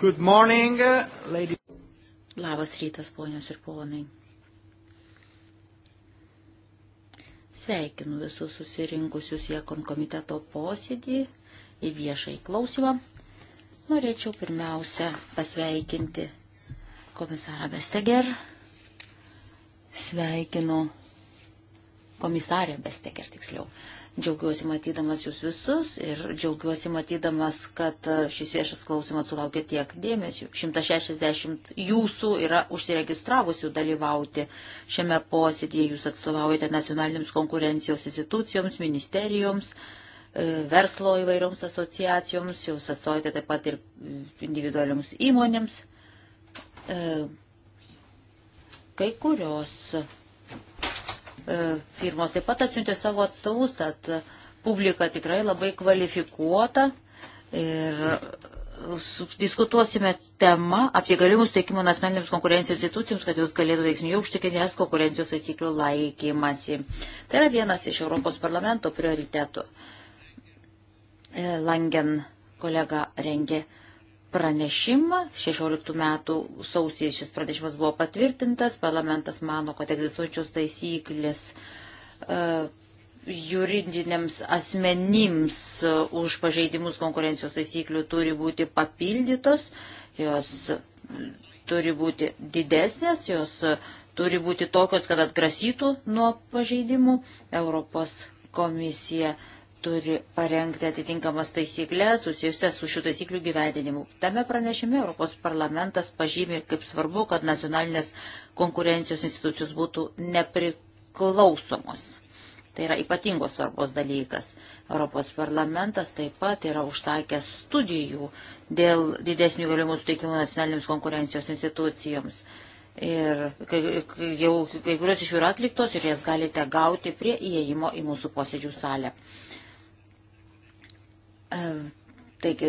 Good morning, lady. Labas rytas, ponios ir ponai. Sveikinu visus susirinkusius Jekon komiteto posėdį į viešai klausimą. Norėčiau pirmiausia pasveikinti komisarą Vesteger. Sveikinu komisarę Vesteger tiksliau. Uh, Džiaugiuosi matydamas jūs visus ir džiaugiuosi matydamas, kad e, šis viešas klausimas sulaukė tiek dėmesio. 160 jūsų yra užsiregistravusių dalyvauti šiame posėdėje. Jūs atstovaujate nacionalinėms konkurencijos institucijoms, ministerijoms, e, verslo įvairioms asociacijoms, jūs atstovaujate taip pat ir individualioms įmonėms. E, kai kurios E, firmos taip pat atsiuntė savo atstovus, tad publika tikrai labai kvalifikuota ir diskutuosime temą apie galimus teikimo nacionalinėms konkurencijos institucijoms, kad jūs galėtų veiksmingiau užtikrinti es konkurencijos taisyklių laikymasi. Tai yra vienas iš Europos parlamento prioritetų. E, Langen kolega rengė pranešimą. 16 metų sausį šis pranešimas buvo patvirtintas. Parlamentas mano, kad egzistuojančios taisyklės uh, juridiniams asmenims uh, už pažeidimus konkurencijos taisyklių turi būti papildytos, jos turi būti didesnės, jos turi būti tokios, kad atgrasytų nuo pažeidimų. Europos komisija uh, turi parengti atitinkamas taisyklės susijusias su šių taisyklių gyvendinimu. Tame pranešime Europos parlamentas pažymė, kaip svarbu, kad nacionalinės konkurencijos institucijos būtų nepriklausomos. Tai yra ypatingos svarbos dalykas. Europos parlamentas taip pat yra užsakęs studijų dėl didesnių galimų suteikimų nacionalinėms konkurencijos institucijoms. Ir kai, jau kai kurios iš jų yra atliktos ir jas galite gauti prie įėjimo į mūsų posėdžių salę. E, taigi,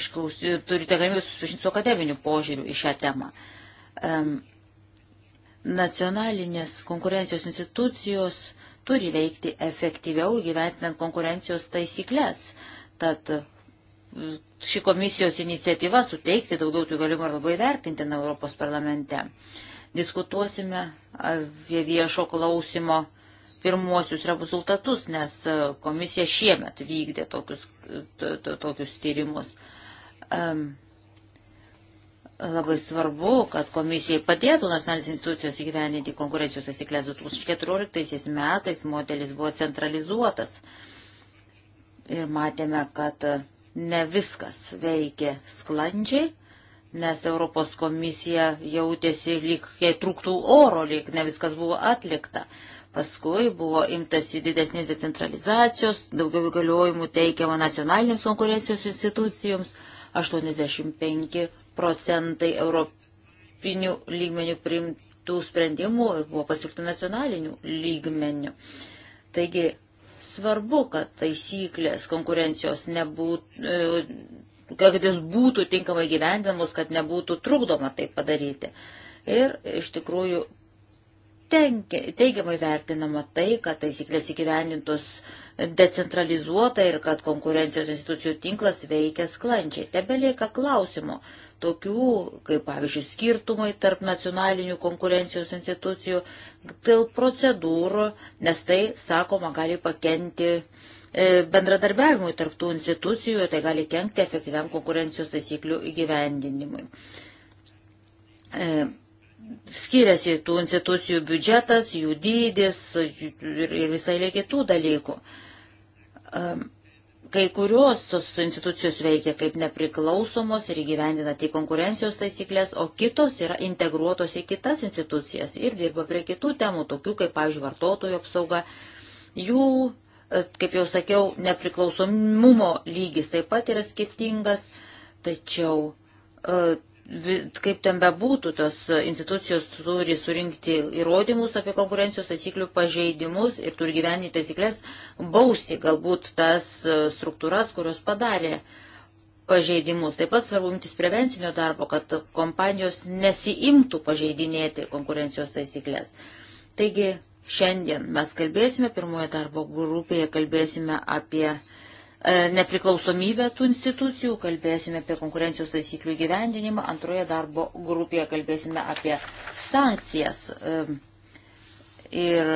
išklausy, turite galimybę susipažinti su akademiniu požiūriu į šią temą. E, nacionalinės konkurencijos institucijos turi veikti efektyviau gyventinant konkurencijos taisyklės. Tad e, ši komisijos iniciatyva suteikti daugiau tų galimų yra labai vertintina Europos parlamente. Diskutuosime apie viešo klausimo pirmuosius rezultatus, nes e, komisija šiemet vykdė tokius, to, to, tokius tyrimus. Um, labai svarbu, kad komisijai padėtų nacionalinės institucijos įgyveninti konkurencijos taisyklės 2014 metais modelis buvo centralizuotas ir matėme, kad e, ne viskas veikė sklandžiai, nes Europos komisija jautėsi lyg jai trūktų oro, lyg ne viskas buvo atlikta. Paskui buvo imtasi didesnės decentralizacijos, daugiau įgaliojimų teikiama nacionalinėms konkurencijos institucijoms, 85 procentai europinių lygmenių priimtų sprendimų buvo pasiūlyta nacionalinių lygmenių. Taigi svarbu, kad taisyklės konkurencijos nebūtų, e, kad jos būtų tinkamai gyvendinamos, kad nebūtų trukdoma tai padaryti. Ir iš tikrųjų teigiamai vertinama tai, kad taisyklės įgyvendintos decentralizuota ir kad konkurencijos institucijų tinklas veikia sklandžiai. Tebelieka klausimų, tokių kaip, pavyzdžiui, skirtumai tarp nacionalinių konkurencijos institucijų dėl procedūrų, nes tai, sakoma, gali pakenti e, bendradarbiavimui tarptų institucijų, tai gali kenkti efektyviam konkurencijos taisyklių įgyvendinimui. E, skiriasi tų institucijų biudžetas, jų dydis ir, ir visai kitų dalykų. Kai kurios tos institucijos veikia kaip nepriklausomos ir įgyvendina tik konkurencijos taisyklės, o kitos yra integruotos į kitas institucijas ir dirba prie kitų temų, tokių kaip, pavyzdžiui, vartotojų apsauga. Jų, e, kaip jau sakiau, nepriklausomumo lygis taip pat yra skirtingas, tačiau e, kaip ten bebūtų, tos institucijos turi surinkti įrodymus apie konkurencijos taisyklių pažeidimus ir turi gyventi taisyklės bausti galbūt tas e, struktūras, kurios padarė pažeidimus. Taip pat svarbu imtis prevencinio darbo, kad kompanijos nesiimtų pažeidinėti konkurencijos taisyklės. Taigi šiandien mes kalbėsime, pirmoje darbo grupėje kalbėsime apie E, nepriklausomybę tų institucijų, kalbėsime apie konkurencijos taisyklių gyvendinimą, antroje darbo grupėje kalbėsime apie sankcijas e, ir,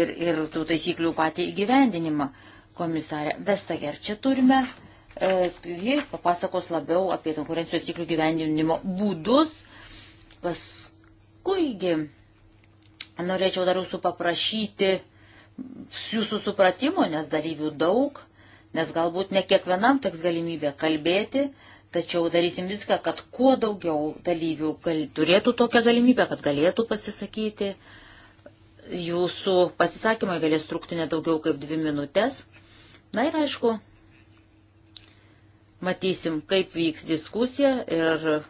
ir, ir tų taisyklių patį įgyvendinimą. Komisarė Vestager, čia turime, e, ji papasakos labiau apie konkurencijos taisyklių gyvendinimo būdus. Paskuigi norėčiau dar jūsų paprašyti jūsų supratimo, nes dalyvių daug nes galbūt ne kiekvienam teks galimybė kalbėti, tačiau darysim viską, kad kuo daugiau dalyvių gal, turėtų tokią galimybę, kad galėtų pasisakyti. Jūsų pasisakymai galės trukti nedaugiau kaip dvi minutės. Na ir aišku, matysim, kaip vyks diskusija ir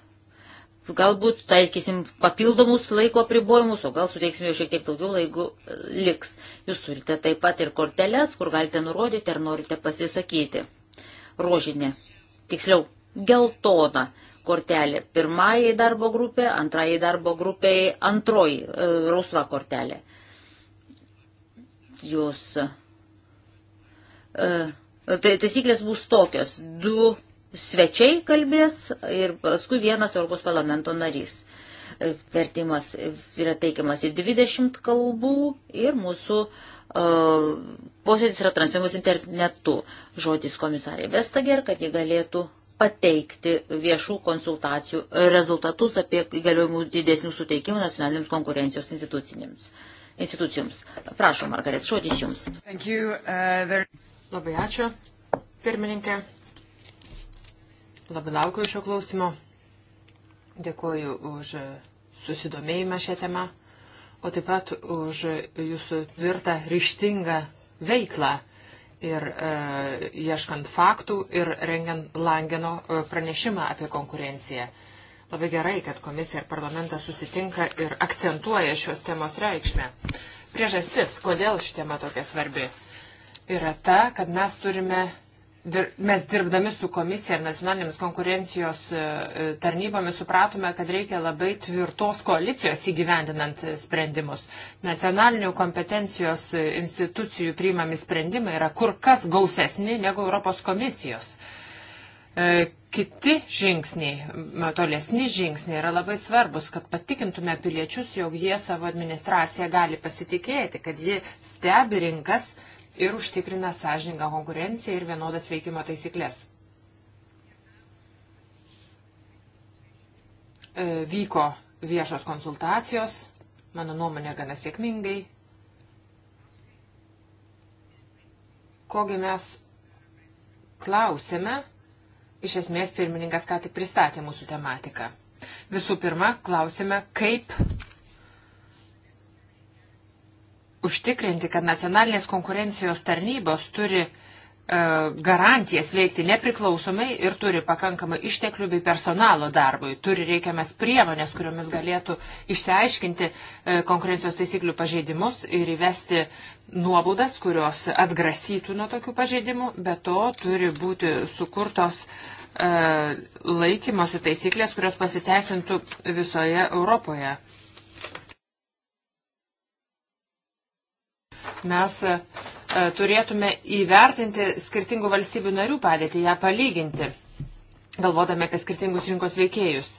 Galbūt taikysim papildomus laiko apribojimus, o gal suteiksime jau šiek tiek daugiau laiko e, liks. Jūs turite taip pat ir korteles, kur galite nurodyti, ar norite pasisakyti. Rožinė, tiksliau, geltona kortelė. Pirmajai darbo grupė, antrajai darbo grupiai, antroji e, rausva kortelė. Jūs. E, e, tai taisyklės bus tokios. Du svečiai kalbės ir paskui vienas Europos parlamento narys. Vertimas yra teikiamas į 20 kalbų ir mūsų uh, posėdis yra transliuojamas internetu. Žodis komisarė Vestager, kad ji galėtų pateikti viešų konsultacijų rezultatus apie įgaliojimų didesnių suteikimų nacionalinėms konkurencijos institucinėms. institucijoms. Prašom, Margaret, žodis jums. Thank you, uh, there... Labai ačiū, pirmininkė. Labai laukiu šio klausimo. Dėkuoju už susidomėjimą šią temą, o taip pat už jūsų tvirtą, ryštingą veiklą ir e, ieškant faktų ir rengiant Langeno e, pranešimą apie konkurenciją. Labai gerai, kad komisija ir parlamentas susitinka ir akcentuoja šios temos reikšmę. Priežastis, kodėl ši tema tokia svarbi, yra ta, kad mes turime dir, mes dirbdami su komisija ir nacionalinėmis konkurencijos e, e, tarnybomis supratome, kad reikia labai tvirtos koalicijos įgyvendinant e, sprendimus. Nacionalinių kompetencijos institucijų priimami sprendimai yra kur kas gausesni negu Europos komisijos. Kiti žingsniai, tolesni žingsniai yra labai svarbus, kad patikintume piliečius, jog jie savo administraciją gali pasitikėti, kad ji stebi rinkas ir užtikrina sąžiningą konkurenciją ir vienodas veikimo taisyklės. E, vyko viešos konsultacijos, mano nuomonė gana sėkmingai. Kogi mes klausėme, iš esmės pirmininkas ką tik pristatė mūsų tematiką. Visų pirma, klausėme, kaip užtikrinti, kad nacionalinės konkurencijos tarnybos turi e, garantijas veikti nepriklausomai ir turi pakankamai išteklių bei personalo darbui, turi reikiamas priemonės, kuriomis galėtų išsiaiškinti e, konkurencijos taisyklių pažeidimus ir įvesti nuobaudas, kurios atgrasytų nuo tokių pažeidimų, bet to turi būti sukurtos e, laikymosi taisyklės, kurios pasiteisintų visoje Europoje. Mes e, turėtume įvertinti skirtingų valstybių narių padėtį, ją palyginti, galvodami apie skirtingus rinkos veikėjus.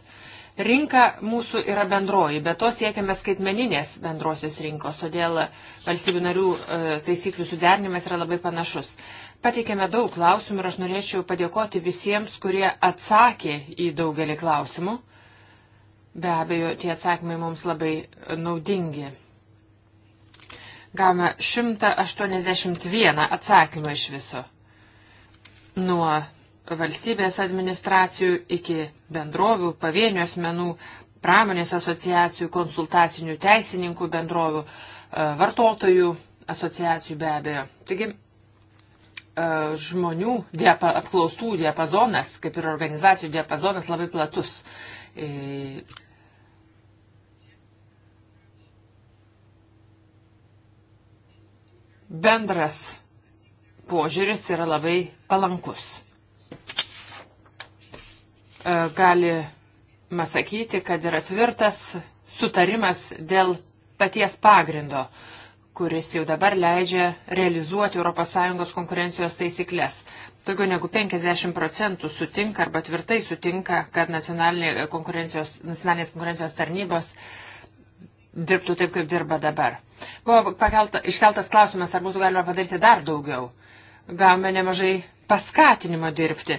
Rinka mūsų yra bendroji, bet to siekiame skaitmeninės bendrosios rinkos, todėl valstybių narių e, taisyklių sudernimas yra labai panašus. Pateikėme daug klausimų ir aš norėčiau padėkoti visiems, kurie atsakė į daugelį klausimų. Be abejo, tie atsakymai mums labai naudingi. Gavome 181 atsakymą iš viso. Nuo valstybės administracijų iki bendrovių, pavienių asmenų, pramonės asociacijų, konsultacinių teisininkų bendrovių, e, vartotojų asociacijų be abejo. Taigi e, žmonių diapa, apklaustų diapazonas, kaip ir organizacijų diapazonas, labai platus. E, bendras požiūris yra labai palankus. E, galima sakyti, kad yra tvirtas sutarimas dėl paties pagrindo, kuris jau dabar leidžia realizuoti ES konkurencijos taisyklės. Daugiau negu 50 procentų sutinka arba tvirtai sutinka, kad nacionalinės konkurencijos, nacionalinės konkurencijos tarnybos uh, dirbtų taip, kaip dirba dabar. Buvo pakelta, iškeltas klausimas, ar būtų galima padaryti dar daugiau. Gavome nemažai paskatinimo dirbti.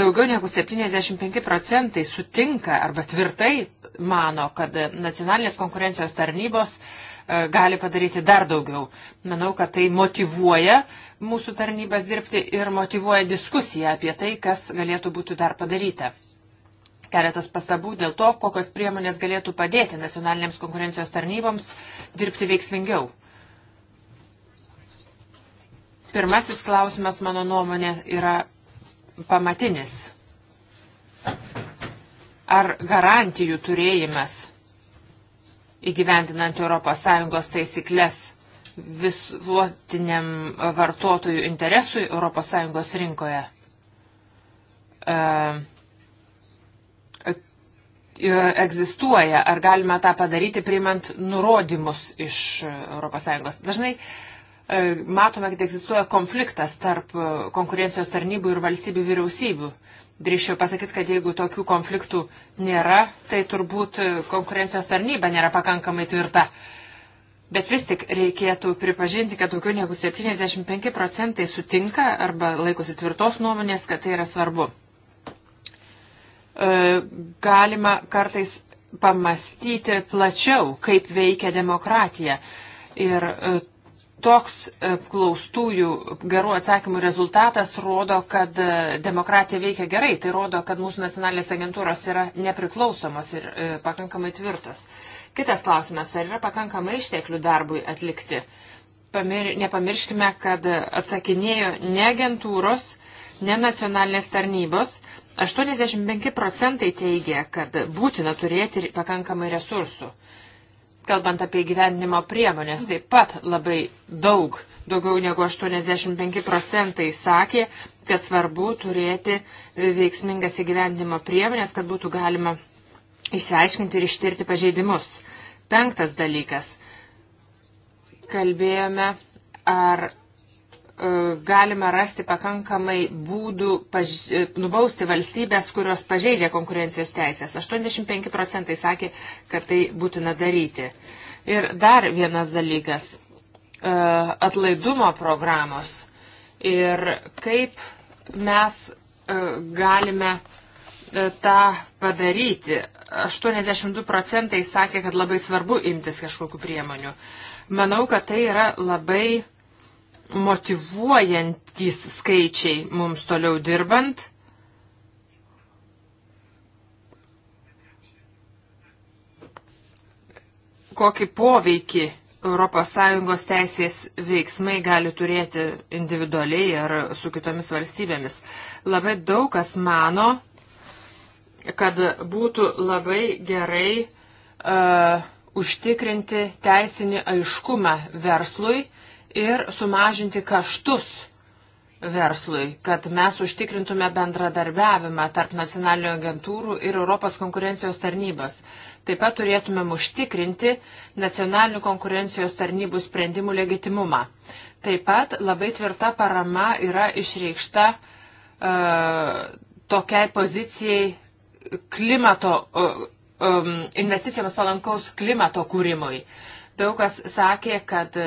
Daugiau negu 75 procentai sutinka arba tvirtai mano, kad nacionalinės konkurencijos tarnybos e, gali padaryti dar daugiau. Manau, kad tai motivuoja mūsų tarnybas dirbti ir motivuoja diskusiją apie tai, kas galėtų būti dar padaryta keletas pastabų dėl to, kokios priemonės galėtų padėti nacionalinėms konkurencijos tarnyboms dirbti veiksmingiau. Pirmasis klausimas, mano nuomonė, yra pamatinis. Ar garantijų turėjimas įgyvendinant ES taisyklės visuotiniam vartotojų interesui ES rinkoje? Uh, E, egzistuoja, ar galime tą padaryti, priimant nurodymus iš ES. Dažnai e, matome, kad egzistuoja konfliktas tarp e, konkurencijos tarnybų ir valstybių vyriausybių. Drįšiau pasakyti, kad jeigu tokių konfliktų nėra, tai turbūt konkurencijos tarnyba nėra pakankamai tvirta. Bet vis tik reikėtų pripažinti, kad daugiau negu 75 procentai sutinka arba laikosi tvirtos nuomonės, kad tai yra svarbu. E, galima kartais pamastyti plačiau, kaip veikia demokratija. Ir e, toks klaustųjų gerų atsakymų rezultatas rodo, kad e, demokratija veikia gerai. Tai rodo, kad mūsų nacionalinės agentūros yra nepriklausomos ir pakankamai tvirtos. Kitas klausimas, ar yra pakankamai išteklių darbui atlikti? Pamir, nepamirškime, kad atsakinėjo ne agentūros, ne nacionalinės tarnybos, 85 procentai teigia, kad būtina turėti pakankamai resursų. Kalbant apie gyvenimo priemonės, taip pat labai daug, daugiau negu 85 procentai sakė, kad svarbu turėti veiksmingas įgyvendimo priemonės, kad būtų galima išsiaiškinti ir ištirti pažeidimus. Penktas dalykas. Kalbėjome, ar E, galime rasti pakankamai būdų paž... E, nubausti valstybės, kurios pažeidžia konkurencijos teisės. 85 procentai sakė, kad tai būtina daryti. Ir dar vienas dalykas e, - atlaidumo programos. Ir kaip mes galime tą padaryti. 82 procentai sakė, kad labai svarbu imtis kažkokiu priemoniu. Manau, kad tai yra labai uh, motivuojantys skaičiai mums toliau dirbant. Kokį poveikį ES teisės veiksmai gali turėti individualiai ar su kitomis valstybėmis. Labai daug kas mano, kad būtų labai gerai uh, užtikrinti teisinį aiškumą verslui, uh, ir sumažinti kaštus verslui, kad mes užtikrintume bendradarbiavimą tarp nacionalinių agentūrų ir Europos konkurencijos tarnybos. Taip pat turėtumėm užtikrinti nacionalinių konkurencijos tarnybų sprendimų legitimumą. Taip pat labai tvirta parama yra išreikšta uh, tokiai pozicijai klimato, uh, um, investicijoms palankaus klimato kūrimui. Uh, Daug kas sakė, kad e,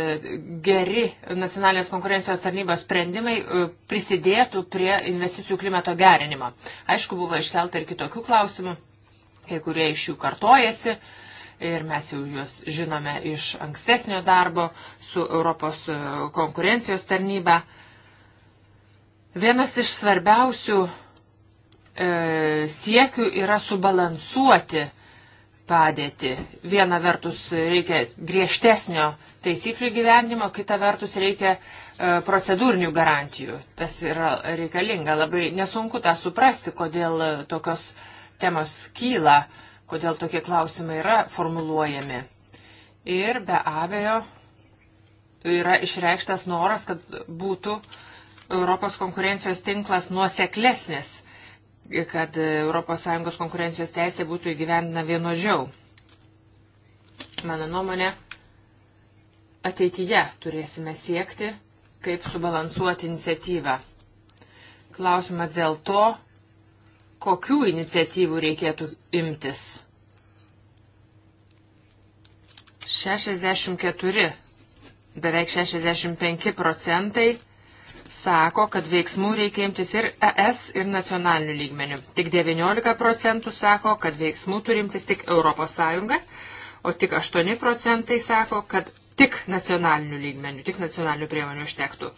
geri nacionalinės konkurencijos tarnybos sprendimai e, prisidėtų prie investicijų klimato gerinimo. Aišku, buvo iškelta ir kitokių klausimų, kai kurie iš jų kartojasi ir mes jau juos žinome iš ankstesnio darbo su Europos e, konkurencijos tarnyba. Vienas iš svarbiausių e, siekių yra subalansuoti e, padėtį. Viena vertus reikia griežtesnio taisyklių gyvenimo, kita vertus reikia e, procedūrinių garantijų. Tas yra reikalinga. Labai nesunku tą suprasti, kodėl e, tokios temos kyla, kodėl tokie klausimai yra formuluojami. Ir be abejo yra išreikštas noras, kad būtų Europos konkurencijos tinklas nuoseklesnis kad ES konkurencijos teisė būtų įgyvendina vienožiau. Mano nuomonė, ateityje turėsime siekti, kaip subalansuoti iniciatyvą. Klausimas dėl to, kokių iniciatyvų reikėtų imtis. 64, beveik 65 procentai sako, kad veiksmų reikia imtis ir ES, ir nacionalinių lygmenių. Tik 19 procentų sako, kad veiksmų turimtis tik ES, o tik 8 procentai sako, kad tik nacionalinių lygmenių, tik nacionalinių priemonių užtektų.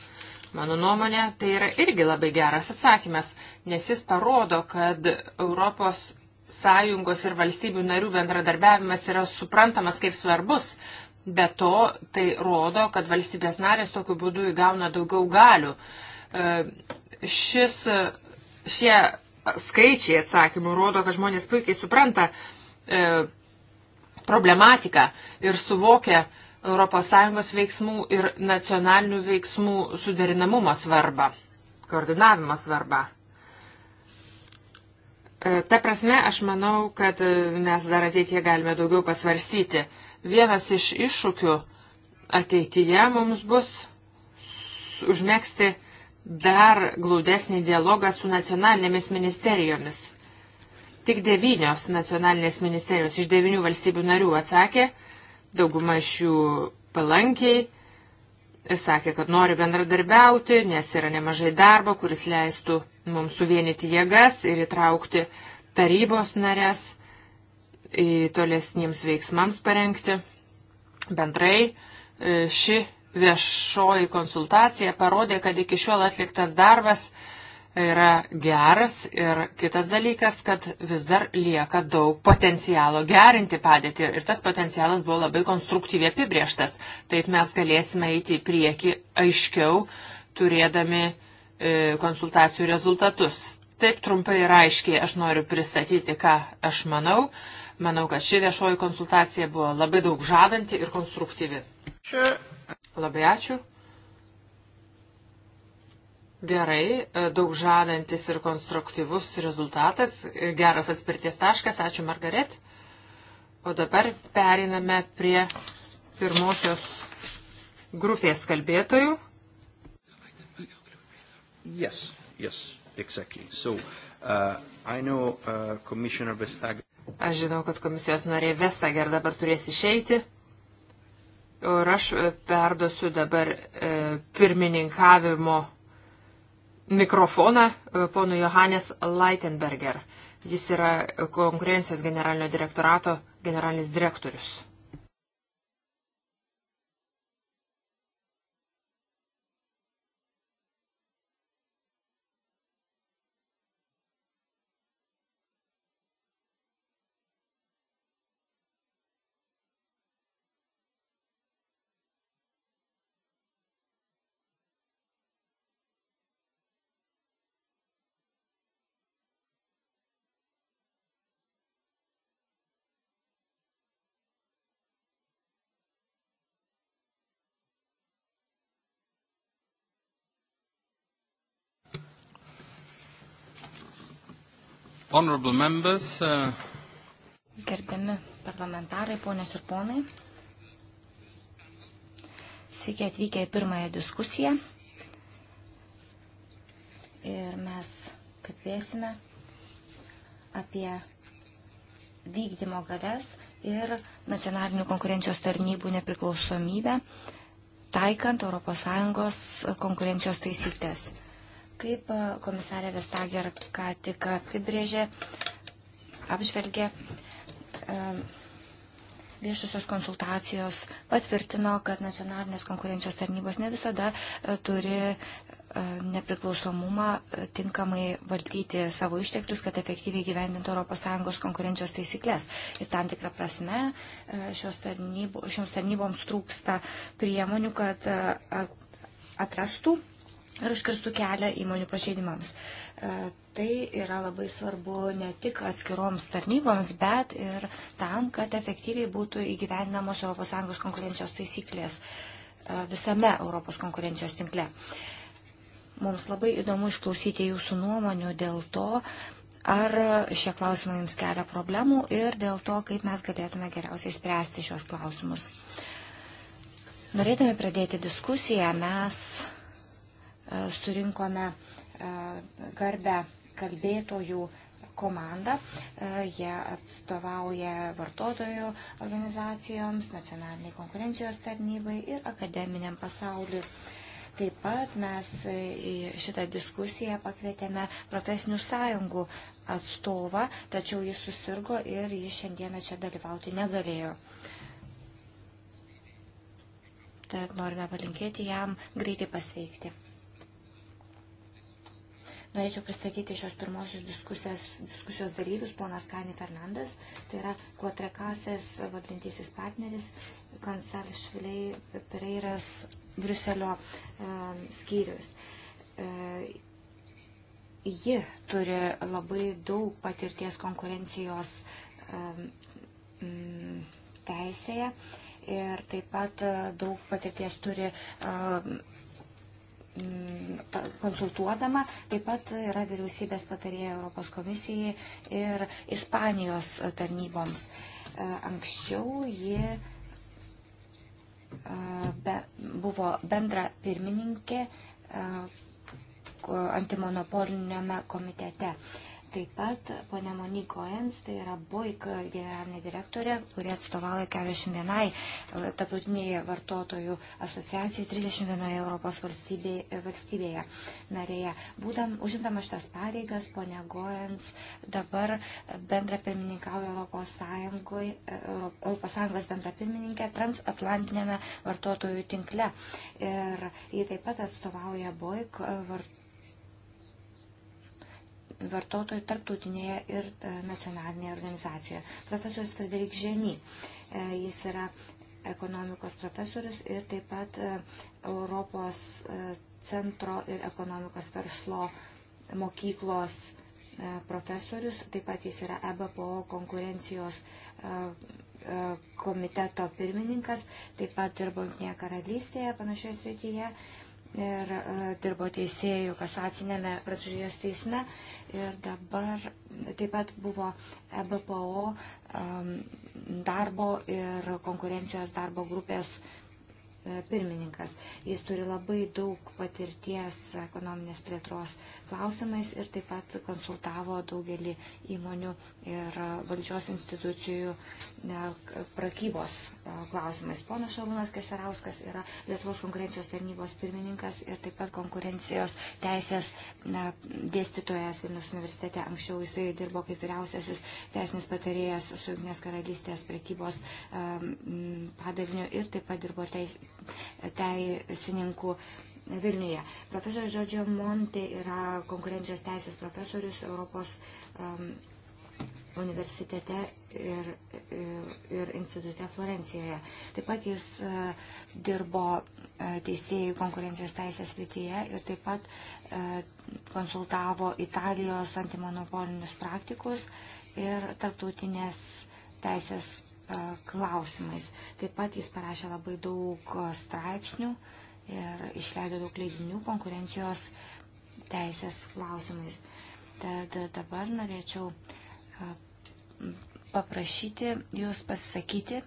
Mano nuomonė, tai yra irgi labai geras atsakymas, nes jis parodo, kad Europos sąjungos ir valstybių narių bendradarbiavimas yra suprantamas kaip svarbus, Be to, tai rodo, kad valstybės narės tokiu būdu įgauna daugiau galių. E, šis, šie skaičiai atsakymų rodo, kad žmonės puikiai supranta e, problematiką ir suvokia ES veiksmų ir nacionalinių veiksmų suderinamumo svarbą, koordinavimo svarbą. E, ta prasme, aš manau, kad mes dar ateitie galime daugiau pasvarsyti Vienas iš iššūkių ateityje mums bus užmėgsti dar glaudesnį dialogą su nacionalinėmis ministerijomis. Tik devynios nacionalinės ministerijos iš devinių valstybių narių atsakė, dauguma iš jų palankiai ir sakė, kad nori bendradarbiauti, nes yra nemažai darbo, kuris leistų mums suvienyti jėgas ir įtraukti tarybos narės tolesniems veiksmams parengti. Bendrai e, ši viešoji konsultacija parodė, kad iki šiol atliktas darbas yra geras ir kitas dalykas, kad vis dar lieka daug potencialo gerinti padėtį ir tas potencialas buvo labai konstruktyviai apibrieštas. Taip mes galėsime eiti į priekį aiškiau, turėdami e, konsultacijų rezultatus. Taip trumpai ir aiškiai aš noriu pristatyti, ką aš manau. Manau, kad ši viešoji konsultacija buvo labai daug žadanti ir konstruktyvi. Labai ačiū. Gerai, e, daug žadantis ir konstruktyvus rezultatas, geras atspirties taškas, ačiū Margaret. O dabar periname prie pirmosios grupės kalbėtojų. Yes, yes, exactly. So, uh, I know uh, Commissioner Vestager. Aš žinau, kad komisijos norė Vestager dabar turės išeiti. Ir aš e, perduosiu dabar e, pirmininkavimo mikrofoną e, ponu Johannes Leitenberger. Jis yra konkurencijos generalinio direktorato generalinis direktorius. Honorable members. Uh... Gerbiami parlamentarai, ponės ir ponai. Sveiki atvykę į pirmąją diskusiją. Ir mes kalbėsime apie vykdymo galės ir nacionalinių konkurencijos tarnybų nepriklausomybę, taikant ES konkurencijos taisyklės. Kaip komisarė Vestager ką tik apibrėžė, apžvelgė, viešusios konsultacijos patvirtino, kad nacionalinės konkurencijos tarnybos ne visada turi nepriklausomumą tinkamai valdyti savo išteklius, kad efektyviai gyvendintų ES konkurencijos taisyklės. Ir tam tikrą prasme tarnybo, šioms tarnyboms trūksta priemonių, kad atrastų ir užkirstų kelią įmonių pažeidimams. E, tai yra labai svarbu ne tik atskiroms tarnyboms, bet ir tam, kad efektyviai būtų įgyvendinamos ES konkurencijos taisyklės e, visame Europos konkurencijos tinkle. Mums labai įdomu išklausyti jūsų nuomonių dėl to, ar šie klausimai jums kelia problemų ir dėl to, kaip mes galėtume geriausiai spręsti šios klausimus. Norėtume pradėti diskusiją, mes E, surinkome e, garbę kalbėtojų komanda. E, jie atstovauja vartotojų organizacijoms, nacionaliniai konkurencijos tarnybai ir akademiniam pasauliu. Taip pat mes į šitą diskusiją pakvietėme profesinių sąjungų atstovą, tačiau jis susirgo ir jis šiandieną čia dalyvauti negalėjo. Tad norime palinkėti jam greitai pasveikti. Norėčiau pristatyti šios pirmosios diskusijos, diskusijos dalyvius, ponas Kani Fernandas, tai yra Kuotrekasės valdantysis partneris, Kansal Šviliai Pereiras Bruselio um, skyrius. Uh, ji turi labai daug patirties konkurencijos um, teisėje ir taip pat uh, daug patirties turi uh, Mm, konsultuodama, taip pat yra vyriausybės patarėja Europos komisijai ir Ispanijos tarnyboms. E, anksčiau ji e, be, buvo bendra pirmininkė e, antimonopolinėme komitete. Uh, Taip pat ponė Monique Goens, tai yra BOIK generalinė direktorė, kuri atstovauja 41 e, tarptautinėje vartotojų asociacijai 31 Europos valstybėje, valstybėje narėje. Būdam, užimdama šitas pareigas, ponė Goens dabar bendra pirmininkauja Europos, Sąjungoj, e, Europos Sąjungos bendra pirmininkė transatlantinėme vartotojų tinkle. Ir jie taip pat atstovauja BOIK vartotojų vartotojų tarptautinėje ir e, nacionalinėje organizacijoje. Profesorius Frederik Ženy, e, jis yra ekonomikos profesorius ir taip pat e, Europos centro ir ekonomikos verslo mokyklos profesorius, taip pat jis yra EBPO konkurencijos komiteto pirmininkas, taip pat dirbo Junktinėje karalystėje panašioje srityje ir e, dirbo teisėjų kasacinėme Prancūzijos teisme ir dabar taip pat buvo EBPO e, darbo ir konkurencijos darbo grupės e, pirmininkas. Jis turi labai daug patirties ekonominės plėtros klausimais ir taip pat konsultavo daugelį įmonių ir valdžios institucijų e, prakybos e, klausimais. Ponas Šarūnas Keserauskas yra Lietuvos konkurencijos tarnybos pirmininkas ir taip pat konkurencijos teisės dėstytojas Vilnius universitete. Anksčiau jisai dirbo kaip vyriausiasis teisinis patarėjas su Junktinės karalystės prekybos e, padaliniu ir taip pat dirbo teisininkų. Teis Vilniuje. Profesorius Žodžio Monti yra konkurencijos teisės profesorius Europos um, universitete ir, ir, ir institute Florencijoje. Taip pat jis uh, dirbo uh, teisėjų konkurencijos teisės rytyje ir taip pat uh, konsultavo Italijos antimonopolinius praktikus ir tarptautinės teisės uh, klausimais. Taip pat jis parašė labai daug uh, straipsnių uh, ir išleido daug leidinių konkurencijos teisės klausimais. Tad dabar norėčiau paprašyti jūs pasisakyti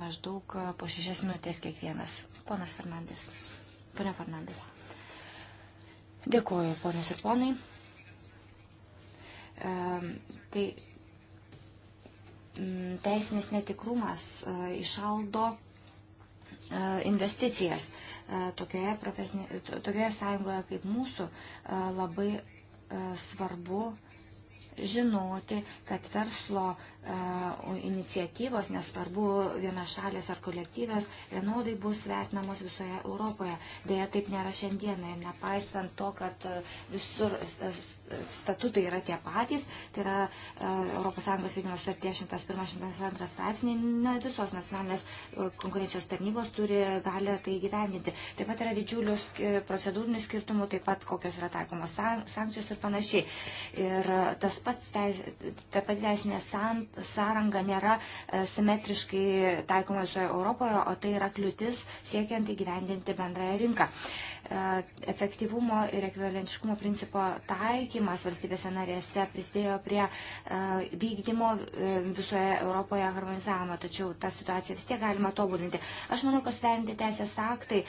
maždaug po šešias minutės kiekvienas. Ponas Fernandes. Pone Fernandes. Dėkuoju, ponios ir ponai. Tai teisinės netikrumas išaldo E, investicijas. E, tokioje, tokioje sąjungoje kaip mūsų e, labai svarbu žinoti, kad verslo E, iniciatyvos, nesvarbu viena šalės ar kolektyvės, vienodai bus vertinamos visoje Europoje. Deja, taip nėra šiandieną ir nepaisant to, kad e, visur e, statutai yra tie patys, tai yra ES vykdymo sutarties 101-102 straipsniai, ne visos nacionalinės konkurencijos tarnybos turi galę tai gyvendinti. Taip pat yra didžiulių procedūrinių skirtumų, taip pat kokios yra taikomos sankcijos ir panašiai. Ir tas pats, ta pati teisinė sant sąranga nėra e, simetriškai taikoma visoje Europoje, o tai yra kliūtis siekiant įgyvendinti bendrąją rinką. E, efektyvumo ir ekvivalentiškumo principo taikymas valstybėse narėse prisidėjo prie e, vykdymo e, visoje Europoje harmonizavimo, tačiau tą situaciją vis tiek galima tobulinti. Aš manau, kad suderinti teisės aktai,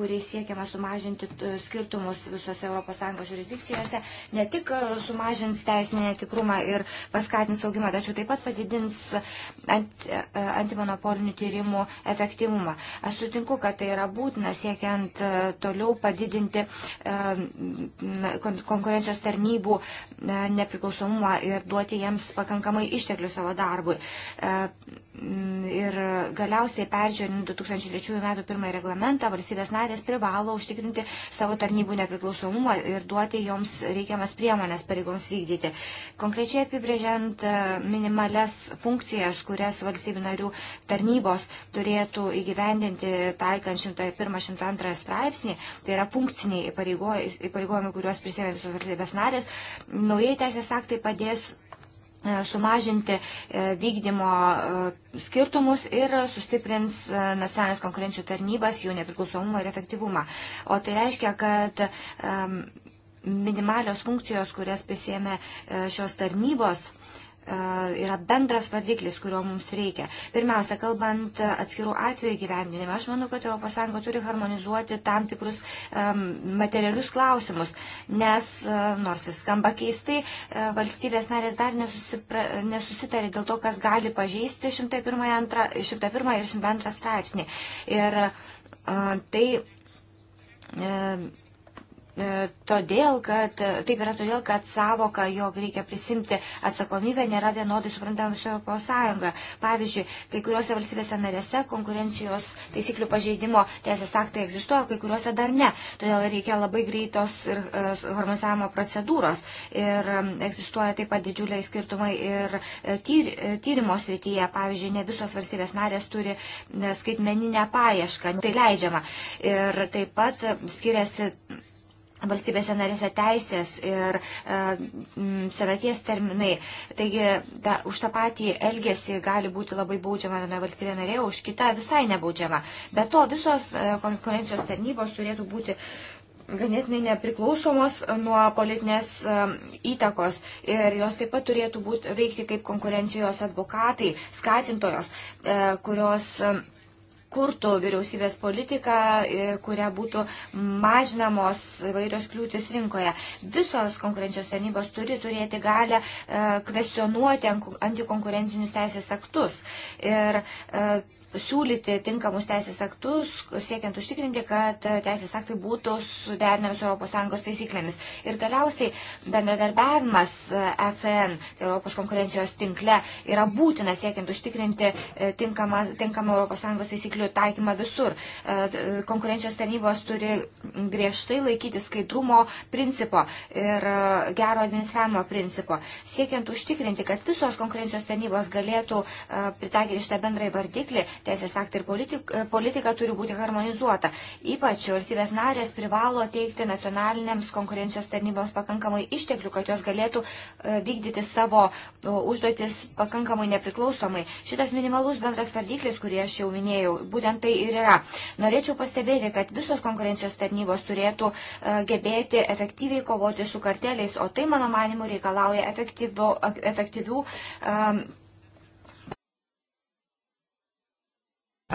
kuriais siekiama sumažinti skirtumus visose ES jurisdikcijose, ne tik sumažins teisinį netikrumą ir paskatins augimą, tačiau taip pat padidins ant, antimonopolinių tyrimų efektyvumą. Aš sutinku, kad tai yra būtina siekiant toliau padidinti e, konkurencijos tarnybų e, nepriklausomumą ir duoti jiems pakankamai išteklių savo darbui. E, ir galiausiai peržiūrint 2003 metų pirmąjį reglamentą, valstybės narės privalo užtikrinti savo tarnybų nepriklausomumą ir duoti joms reikiamas priemonės pareigoms vykdyti. Konkrečiai apibrėžiant minimales funkcijas, kurias valstybių narių tarnybos turėtų įgyvendinti taikant 101-102 straipsnį straipsnį, tai yra funkciniai įpareigojimai, kuriuos prisėmė visos valstybės narės. Naujai teisės aktai padės e, sumažinti e, vykdymo e, skirtumus ir sustiprins nacionalinės konkurencijų tarnybas, jų nepriklausomumą ir efektyvumą. O tai reiškia, kad minimalios funkcijos, kurias prisėmė šios tarnybos, E, yra bendras vardiklis, kurio mums reikia. Pirmiausia, kalbant atskirų atvejų gyvendinimą, aš manau, kad ES turi harmonizuoti tam tikrus um, materialius klausimus, nes, e, nors ir skamba keistai, valstybės narės dar nesusitarė dėl to, kas gali pažeisti 101, 101 ir 102 straipsnį. Ir uh, tai. Uh, E, todėl, kad e, taip yra todėl, kad savoka, jog reikia prisimti atsakomybę, nėra vienodai suprantama visoje Europos Sąjungoje. Pavyzdžiui, kai kuriuose valstybėse narėse konkurencijos taisyklių pažeidimo teisės aktai egzistuoja, kai kuriuose dar ne. Todėl reikia labai greitos ir e, harmonizavimo procedūros. Ir egzistuoja taip pat didžiuliai skirtumai ir tyr, tyrimo srityje. Pavyzdžiui, ne visos valstybės narės turi skaitmeninę paiešką. Tai leidžiama. Ir taip pat skiriasi valstybėse narėse teisės ir e, senaties terminai. Taigi ta, už tą patį elgesį gali būti labai baudžiama viena valstybė narė, už kitą visai nebaudžiama. Be to visos e, konkurencijos tarnybos turėtų būti ganėtinai nepriklausomos nuo politinės e, įtakos ir jos taip pat turėtų būti veikti kaip konkurencijos advokatai, skatintojos, e, kurios. E, kurtų vyriausybės politiką, e, kuria būtų mažinamos vairios kliūtis rinkoje. Visos konkurencijos tarnybos turi turėti galę e, kvesionuoti antikonkurencinius teisės aktus. Ir e, siūlyti tinkamus teisės aktus, siekiant užtikrinti, kad teisės aktai būtų suderinami su ES taisyklėmis. Ir galiausiai bendradarbiavimas ECN, tai Europos konkurencijos tinkle, yra būtina siekiant užtikrinti e, tinkamą, tinkamą ES taisyklių taikymą visur. E, konkurencijos tarnybos turi griežtai laikyti skaidrumo principo ir e, gero administravimo principo, siekiant užtikrinti, kad visos konkurencijos tarnybos galėtų pritaikyti šitą bendrąjį vardiklį, teisės aktai ir politika, e, politika turi būti harmonizuota. Ypač valstybės narės privalo teikti nacionalinėms konkurencijos tarnyboms pakankamai išteklių, kad jos galėtų e, vykdyti savo užduotis pakankamai nepriklausomai. Šitas minimalus bendras vardiklis, kurį aš jau minėjau, būtent tai ir yra. Norėčiau pastebėti, kad visos konkurencijos tarnybos turėtų e, gebėti efektyviai kovoti su karteliais, o tai, mano manimu, reikalauja efektyvių, efektyvių um,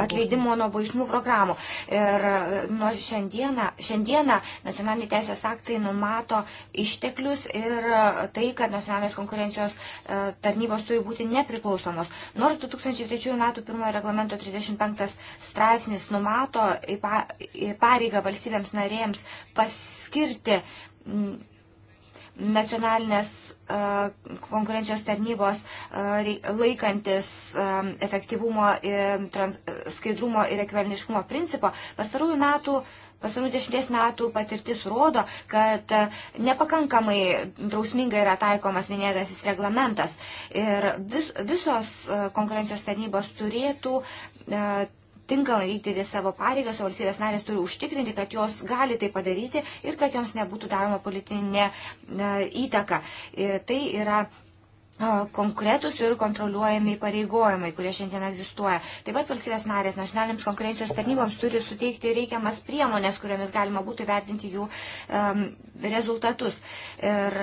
atleidimo nuo bausmių programų. Ir e, nuo šiandieną, šiandieną nacionaliniai teisės aktai numato išteklius ir e, tai, kad nacionalinės konkurencijos e, tarnybos turi būti nepriklausomos. Nors 2003 metų pirmojo reglamento 35 straipsnis numato į pareigą valstybėms narėms paskirti nacionalinės e, konkurencijos tarnybos e, laikantis e, efektyvumo, skaidrumo ir ekvelniškumo principo, pastarųjų metų Pasarų dešimties metų patirtis rodo, kad nepakankamai drausmingai yra taikomas minėtasis reglamentas. Ir vis, visos konkurencijos tarnybos turėtų tinkamai vykdyti savo pareigas, o valstybės narės turi užtikrinti, kad jos gali tai padaryti ir kad joms nebūtų daroma politinė įtaka. E, tai yra konkretus ir kontroliuojami pareigojimai, kurie šiandien egzistuoja. Taip pat valstybės narės nacionalinėms konkurencijos tarnyboms turi suteikti reikiamas priemonės, kuriomis galima būtų vertinti jų um, rezultatus. Ir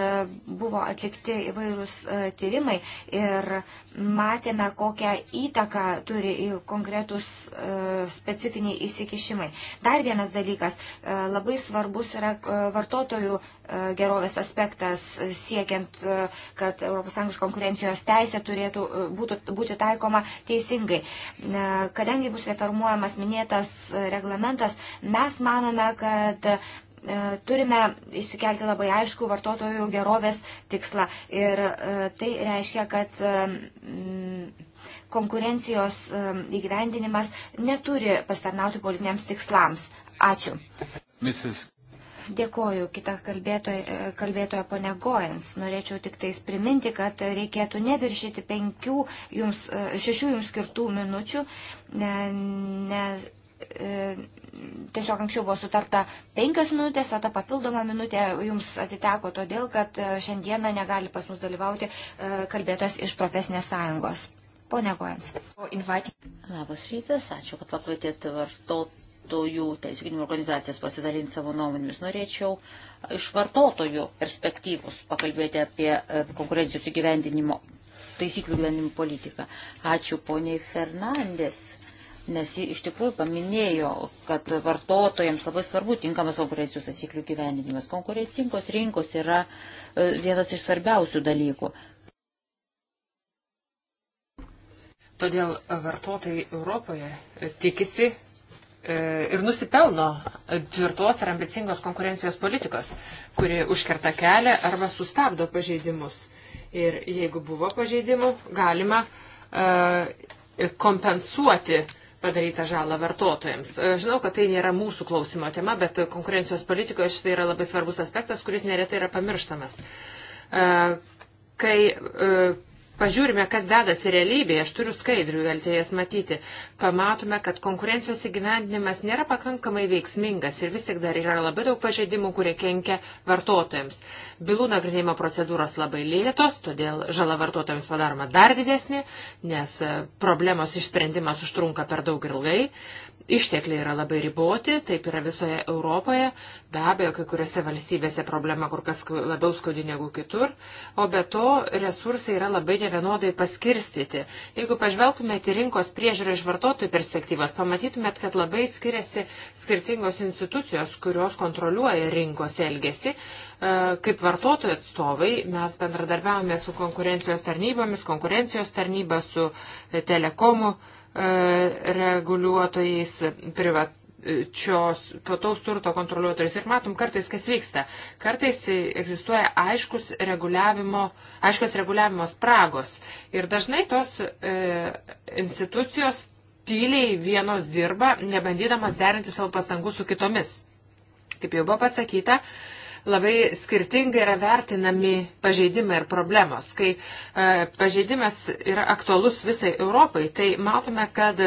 buvo atlikti įvairūs uh, tyrimai ir matėme, kokią įtaką turi konkretus uh, e, specifiniai įsikišimai. Dar vienas dalykas, uh, labai svarbus yra uh, vartotojų uh, gerovės aspektas, uh, siekiant, uh, kad ES konkurencijos teisė turėtų e, būtų, būti taikoma teisingai. Kadangi bus reformuojamas minėtas e, reglamentas, mes manome, kad e, turime išsikelti labai aišku vartotojų gerovės tikslą. Ir tai reiškia, kad konkurencijos įgyvendinimas neturi pastarnauti politiniams tikslams. Ačiū. Mrs. Dėkoju. Kita kalbėtoja, e, kalbėtoja ponia Goens. Norėčiau tik tais priminti, kad reikėtų neviršyti penkių, jums, e, šešių jums skirtų minučių. Ne, ne, e, tiesiog anksčiau buvo sutarta penkios minutės, o ta papildoma minutė jums atiteko todėl, kad šiandieną negali pas mus dalyvauti kalbėtojas iš profesinės sąjungos. Pone Goens. Labas rytas, ačiū, kad pakvietėte vartotojų vartotojų teisų gynimo organizacijas pasidalinti savo nuomonėmis. Norėčiau iš vartotojų perspektyvos pakalbėti apie e, konkurencijos įgyvendinimo, taisyklių gyvendinimo politiką. Ačiū poniai Fernandės, nes ji iš tikrųjų paminėjo, kad vartotojams labai svarbu tinkamas konkurencijos taisyklių gyvendinimas. Konkurencingos rinkos yra e, vienas iš svarbiausių dalykų. Todėl vartotojai Europoje tikisi E, ir nusipelno tvirtos ir ambicingos konkurencijos politikos, kuri užkerta kelią arba sustabdo pažeidimus. Ir jeigu buvo pažeidimų, galima e, kompensuoti padarytą žalą vartotojams. E, žinau, kad tai nėra mūsų klausimo tema, bet konkurencijos politikoje šitai yra labai svarbus aspektas, kuris neretai yra pamirštamas. Kai pažiūrime, kas dedasi realybėje, aš turiu skaidrių, galite jas matyti, pamatome, kad konkurencijos įgyvendinimas nėra pakankamai veiksmingas ir vis tik dar yra labai daug pažeidimų, kurie kenkia vartotojams. Bilų nagrinėjimo procedūros labai lėtos, todėl žala vartotojams padaroma dar didesnė, nes e, problemos išsprendimas užtrunka per daug ilgai. Ištekliai yra labai riboti, taip yra visoje Europoje, be abejo, kai kuriuose valstybėse problema kur kas labiau skaudi negu kitur, o be to resursai yra labai nevienodai paskirstyti. Jeigu pažvelgtumėte į rinkos priežiūrą iš vartotojų perspektyvos, pamatytumėt, kad labai skiriasi skirtingos institucijos, kurios kontroliuoja rinkos elgesį. E, kaip vartotojų atstovai mes bendradarbiavome su konkurencijos tarnybomis, konkurencijos tarnyba su e, telekomu E, reguliuotojais, privat, pačios plataus turto kontroliuotojais ir matom kartais, kas vyksta. Kartais egzistuoja aiškus reguliavimo, aiškios reguliavimo spragos ir dažnai tos e, institucijos tyliai vienos dirba, nebandydamas derinti savo pastangų su kitomis. Kaip jau buvo pasakyta, e, labai skirtingai yra vertinami pažeidimai ir problemos. Kai e, pažeidimas yra aktualus visai Europai, tai matome, kad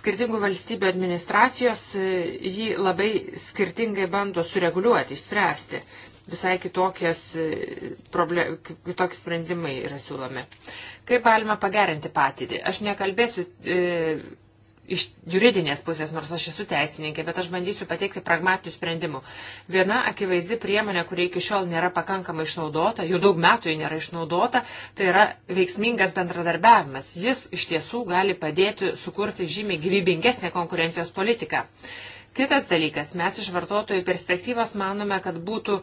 skirtingų valstybių administracijos e, jį labai skirtingai bando sureguliuoti, išspręsti. Visai e, problem, kitokie sprendimai yra siūlomi. Kaip galima pagerinti patydį? Aš nekalbėsiu. E, iš juridinės pusės, nors aš esu teisininkė, bet aš bandysiu pateikti pragmatinių sprendimų. Viena akivaizdi priemonė, kuri iki šiol nėra pakankamai išnaudota, jau daug metų ji nėra išnaudota, tai yra veiksmingas bendradarbiavimas. Jis iš tiesų gali padėti sukurti žymiai gyvybingesnę konkurencijos politiką. Kitas dalykas, mes iš vartotojų perspektyvos manome, kad būtų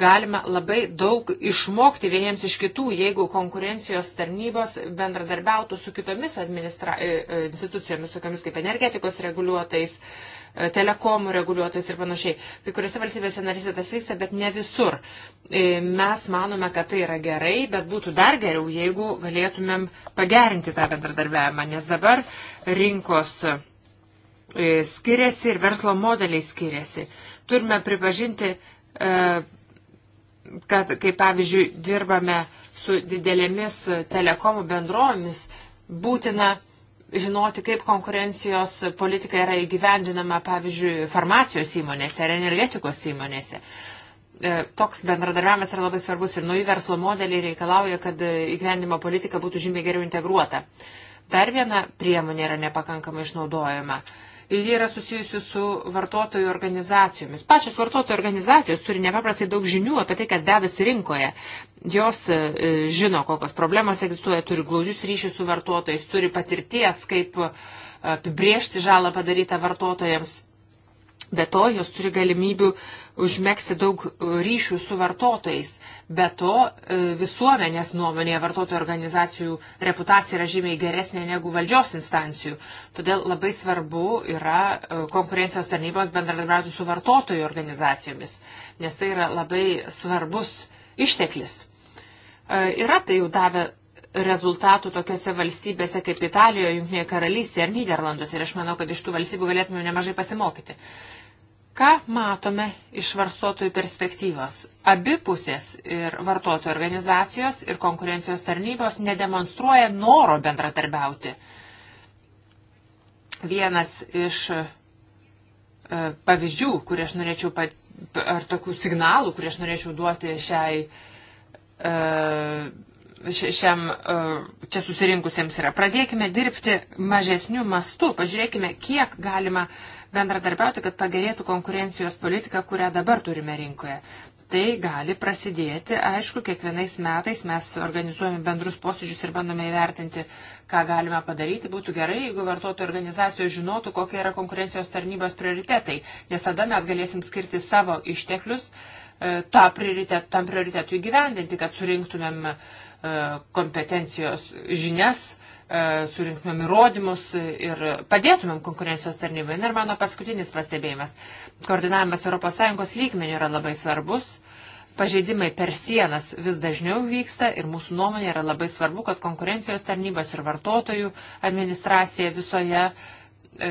galima labai daug išmokti vieniems iš kitų, jeigu konkurencijos tarnybos bendradarbiautų su kitomis administra... E, e, institucijomis, tokiamis kaip energetikos reguliuotais, e, telekomų reguliuotais ir panašiai. Kai kuriuose valstybėse narysė tas vyksta, bet ne visur. Mes manome, kad tai yra gerai, bet būtų dar geriau, jeigu galėtumėm pagerinti tą bendradarbiavimą, nes dabar rinkos E, skiriasi ir verslo modeliai skiriasi. Turime pripažinti, e, kad, kaip pavyzdžiui, dirbame su didelėmis telekomų bendrovėmis, būtina žinoti, kaip konkurencijos politika yra įgyvendinama, pavyzdžiui, farmacijos įmonėse ar energetikos įmonėse. E, toks bendradarbiavimas yra labai svarbus ir nauji verslo modeliai reikalauja, kad įgyvendimo politika būtų žymiai geriau integruota. Dar viena priemonė yra nepakankamai išnaudojama ir jie yra susijusi su vartotojų organizacijomis. Pačios vartotojų organizacijos turi nepaprastai daug žinių apie tai, kas dedasi rinkoje. Jos e, e, žino, kokios problemos egzistuoja, turi glaužius ryšius su vartotojais, turi patirties, kaip e, apibriežti žalą padarytą vartotojams. Be to, jos turi galimybių užmėgsti daug ryšių su vartotojais. Be to, e, visuomenės nuomonėje vartotojų organizacijų reputacija yra žymiai geresnė negu valdžios instancijų. Todėl labai svarbu yra e, konkurencijos tarnybos bendradarbiauti su vartotojų organizacijomis, nes tai yra labai svarbus išteklis. E, yra tai jau davę rezultatų tokiose valstybėse kaip Italijoje, Junktinėje karalystėje ir Niderlanduose. Ir aš manau, kad iš tų valstybių galėtume nemažai pasimokyti. Ką matome iš vartotojų perspektyvos? Abi pusės ir vartotojų organizacijos ir konkurencijos tarnybos nedemonstruoja noro bendratarbiauti. Vienas iš e, pavyzdžių, kurį aš norėčiau, ar tokių signalų, kurį aš norėčiau duoti šiai e, šiam e, čia susirinkusiems yra. Pradėkime dirbti mažesnių mastų, pažiūrėkime, kiek galima bendradarbiauti, kad pagerėtų konkurencijos politika, kurią dabar turime rinkoje. Tai gali prasidėti, aišku, kiekvienais metais mes organizuojame bendrus posėdžius ir bandome įvertinti, ką galime padaryti. Būtų gerai, jeigu vartotojų organizacijos žinotų, kokie yra konkurencijos tarnybos prioritetai, nes tada mes galėsim skirti savo išteklius e, tą prioritet, tam prioritetui įgyvendinti, kad surinktumėm uh, E, kompetencijos žinias, e, surinktumėm įrodymus ir padėtumėm konkurencijos tarnybai. Ir mano paskutinis pastebėjimas. Koordinavimas ES lygmenių yra labai svarbus. Pažeidimai per sienas vis dažniau vyksta ir mūsų nuomonė yra labai svarbu, kad konkurencijos tarnybos ir vartotojų administracija visoje uh, E,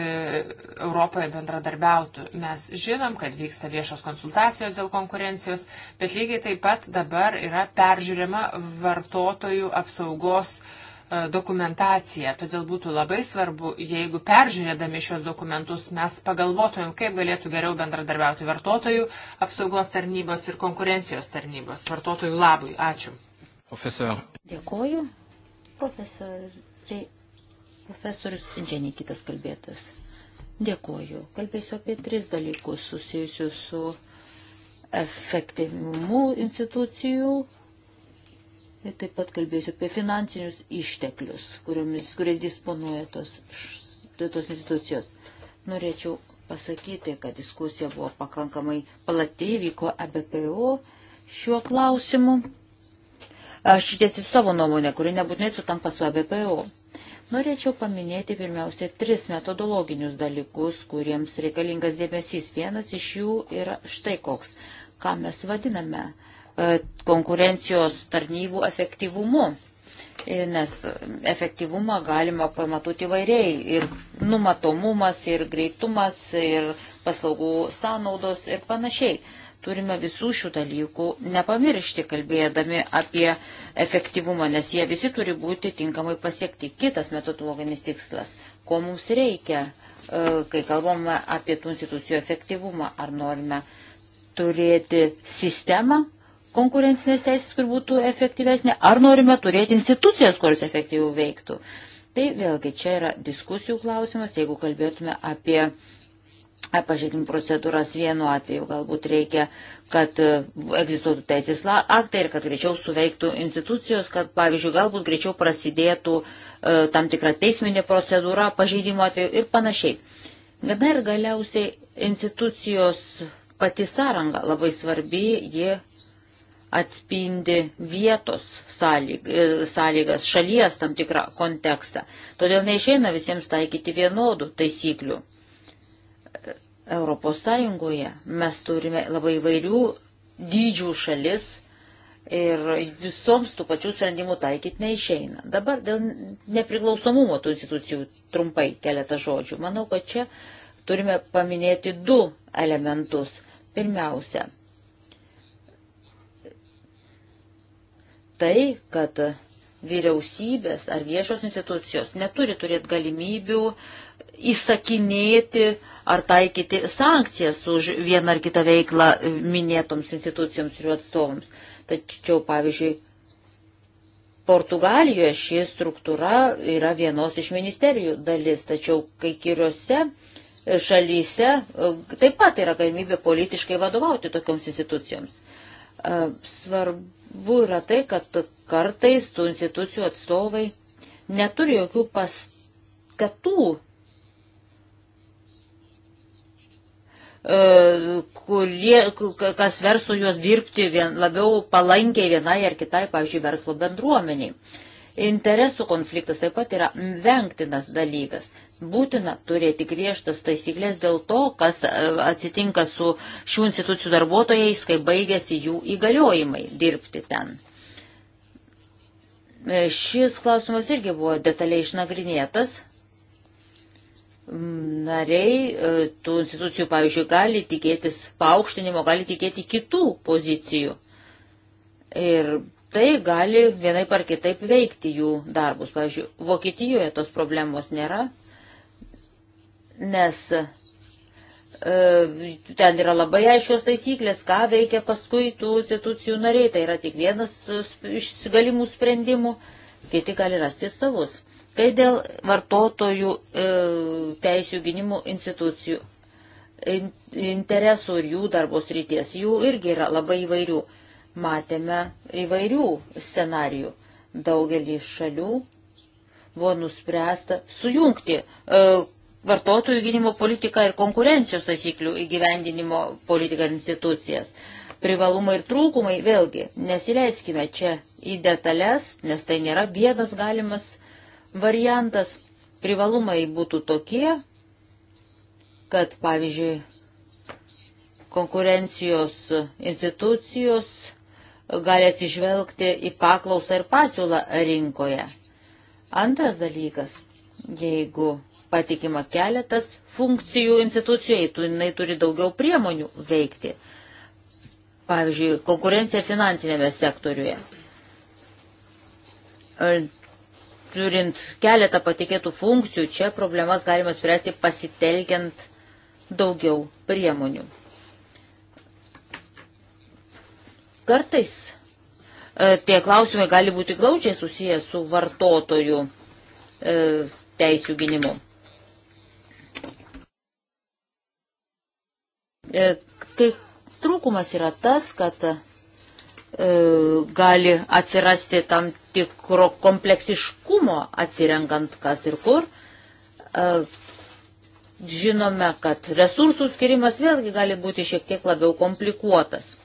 Europoje bendradarbiautų. Mes žinom, kad vyksta viešos konsultacijos dėl konkurencijos, bet lygiai taip pat dabar yra peržiūrima vartotojų apsaugos e, dokumentacija. Todėl būtų labai svarbu, jeigu peržiūrėdami šios dokumentus mes pagalvotumėm, kaip galėtų geriau bendradarbiauti vartotojų apsaugos tarnybos ir konkurencijos tarnybos vartotojų labui. Ačiū. Profesor. Dėkoju. Profesoriai profesorius Dženė kitas kalbėtas. Dėkuoju. Kalbėsiu apie tris dalykus susijusius su efektyvimu institucijų. Ir taip pat kalbėsiu apie finansinius išteklius, kuriomis, kuriais disponuoja tos, tos institucijos. Norėčiau pasakyti, kad diskusija buvo pakankamai plati, vyko ABPO e šiuo klausimu. Aš tiesiu savo nuomonę, kuri nebūtinai sutampa su ABPO. E Norėčiau paminėti pirmiausia tris metodologinius dalykus, kuriems reikalingas dėmesys. Vienas iš jų yra štai koks, ką mes vadiname e, konkurencijos tarnybų efektyvumu. E, nes efektyvumą galima pamatyti įvairiai ir numatomumas, ir greitumas, ir paslaugų sąnaudos ir panašiai. Turime visų šių dalykų nepamiršti, kalbėdami apie efektyvumą, nes jie visi turi būti tinkamai pasiekti. Kitas metodologinis tikslas - ko mums reikia, e, kai kalbame apie tų institucijų efektyvumą. Ar norime turėti sistemą konkurencinės teisės, kur būtų efektyvesnė, ar norime turėti institucijas, kurios efektyviau veiktų. Tai vėlgi čia yra diskusijų klausimas, jeigu kalbėtume apie pažeidim procedūras vienu atveju, galbūt reikia, kad e, egzistuotų teisės aktai ir kad greičiau suveiktų institucijos, kad, pavyzdžiui, galbūt greičiau prasidėtų e, tam tikra teisminė procedūra pažeidimo atveju ir panašiai. Gana ir galiausiai institucijos pati sąranga labai svarbi, ji atspindi vietos sąlyg, e, sąlygas, šalies tam tikrą kontekstą. Todėl neišeina visiems taikyti vienodų taisyklių Europos Sąjungoje mes turime labai įvairių dydžių šalis ir visoms tų pačių sprendimų taikyti neišeina. Dabar dėl nepriklausomumo tų institucijų trumpai keletą žodžių. Manau, kad čia turime paminėti du elementus. Pirmiausia, tai, kad vyriausybės ar viešos institucijos neturi turėti galimybių įsakinėti uh, ar taikyti sankcijas už vieną ar kitą veiklą minėtoms institucijoms ir jų atstovams. Tačiau, pavyzdžiui, Portugalijoje ši struktūra yra vienos iš ministerijų dalis, tačiau kai kuriuose šalyse e, taip pat yra galimybė politiškai vadovauti tokioms institucijoms. E, svarbu yra tai, kad kartais tų institucijų atstovai neturi jokių paskatų E, kurie, kas versų juos dirbti vien, labiau palankiai vienai ar kitai, pavyzdžiui, verslo bendruomeniai. Interesų konfliktas taip pat yra vengtinas dalykas. Būtina turėti griežtas taisyklės dėl to, kas e, atsitinka su šių institucijų darbuotojais, kai baigėsi jų įgaliojimai dirbti ten. E, šis klausimas irgi buvo detaliai išnagrinėtas nariai e, tų institucijų, pavyzdžiui, gali tikėtis paaukštinimo, gali tikėti kitų pozicijų. Ir tai gali vienai par kitaip veikti jų darbus. Pavyzdžiui, Vokietijoje tos problemos nėra, nes e, ten yra labai aiškios taisyklės, ką veikia paskui tų institucijų nariai. Tai yra tik vienas e, iš galimų sprendimų, kiti gali rasti savus. Kai dėl vartotojų e, teisų gynimų institucijų in, interesų ir jų darbos ryties, jų irgi yra labai įvairių. Matėme įvairių scenarijų. Daugelį šalių buvo nuspręsta sujungti e, vartotojų gynimo politiką ir konkurencijos taisyklių įgyvendinimo politiką ir institucijas. Privalumai ir trūkumai vėlgi nesileiskime čia į detalės, nes tai nėra vienas galimas variantas. Privalumai būtų tokie, kad, pavyzdžiui, konkurencijos institucijos gali atsižvelgti į paklausą ir pasiūlą rinkoje. Antras dalykas, jeigu patikima keletas funkcijų institucijai, jinai turi daugiau priemonių veikti. Pavyzdžiui, konkurencija finansinėme sektoriuje turint keletą patikėtų funkcijų, čia problemas galima spręsti pasitelkiant daugiau priemonių. Kartais e, tie klausimai gali būti glaudžiai susiję su vartotojų e, teisų gynimu. E, kai trūkumas yra tas, kad E, gali atsirasti tam tikro kompleksiškumo atsirenkant kas ir kur. E, žinome, kad resursų skirimas vėlgi gali būti šiek tiek labiau komplikuotas.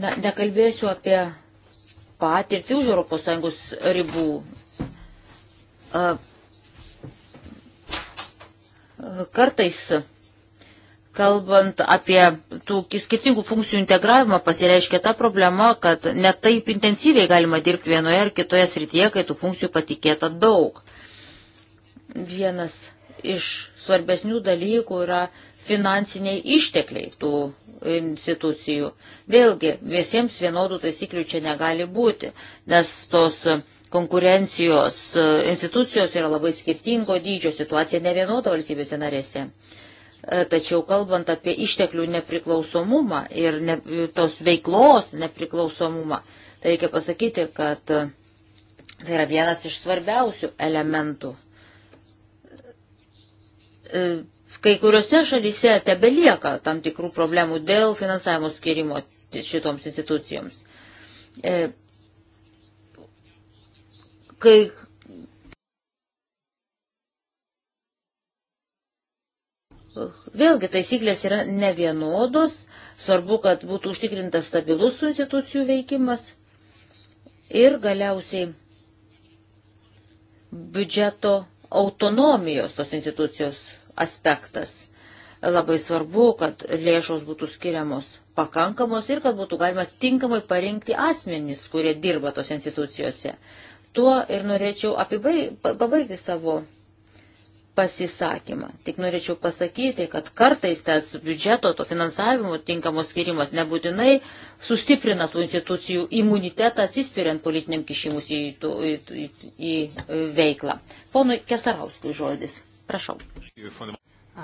Na, nekalbėsiu apie patirtį už ES ribų. E, kartais Kalbant apie tų skirtingų funkcijų integravimą, pasireiškia ta problema, kad netaip intensyviai galima dirbti vienoje ar kitoje srityje, kai tų funkcijų patikėta daug. Vienas iš svarbesnių dalykų yra finansiniai ištekliai tų institucijų. Vėlgi, visiems vienodų taisyklių čia negali būti, nes tos konkurencijos institucijos yra labai skirtingo dydžio, situacija ne vienoda valstybėse narėse. E, tačiau kalbant apie išteklių nepriklausomumą ir ne, tos veiklos nepriklausomumą, tai reikia pasakyti, kad e, tai yra vienas iš svarbiausių elementų. E, kai kuriuose šalyse tebelieka tam tikrų problemų dėl finansavimo skirimo šitoms institucijoms. Kai Vėlgi taisyklės yra nevienodos, svarbu, kad būtų užtikrintas stabilus institucijų veikimas ir galiausiai biudžeto autonomijos tos institucijos aspektas. Labai svarbu, kad lėšos būtų skiriamos pakankamos ir kad būtų galima tinkamai parinkti asmenys, kurie dirba tos institucijose. Tuo ir norėčiau apibai, pabaigti savo pasisakymą. Tik norėčiau pasakyti, kad kartais tas biudžeto, to finansavimo tinkamos skirimas nebūtinai sustiprina tų institucijų imunitetą atsispiriant politiniam kišimus į, tų, į, į, į veiklą. Ponui Kesarauskui žodis. Prašau.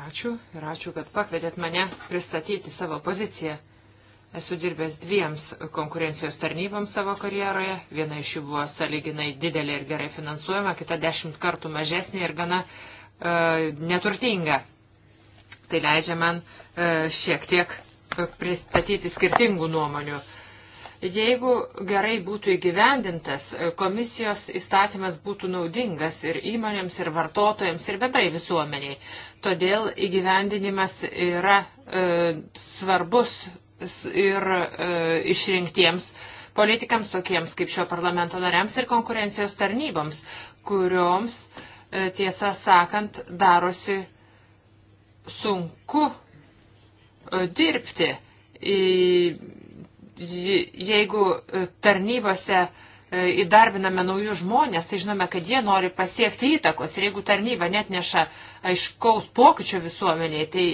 Ačiū ir ačiū, kad pakvietėt mane pristatyti savo poziciją. Esu dirbęs dviems konkurencijos tarnyboms savo karjeroje. Viena iš jų buvo saliginai didelė ir gerai finansuojama, kita dešimt kartų mažesnė ir gana E, neturtinga. Tai leidžia man e, šiek tiek pristatyti skirtingų nuomonių. Jeigu gerai būtų įgyvendintas, e, komisijos įstatymas būtų naudingas ir įmonėms, ir vartotojams, ir bendrai visuomeniai. Todėl įgyvendinimas yra e, svarbus ir e, išrinktiems politikams tokiems kaip šio parlamento nariams ir konkurencijos tarnyboms, kurioms e, E, tiesą sakant, darosi sunku e, dirbti. Jeigu e, tarnybose įdarbiname naujus žmonės, tai žinome, kad jie nori pasiekti įtakos. Ir jeigu tarnyba net neša aiškaus pokyčio visuomeniai, tai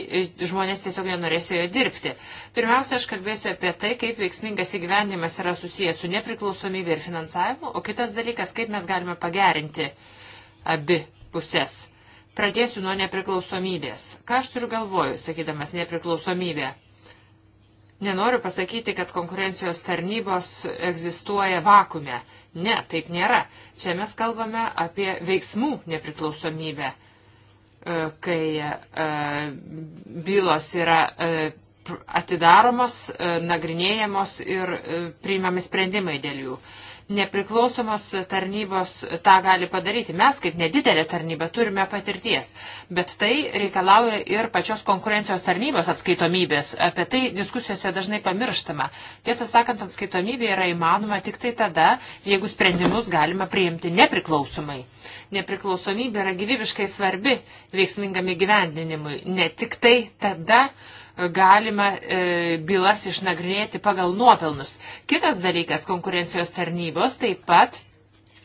žmonės tiesiog nenorės joje dirbti. Pirmiausia, aš kalbėsiu apie tai, kaip veiksmingas įgyvendimas yra susijęs su nepriklausomybė ir finansavimu, o kitas dalykas, kaip mes galime pagerinti uh, abi pusės. Pradėsiu nuo nepriklausomybės. Ką aš turiu galvoju, sakydamas nepriklausomybė? Nenoriu pasakyti, kad konkurencijos tarnybos egzistuoja vakume. Ne, taip nėra. Čia mes kalbame apie veiksmų nepriklausomybę, e, kai e, bylos yra e, atidaromos, nagrinėjamos ir priimami sprendimai dėl jų. Nepriklausomos tarnybos tą gali padaryti. Mes, kaip nedidelė tarnyba, turime patirties. Bet tai reikalauja ir pačios konkurencijos tarnybos atskaitomybės. Apie tai diskusijose dažnai pamirštama. Tiesą sakant, atskaitomybė yra įmanoma tik tai tada, jeigu sprendimus galima priimti nepriklausomai. Nepriklausomybė yra gyvybiškai svarbi veiksmingam įgyvendinimui. Ne tik tai tada, galima e, bylas išnagrinėti pagal nuopelnus. Kitas dalykas, konkurencijos tarnybos taip pat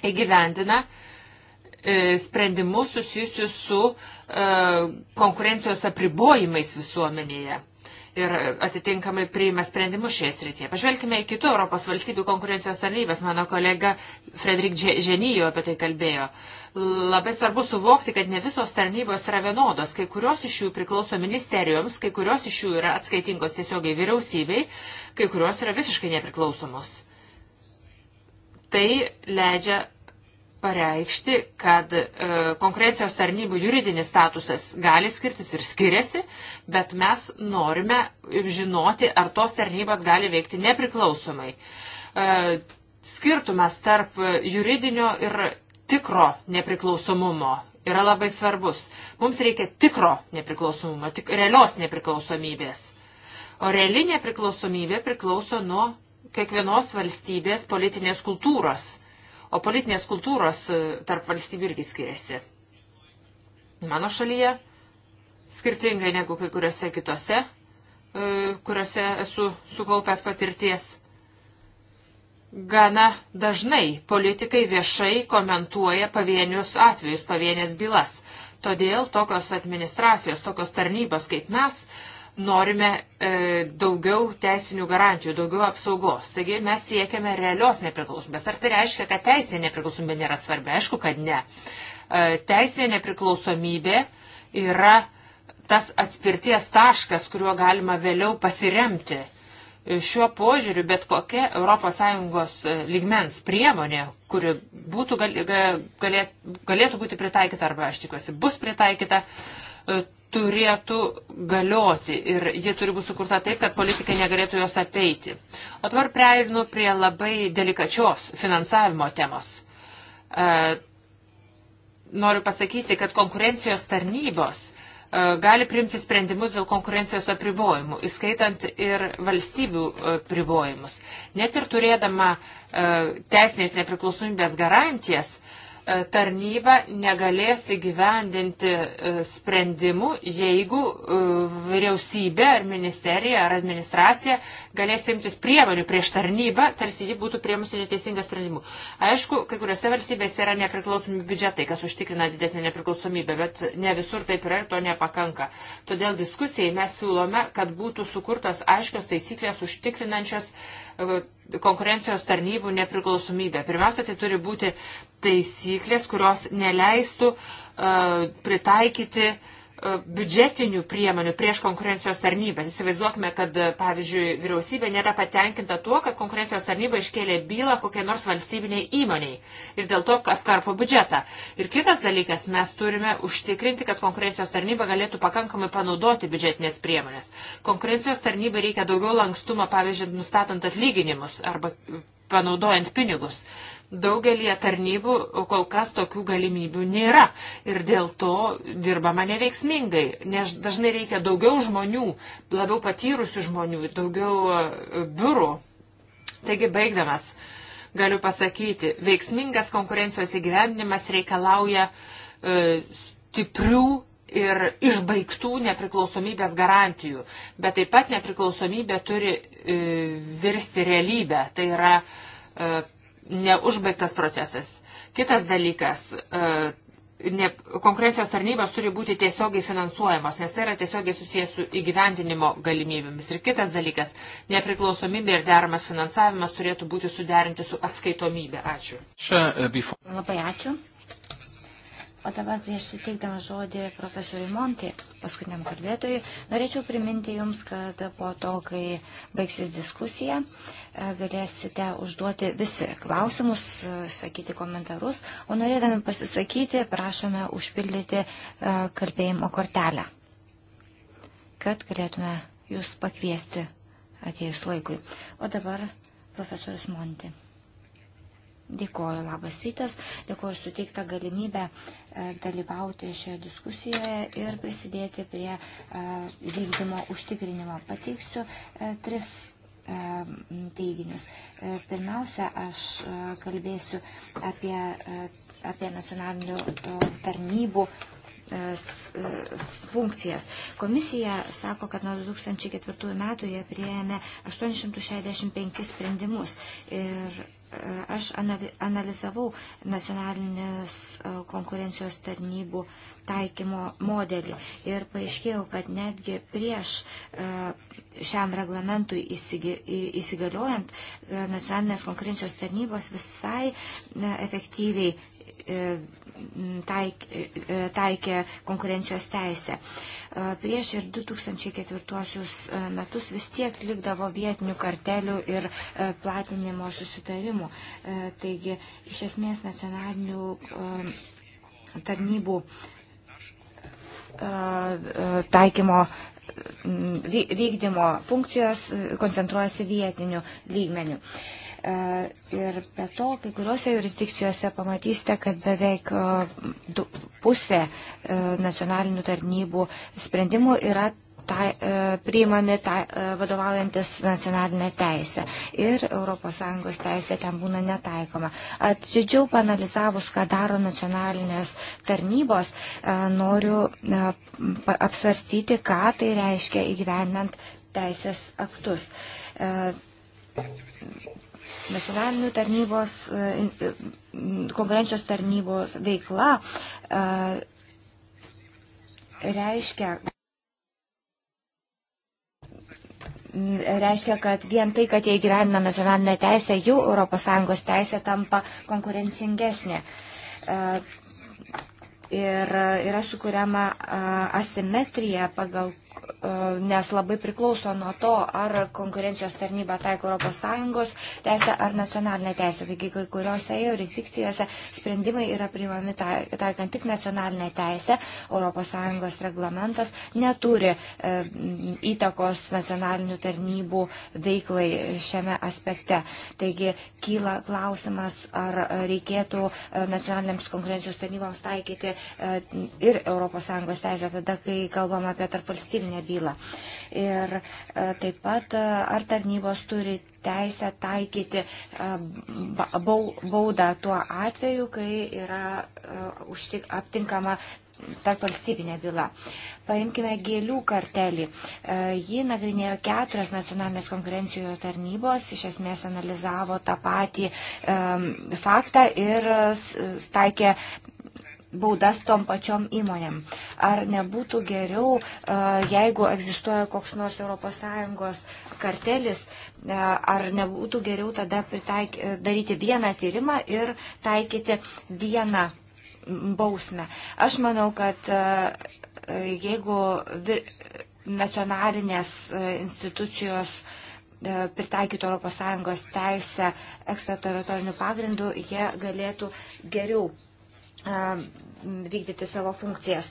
įgyvendina e, sprendimus susijusius su e, konkurencijos apribojimais visuomenėje ir atitinkamai priima sprendimus šioje srityje. Pažvelkime į kitų Europos valstybių konkurencijos tarnybės. Mano kolega Fredrik Ženijo apie tai kalbėjo. Labai svarbu suvokti, kad ne visos tarnybos yra vienodos. Kai kurios iš jų priklauso ministerijoms, kai kurios iš jų yra atskaitingos tiesiogiai vyriausybei, kai kurios yra visiškai nepriklausomos. Tai leidžia pareikšti, kad e, konkurencijos tarnybų juridinis statusas gali skirtis ir skiriasi, bet mes norime žinoti, ar tos tarnybos gali veikti nepriklausomai. E, skirtumas tarp juridinio ir tikro nepriklausomumo yra labai svarbus. Mums reikia tikro nepriklausomumo, tik realios nepriklausomybės. O reali nepriklausomybė priklauso nuo kiekvienos valstybės politinės kultūros O politinės kultūros e, tarp valstybių irgi skiriasi. Mano šalyje, skirtingai negu kai kuriuose kitose, e, kuriuose esu sukaupęs patirties, gana dažnai politikai viešai komentuoja pavienius atvejus, pavienės bylas. Todėl tokios administracijos, tokios tarnybos kaip mes norime e, daugiau teisinių garantijų, daugiau apsaugos. Taigi mes siekiame realios nepriklausomybės. Ar tai reiškia, kad teisinė nepriklausomybė nėra svarbi? Aišku, kad ne. E, teisinė nepriklausomybė yra tas atspirties taškas, kuriuo galima vėliau pasiremti. E, šiuo požiūriu bet kokia ES e, lygmens priemonė, kuri būtų gal, galėt, galėtų būti pritaikyta arba, aš tikiuosi, bus pritaikyta, e, turėtų galioti ir ji turi būti sukurta taip, kad politikai negalėtų jos apeiti. O dabar prieinu prie labai delikačios finansavimo temos. E, noriu pasakyti, kad konkurencijos tarnybos e, gali priimti sprendimus dėl konkurencijos apribojimų, įskaitant ir valstybių apribojimus. E, Net ir turėdama e, teisinės nepriklausomybės garantijas, E, tarnyba negalės įgyvendinti e, sprendimų, jeigu e, vyriausybė ar ministerija ar administracija galės imtis priemonių prieš tarnybą, tarsi ji būtų priemusi neteisingą sprendimų. Aišku, kai kuriuose valstybėse yra nepriklausomi biudžetai, kas užtikrina didesnį nepriklausomybę, bet ne visur taip yra ir to nepakanka. Todėl diskusijai mes siūlome, kad būtų sukurtos aiškios taisyklės užtikrinančios konkurencijos tarnybų nepriklausomybę. Pirmiausia, tai turi būti taisyklės, kurios neleistų uh, pritaikyti uh, biudžetinių priemonių prieš konkurencijos tarnybą. Įsivaizduokime, kad, e, pavyzdžiui, vyriausybė nėra patenkinta tuo, kad konkurencijos tarnyba iškėlė bylą kokiai nors valstybiniai įmoniai ir dėl to apkarpo biudžetą. Ir kitas dalykas, mes turime užtikrinti, kad konkurencijos tarnyba galėtų pakankamai panaudoti biudžetinės priemonės. Konkurencijos tarnybai reikia daugiau lankstumo, pavyzdžiui, nustatant atlyginimus arba panaudojant pinigus. Uh, Daugelie tarnybų kol kas tokių galimybių nėra ir dėl to dirbama neveiksmingai, nes dažnai reikia daugiau žmonių, labiau patyrusių žmonių, daugiau e, biurų. Taigi baigdamas, galiu pasakyti, veiksmingas konkurencijos įgyvendinimas reikalauja e, stiprių ir išbaigtų nepriklausomybės garantijų, bet taip pat nepriklausomybė turi e, virsti realybę. Tai yra e, neužbaigtas procesas. Kitas dalykas e, ne, konkurencijos tarnybos turi būti tiesiogiai finansuojamos, nes tai yra tiesiogiai susijęs su įgyvendinimo galimybėmis. Ir kitas dalykas, nepriklausomybė ir deramas finansavimas turėtų būti suderinti su atskaitomybė. Ačiū. E, Labai ačiū. O dabar prieš suteikdama žodį profesoriui Monti, paskutiniam kalbėtojui, norėčiau priminti Jums, kad po to, kai baigsis diskusija, e, galėsite užduoti visi klausimus, e, sakyti komentarus, o norėdami pasisakyti, prašome užpildyti e, kalbėjimo kortelę, kad galėtume Jūs pakviesti atėjus laikui. O dabar profesorius Monti. Dėkoju, labas rytas, dėkoju suteiktą galimybę e, dalyvauti šioje diskusijoje ir prisidėti prie e, vykdymo užtikrinimo. Pateiksiu e, tris teiginius. Pirmiausia, aš kalbėsiu apie, apie nacionalinių tarnybų funkcijas. Komisija sako, kad nuo 2004 metų jie prieėmė 865 sprendimus ir Aš analizavau nacionalinės e, konkurencijos tarnybų taikymo modelį ir paaiškėjau, kad netgi prieš e, šiam reglamentui įsigaliojant e, nacionalinės konkurencijos tarnybos visai efektyviai taik, e, taikė konkurencijos teisę. E, prieš ir 2004 e, metus vis tiek likdavo vietinių kartelių ir platinimo susitarimų. Taigi, iš esmės, nacionalinių tarnybų taikymo vykdymo funkcijos koncentruojasi vietiniu lygmeniu. Uh, E, ir be to, kai kuriuose jurisdikcijose pamatysite, kad beveik e, pusė e, nacionalinių tarnybų sprendimų yra tai, priimami tai, vadovaujantis nacionalinę teisę. Ir ES teisė ten būna netaikoma. Atsidžiau panalizavus, ką daro nacionalinės tarnybos, noriu apsvarstyti, ką tai reiškia įgyvendant teisės aktus nacionalinių tarnybos, e, e, konkurencijos tarnybos veikla e, reiškia reiškia, kad vien tai, kad jie gyvena nacionalinę teisę, jų ES teisė tampa konkurencingesnė. Ir yra sukuriama asimetrija, pagal E, nes labai priklauso nuo to, ar konkurencijos tarnyba taiko ES teisę ar nacionalinę teisę. Taigi kai kuriuose jurisdikcijose sprendimai yra priimami taikant tik nacionalinę teisę, ES reglamentas neturi e, įtakos nacionalinių tarnybų veiklai šiame aspekte. Taigi kyla klausimas, ar reikėtų e, nacionaliniams konkurencijos tarnyboms taikyti e, ir ES teisę, tada kai kalbam apie tarp valstybės civilinę bylą. Ir e, taip pat e, ar tarnybos turi teisę taikyti e, baudą tuo atveju, kai yra aptinkama tarp valstybinė byla. Paimkime gėlių kartelį. Ji nagrinėjo keturias nacionalinės konkurencijos tarnybos, iš esmės analizavo tą patį um, faktą ir staikė baudas tom pačiom įmonėm. Ar nebūtų geriau, e, jeigu egzistuoja koks nors ES kartelis, e, ar nebūtų geriau tada pritaik, e, daryti vieną tyrimą ir taikyti vieną bausmę. Aš manau, kad jeigu nacionalinės institucijos pritaikytų ES teisę ekstrateritorinių pagrindų, jie galėtų geriau vykdyti savo funkcijas.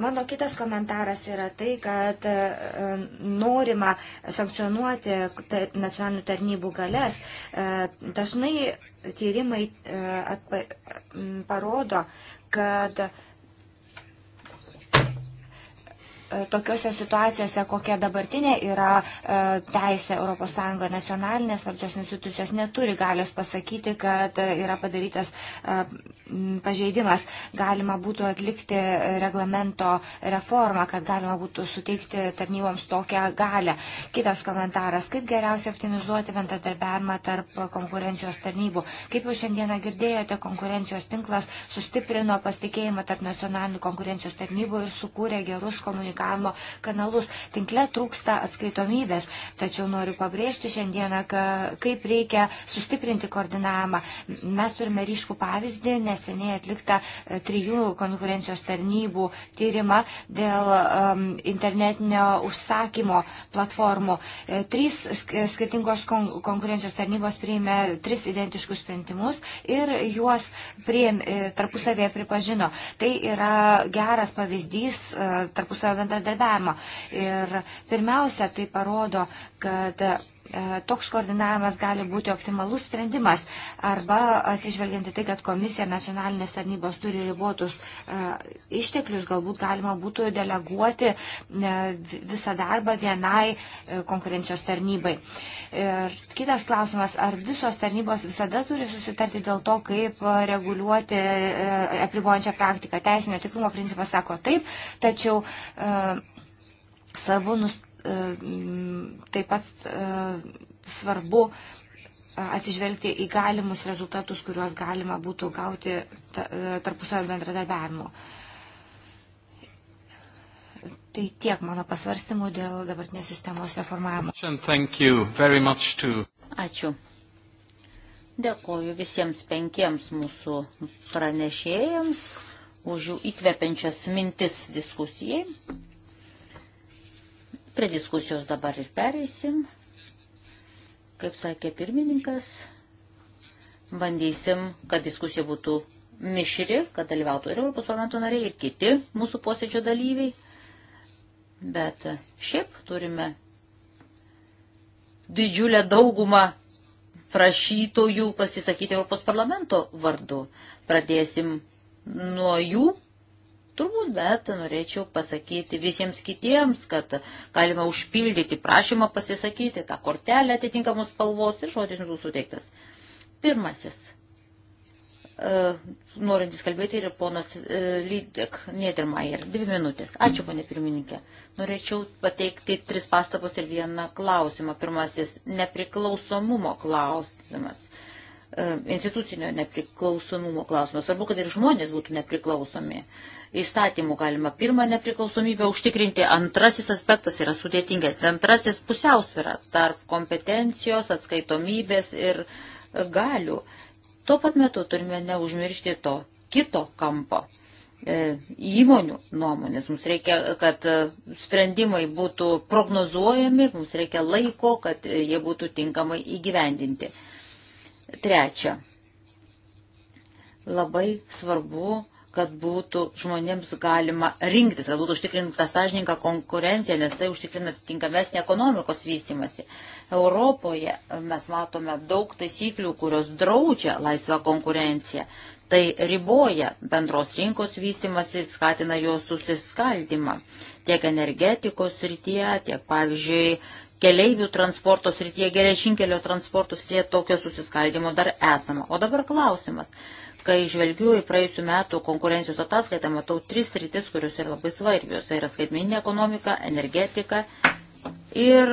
Mano kitas komentaras yra tai, kad e, norima sankcionuoti nacionalinių tarnybų galės. E, dažnai tyrimai e, parodo, kad E, tokiuose situacijose, kokia dabartinė yra e, teisė ES, nacionalinės valdžios institucijos neturi galios pasakyti, kad e, yra padarytas pažeidimas. Galima būtų atlikti reglamento reformą, kad galima būtų suteikti tarnyboms tokią galę. Kitas komentaras, kaip geriausiai optimizuoti bendradarbiavimą tarp konkurencijos tarnybų. Kaip jau šiandieną girdėjote, konkurencijos tinklas sustiprino pasitikėjimą tarp nacionalinių konkurencijos tarnybų ir sukūrė gerus komunikacijos komunikavimo kanalus. Tinkle trūksta atskaitomybės, tačiau noriu pabrėžti šiandieną, ka, kaip reikia sustiprinti koordinavimą. Mes turime ryškų pavyzdį, neseniai atlikta e, trijų konkurencijos tarnybų tyrimą dėl um, internetinio užsakymo platformų. E, trys skirtingos kon konkurencijos tarnybos priėmė tris identiškus sprendimus ir juos priėm, e, tarpusavėje pripažino. Tai yra geras pavyzdys tarpusavio bendradarbiavimo. Ir pirmiausia, tai parodo, kad E, toks koordinavimas gali būti optimalus sprendimas arba atsižvelgiant į tai, kad komisija nacionalinės tarnybos turi ribotus e, išteklius, galbūt galima būtų deleguoti e, visą darbą vienai konkurencijos tarnybai. Ir kitas klausimas, ar visos tarnybos visada turi susitarti dėl to, kaip reguliuoti apribojančią praktiką. Teisinio tikrumo principas sako taip, tačiau svarbu nus, E, taip pat e, svarbu e, atsižvelgti į galimus rezultatus, kuriuos galima būtų gauti tarpusavio bendradarbiavimo. Tai tiek mano pasvarstymų dėl dabartinės sistemos reformavimo. Ačiū. Dėkoju visiems penkiems mūsų pranešėjams už jų įkvepiančias mintis diskusijai. Prie diskusijos dabar ir pereisim. Kaip sakė pirmininkas, bandysim, kad diskusija būtų mišri, kad dalyvautų ir Europos parlamento nariai, ir kiti mūsų posėdžio dalyviai. Bet šiaip turime didžiulę daugumą prašytojų pasisakyti Europos parlamento vardu. Pradėsim nuo jų turbūt, bet norėčiau pasakyti visiems kitiems, kad galima užpildyti prašymą pasisakyti tą kortelę atitinkamus spalvos ir žodis bus suteiktas. Pirmasis. E, norintis kalbėti ir ponas e, Lydek Niedermayer. Dvi minutės. Ačiū, ponė pirmininkė. Norėčiau pateikti tris pastabos ir vieną klausimą. Pirmasis - nepriklausomumo klausimas. E, E, institucinio nepriklausomumo klausimas. Svarbu, kad ir žmonės būtų nepriklausomi. Įstatymų galima pirmą nepriklausomybę užtikrinti, antrasis aspektas yra sudėtingas, antrasis pusiausvėra tarp kompetencijos, atskaitomybės ir galių. Tuo pat metu turime neužmiršti to kito kampo e, įmonių nuomonės. Mums reikia, kad sprendimai būtų prognozuojami, mums reikia laiko, kad jie būtų tinkamai įgyvendinti. Trečia, labai svarbu, kad būtų žmonėms galima rinktis, kad būtų užtikrinta sąžininka konkurencija, nes tai užtikrina tinkamesnį ekonomikos vystimasi. Europoje mes matome daug taisyklių, kurios draudžia laisvą konkurenciją. Tai riboja bendros rinkos vystimasi, skatina jo susiskaldimą tiek energetikos srityje, tiek, pavyzdžiui, keleivių transporto srityje, geležinkelio transporto srityje tokio susiskaldimo dar esama. O dabar klausimas. Kai žvelgiu į praėjusių metų konkurencijos ataskaitą, matau tris rytis, kurios yra labai svarbios. Tai yra skaitmeninė ekonomika, energetika ir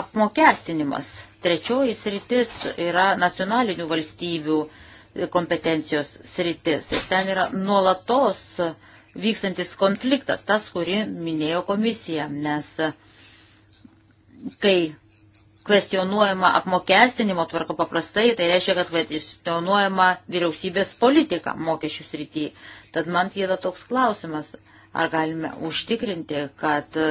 apmokestinimas. Trečioji sritis yra nacionalinių valstybių kompetencijos sritis. Ir ten yra nuolatos vykstantis konfliktas, tas, kurį minėjo komisija, nes kai kvestionuojama apmokestinimo tvarka paprastai, tai reiškia, kad kvestionuojama vyriausybės politika mokesčių srityje. Tad man kyla toks klausimas, ar galime užtikrinti, kad e,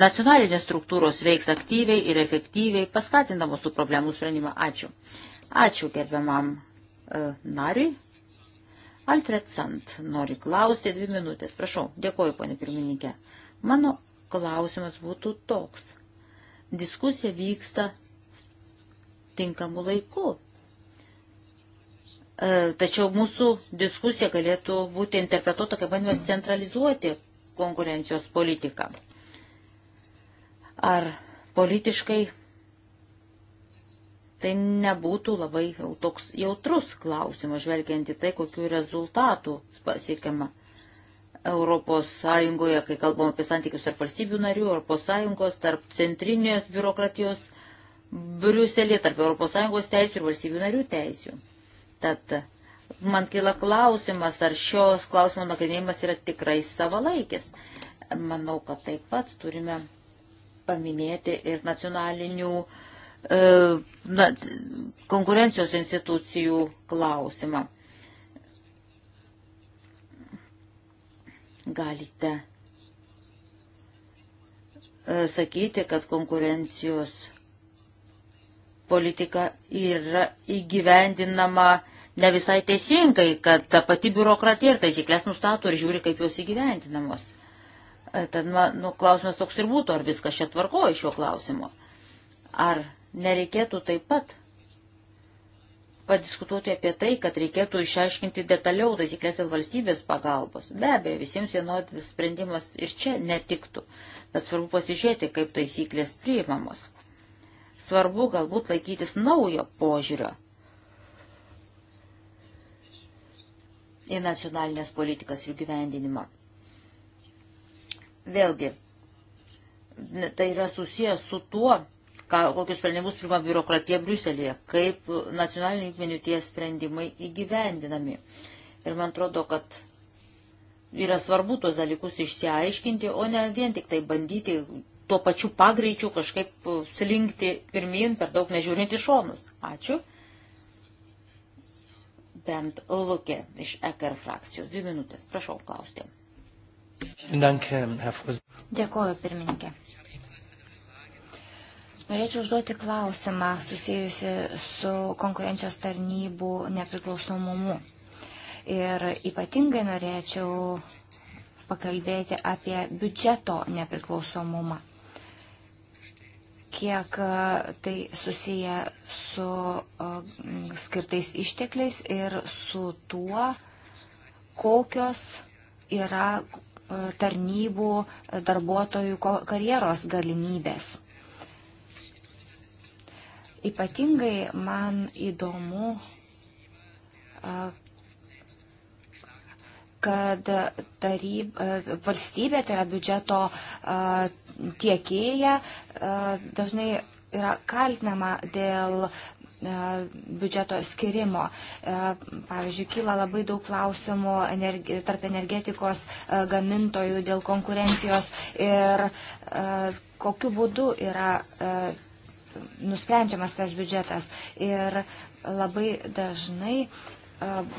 nacionalinės struktūros veiks aktyviai ir efektyviai, paskatindamos tų problemų sprendimą. Ačiū. Ačiū gerbiamam e, nariui. Alfred Sant nori klausti dvi minutės. Prašau, dėkoju, ponė pirmininkė. Mano klausimas būtų toks diskusija vyksta tinkamu laiku. E, tačiau mūsų diskusija galėtų būti interpretuota kaip bandymas centralizuoti konkurencijos politiką. Ar politiškai tai nebūtų labai jau toks jautrus klausimas, žvelgiant į tai, kokiu rezultatu pasiekiama. ES, kai kalbam apie santykius tarp valstybių narių, ES, tarp centrinės biurokratijos Briuselė, tarp ES teisių ir valstybių narių teisių. Tad man kyla klausimas, ar šios klausimo nagrinėjimas yra tikrai savalaikis. Manau, kad taip pat turime paminėti ir nacionalinių e, na, konkurencijos institucijų klausimą. galite e, sakyti, kad konkurencijos politika yra įgyvendinama ne visai teisingai, kad ta pati biurokratija ir taisyklės nustato ir žiūri, kaip jos įgyvendinamos. E, tad, nu, klausimas toks ir būtų, ar viskas čia tvarkoja šiuo klausimu. Ar nereikėtų taip pat padiskutuoti apie tai, kad reikėtų išaiškinti detaliau taisyklės dėl valstybės pagalbos. Be abejo, visiems vienodas sprendimas ir čia netiktų, bet svarbu pasižiūrėti, kaip taisyklės priimamos. Svarbu galbūt laikytis naujo požiūrio į nacionalinės politikas jų gyvendinimą. Vėlgi, tai yra susijęs su tuo, ką, kokius sprendimus priima biurokratija Briuselėje, kaip nacionalinių lygmenių tie sprendimai įgyvendinami. Ir man atrodo, kad yra svarbu tuos dalykus išsiaiškinti, o ne vien tik tai bandyti tuo pačiu pagreičiu kažkaip slinkti pirmin, per daug nežiūrint į šonus. Ačiū. Bent Lukė iš EKR frakcijos. Dvi minutės. Prašau klausti. Dėkuoju, pirmininkė. Norėčiau užduoti klausimą susijusi su konkurencijos tarnybų nepriklausomumu. Ir ypatingai norėčiau pakalbėti apie biudžeto nepriklausomumą kiek e, tai susiję su e, skirtais ištekliais ir su tuo, kokios yra e, tarnybų darbuotojų karjeros galimybės. Ypatingai man įdomu, kad taryb, valstybė, tai yra biudžeto tiekėja, dažnai yra kaltinama dėl biudžeto skirimo. Pavyzdžiui, kyla labai daug klausimų energi tarp energetikos gamintojų dėl konkurencijos ir kokiu būdu yra nusprendžiamas tas biudžetas. Ir labai dažnai e,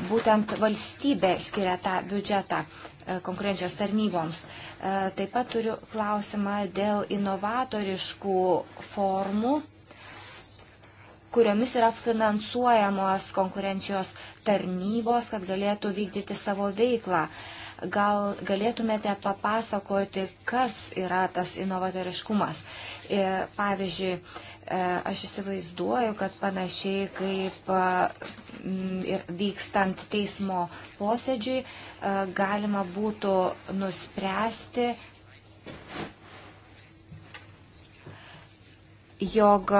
būtent valstybė skiria tą biudžetą e, konkurencijos tarnyboms. E, taip pat turiu klausimą dėl inovatoriškų formų, kuriomis yra finansuojamos konkurencijos tarnybos, kad galėtų vykdyti savo veiklą. Uh, Gal galėtumėte papasakoti, kas yra tas inovatoriškumas? Ir, e, pavyzdžiui, e, aš įsivaizduoju, kad panašiai kaip e, ir vykstant teismo posėdžiui, galima būtų nuspręsti, jog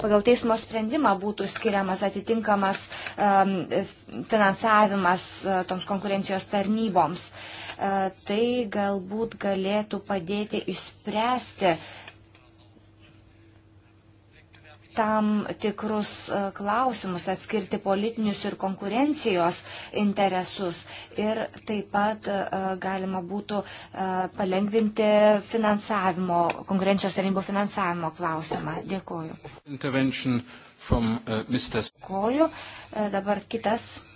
pagal teismo sprendimą būtų skiriamas atitinkamas um, finansavimas uh, toms konkurencijos tarnyboms. Uh, tai galbūt galėtų padėti išspręsti tam tikrus e, klausimus, atskirti politinius ir konkurencijos interesus. Ir taip pat e, galima būtų e, palengvinti finansavimo, konkurencijos tarnybų finansavimo klausimą. Dėkuoju. From, uh, Dėkuoju. Dabar kitas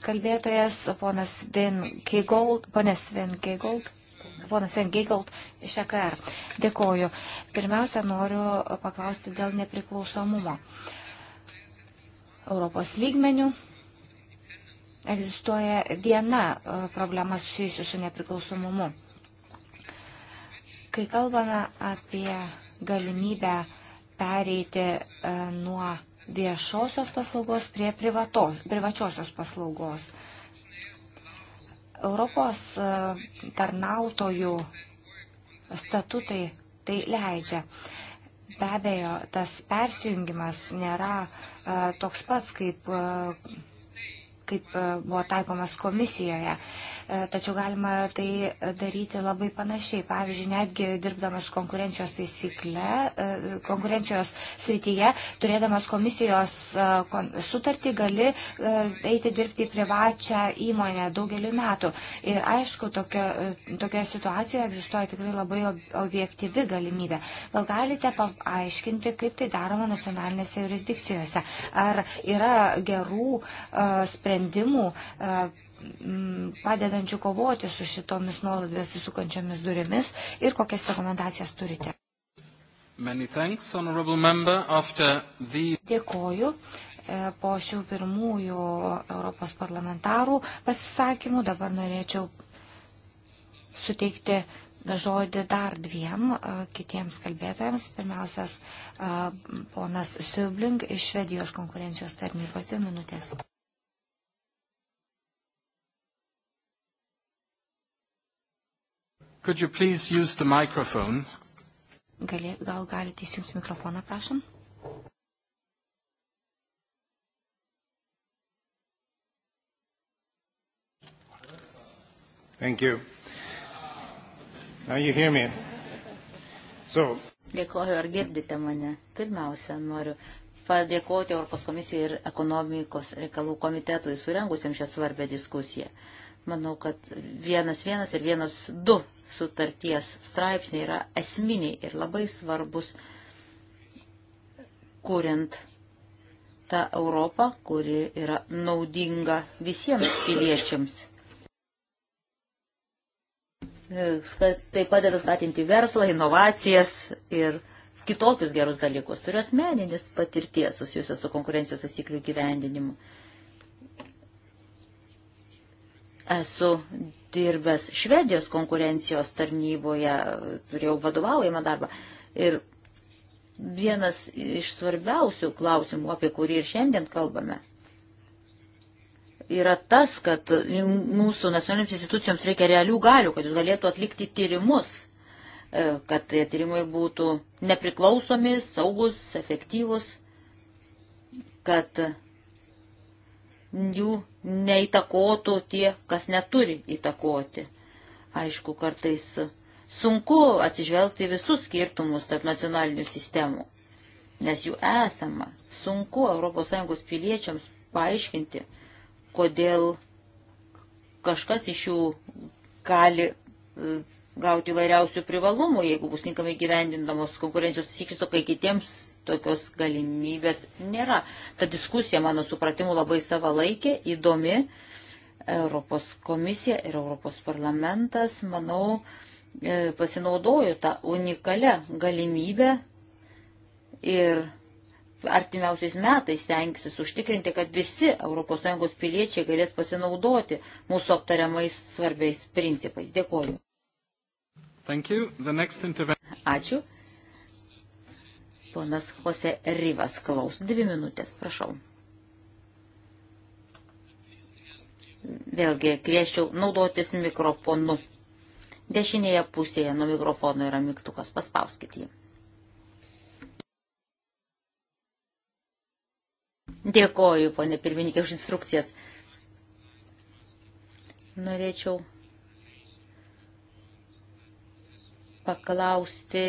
kalbėtojas, ponas Vin Keigold. Ponas Vin Keigold ponas Engigalt iš EKR. Dėkoju. Pirmiausia, noriu paklausti dėl nepriklausomumo. Europos lygmenių egzistuoja viena e, problema susijusi su nepriklausomumu. Kai kalbame apie galimybę pereiti e, nuo viešosios paslaugos prie privato, privačiosios paslaugos. Europos e, tarnautojų statutai tai leidžia. Be abejo, tas persijungimas nėra e, toks pats kaip e, kaip e, buvo taikomas komisijoje. E, tačiau galima tai daryti labai panašiai. Pavyzdžiui, netgi dirbdamas konkurencijos taisykle, e, konkurencijos srityje, turėdamas komisijos sutartį, gali eiti dirbti į privačią įmonę daugeliu metų. Ir aišku, tokio, tokioje situacijoje egzistuoja tikrai labai objektyvi galimybė. Gal galite paaiškinti, kaip tai daroma nacionalinėse jurisdikcijose? Ar yra gerų uh, sprendimų? sprendimų e, padedančių kovoti su šitomis nuolat besisukančiomis durimis ir kokias rekomendacijas turite. Many thanks, honorable member. After the... Dėkoju e, po šių pirmųjų Europos parlamentarų pasisakymų. Dabar norėčiau suteikti žodį dar dviem e, kitiems kalbėtojams. Pirmiausias ponas Siubling iš Švedijos konkurencijos tarnybos dvi minutės. Could you please use the microphone? Gali, gal galite įsijungti mikrofoną, prašom? Thank you. Now you hear me. So. Dėkoju, ar girdite mane? Pirmiausia, noriu padėkoti Europos komisijai ir ekonomikos reikalų komitetui surengusiam šią svarbę diskusiją. Manau, kad vienas vienas ir vienas du sutarties straipsniai yra esminiai ir labai svarbus, kuriant tą Europą, kuri yra naudinga visiems piliečiams. E, tai padeda skatinti verslą, inovacijas ir kitokius gerus dalykus. Turiu asmeninės patirties susijusios su konkurencijos taisyklių gyvendinimu. Esu dirbęs Švedijos konkurencijos tarnyboje, turėjau vadovaujamą darbą. Ir vienas iš svarbiausių klausimų, apie kurį ir šiandien kalbame, yra tas, kad mūsų nacionalinėms institucijoms reikia realių galių, kad jūs galėtų atlikti tyrimus, e, kad tie tyrimai būtų nepriklausomi, saugus, efektyvus, kad jų neįtakotų tie, kas neturi įtakoti. Aišku, kartais sunku atsižvelgti visus skirtumus tarp nacionalinių sistemų, nes jų esama. Sunku ES piliečiams paaiškinti, kodėl kažkas iš jų gali e, gauti vairiausių privalumų, jeigu bus tinkamai gyvendindamos konkurencijos taisyklės, o kai kitiems tokios galimybės nėra. Ta diskusija, mano supratimu, labai savalaikė, įdomi. Europos komisija ir Europos parlamentas, manau, e, pasinaudojo tą unikalią galimybę ir artimiausiais metais tenksis užtikrinti, kad visi ES piliečiai galės pasinaudoti mūsų aptariamais svarbiais principais. Dėkoju. Ačiū. Ponas Jose Rivas klaus. Dvi minutės, prašau. Vėlgi, kvieščiau naudotis mikrofonu. Dešinėje pusėje nuo mikrofono yra mygtukas, paspauskite jį. Dėkoju, ponė pirmininkė, už instrukcijas. Norėčiau paklausti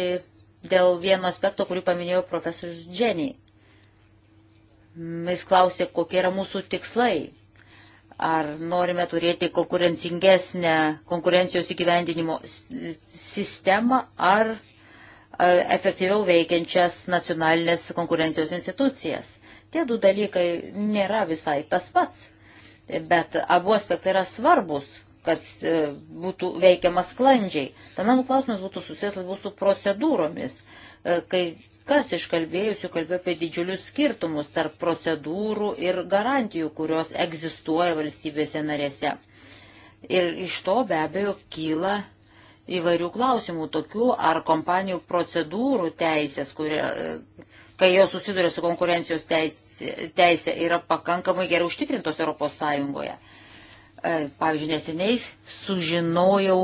dėl vieno aspekto, kurį paminėjo profesorius Dženiai. Jis klausė, kokie yra mūsų tikslai. Ar norime turėti konkurencingesnę konkurencijos įgyvendinimo sistemą, ar e, efektyviau veikiančias nacionalinės konkurencijos institucijas. Tie du dalykai nėra visai tas pats, bet abu aspektai yra svarbus kad e, būtų veikiama sklandžiai. Tam mano klausimas būtų susijęs labiau su procedūromis, e, kai kas iš kalbėjusių kalbėjo apie didžiulius skirtumus tarp procedūrų ir garantijų, kurios egzistuoja valstybėse narėse. Ir iš to be abejo kyla įvairių klausimų, tokių ar kompanijų procedūrų teisės, kurie, e, kai jos susiduria su konkurencijos teisė, teisė yra pakankamai gerai užtikrintos Europos Sąjungoje. E, pavyzdžiui, neseniai sužinojau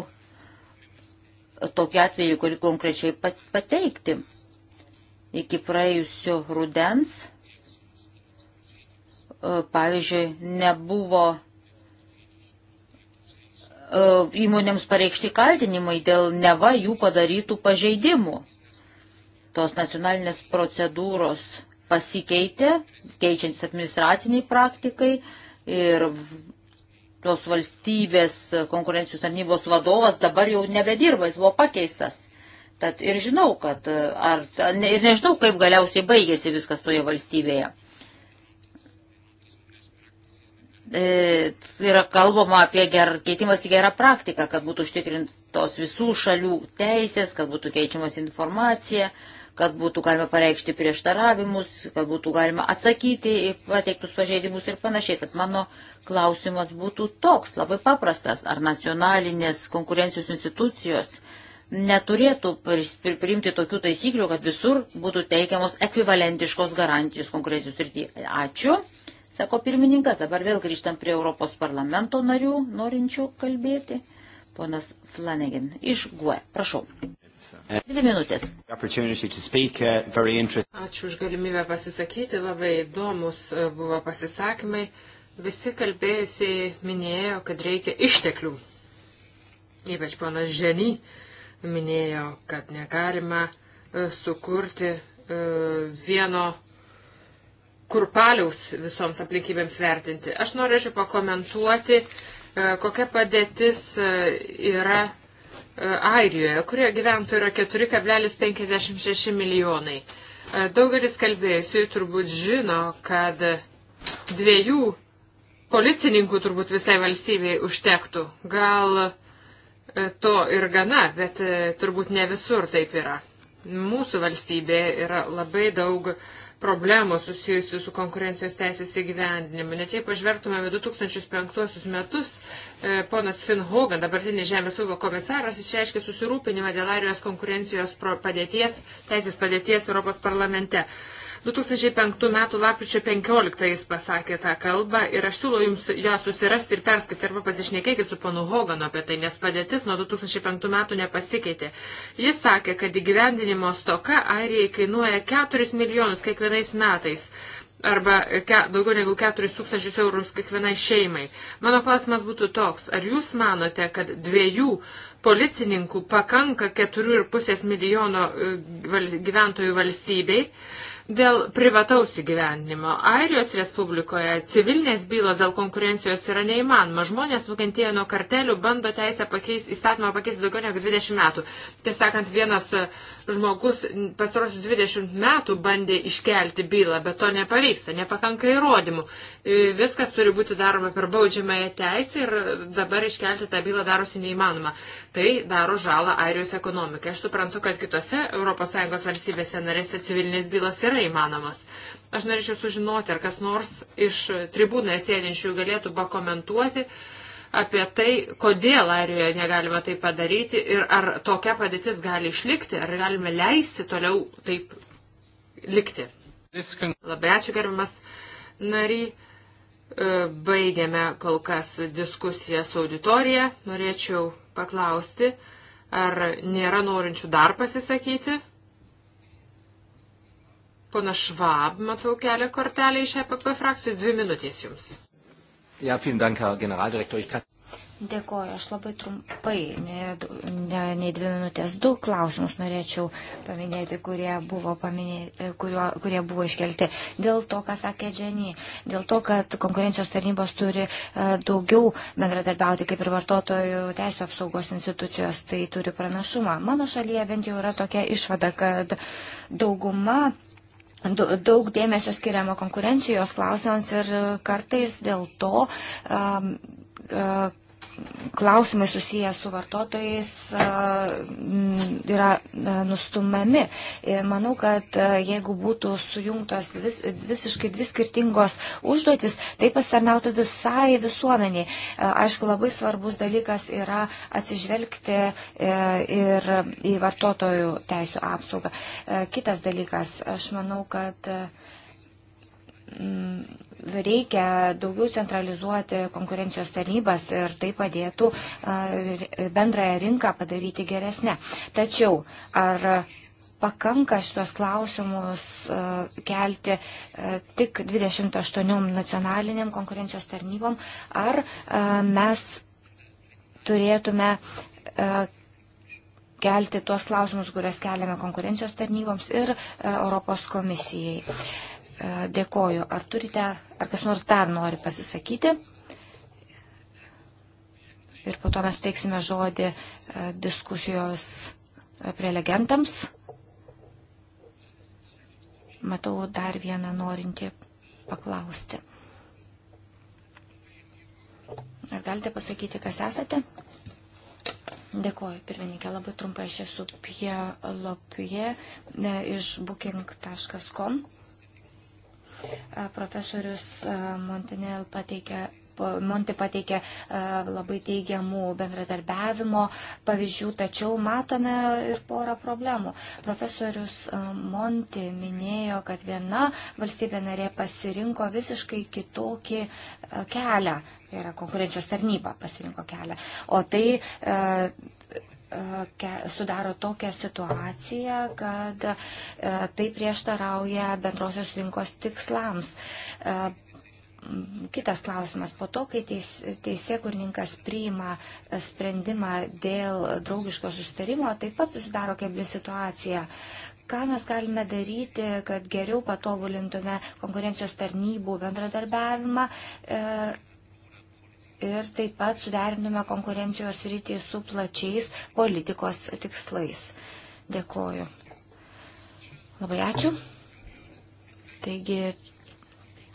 tokį atvejį, kurį konkrečiai pateikti. Iki praėjusio rudens, e, pavyzdžiui, nebuvo e, įmonėms pareikšti kaltinimai dėl neva jų padarytų pažeidimų. Tos nacionalinės procedūros pasikeitė, keičiantis administraciniai praktikai ir tos valstybės konkurencijų tarnybos vadovas dabar jau nebedirba, jis buvo pakeistas. Tad ir žinau, kad, e, ar, ne, ir nežinau, kaip galiausiai baigėsi viskas toje valstybėje. E, yra kalbama apie ger, keitimas į gerą praktiką, kad būtų užtikrintos visų šalių teisės, kad būtų keičiamas informacija. E, kad būtų galima pareikšti prieštaravimus, kad būtų galima atsakyti į pateiktus pažeidimus ir panašiai. Tad mano klausimas būtų toks, labai paprastas, ar nacionalinės konkurencijos institucijos neturėtų priimti tokių taisyklių, kad visur būtų teikiamos ekvivalentiškos garantijos konkurencijos srityje. Ačiū. Sako pirmininkas, dabar vėl grįžtam prie Europos parlamento narių, norinčių kalbėti. Ponas Flanagan iš GUE. Prašau. Dvi minutės. Uh, Ačiū už galimybę pasisakyti, labai įdomus uh, buvo pasisakymai. Visi kalbėjusiai minėjo, kad reikia išteklių. Ypač ponas Ženy minėjo, kad negalima uh, sukurti vieno kurpaliaus visoms aplinkybėms vertinti. Aš norėčiau pakomentuoti, kokia padėtis yra E, Airijoje, kurioje gyventojų yra 4,56 milijonai. E, daugelis kalbėjusių turbūt žino, kad dviejų policininkų turbūt visai valstybei užtektų. Gal e, to ir gana, bet turbūt ne visur taip yra. Mūsų valstybėje yra labai daug uh, problemų susijusių su konkurencijos teisės įgyvendinimu. Net jei pažvertumėme 2005 metus, e, ponas Finhogan, dabartinis Žemės ūkio komisaras, išreiškė susirūpinimą dėl Airijos konkurencijos padėties, teisės padėties Europos parlamente. 2005 m. lapkričio 15 jis pasakė tą kalbą ir aš siūlau jums ją susirasti ir perskaityti arba pasišnekėkit su panu Hoganu apie tai, nes padėtis nuo 2005 m. nepasikeitė. Jis sakė, kad įgyvendinimo stoka Airijai kainuoja 4 milijonus kiekvienais metais arba ke, daugiau negu 4 tūkstančius eurus kiekvienai šeimai. Mano klausimas būtų toks, ar jūs manote, kad dviejų policininkų pakanka 4,5 milijono e, gyventojų valstybei Dėl privataus įgyvendinimo Airijos Respublikoje civilinės bylos dėl konkurencijos yra neįmanoma. Žmonės nukentėjo nuo kartelių, bando teisę pakeis, įstatymą pakeisti daugiau negu 20 metų. Tiesąkant, vienas e, žmogus pastarosius 20 metų bandė iškelti bylą, bet to nepavyksta, nepakanka įrodymų. E, viskas turi būti daroma per baudžiamąją teisę ir dabar iškelti tą bylą darosi neįmanoma. Tai daro žalą Airijos ekonomikai. Aš suprantu, kad kitose ES valstybėse narėse civilinės bylos yra įmanomos. Aš norėčiau sužinoti, ar kas nors iš tribūnoje sėdinčių galėtų pakomentuoti apie tai, kodėl Airijoje negalima tai padaryti ir ar tokia padėtis gali išlikti, ar galime leisti toliau taip likti. Labai ačiū, gerbimas nariai. E, baigiame kol kas diskusiją su auditorija. Norėčiau paklausti, ar nėra norinčių dar pasisakyti. Pana Švab, matau kelią kortelę iš EPP frakcijų. Dvi minutės jums. Ja, vielen Dank, Herr Generaldirektor. Ich kann... Dėkoju, aš labai trumpai, ne, ne, ne dvi minutės, du klausimus norėčiau paminėti, kurie buvo, paminėti, kurio, kurie buvo iškelti. Dėl to, ką sakė Dženį, dėl to, kad konkurencijos tarnybos turi e, daugiau bendradarbiauti kaip ir vartotojų teisų apsaugos institucijos, tai turi pranašumą. Mano šalyje bent jau yra tokia išvada, kad dauguma daug dėmesio skiriama konkurencijos klausimams ir kartais dėl to, klausimai susiję su vartotojais yra nustumami. Ir manau, kad jeigu būtų sujungtos vis, visiškai dvi skirtingos užduotis, tai pasarnautų visai visuomeniai. Aišku, labai svarbus dalykas yra atsižvelgti e, ir į vartotojų teisų apsaugą. Kitas dalykas, aš manau, kad Mm, reikia daugiau centralizuoti konkurencijos tarnybas ir tai padėtų bendrąją rinką padaryti geresnę. Tačiau ar pakanka šios klausimus kelti tik 28 nacionaliniam konkurencijos tarnybom, ar mes turėtume kelti tuos klausimus, kurias keliame konkurencijos tarnyboms ir Europos komisijai. E, dėkoju. Ar turite, ar kas nors dar nori pasisakyti? Ir po to mes teiksime žodį e, diskusijos e, prelegentams. Matau dar vieną norintį paklausti. Ar galite pasakyti, kas esate? Dėkoju, pirmininkė, labai trumpai aš esu Pie Lopie iš booking.com. Profesorius Montinel pateikė Monti pateikė labai teigiamų bendradarbiavimo pavyzdžių, tačiau matome ir porą problemų. Profesorius Monti minėjo, kad viena valstybė narė pasirinko visiškai kitokį kelią, tai yra konkurencijos tarnyba pasirinko kelią, o tai E, sudaro tokią situaciją, kad e, tai prieštarauja bendrosios rinkos tikslams. E, kitas klausimas, po to, kai teis, teisėkurninkas priima sprendimą dėl draugiško sustarimo, taip pat susidaro kebli situacija, ką mes galime daryti, kad geriau patobulintume konkurencijos tarnybų bendradarbiavimą ir ir taip pat suderinome konkurencijos rytį su plačiais politikos tikslais. Dėkoju. Labai ačiū. Taigi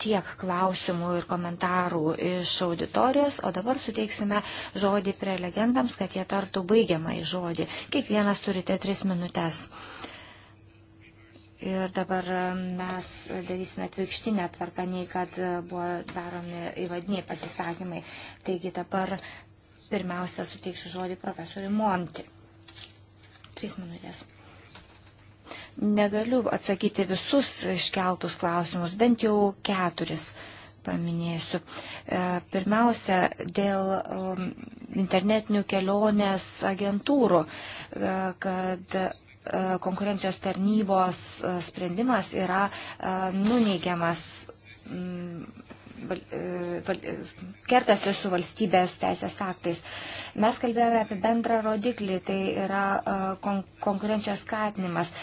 tiek klausimų ir komentarų iš auditorijos, o dabar suteiksime žodį prelegentams, kad jie tartų baigiamą į žodį. Kiekvienas turite tris minutės. Ir dabar mes darysime atvirkštinę tvarką, nei kad e, buvo daromi įvadiniai pasisakymai. Taigi dabar pirmiausia suteiksiu žodį profesoriui Monti. Trys minutės. Negaliu atsakyti visus iškeltus klausimus, bent jau keturis paminėsiu. E, pirmiausia, dėl internetinių kelionės agentūrų, e, kad E, konkurencijos tarnybos e, sprendimas yra e, nuneigiamas mm, kertasi su valstybės teisės aktais. Mes kalbėjome apie bendrą rodiklį, tai yra konkurencijos skatinimas.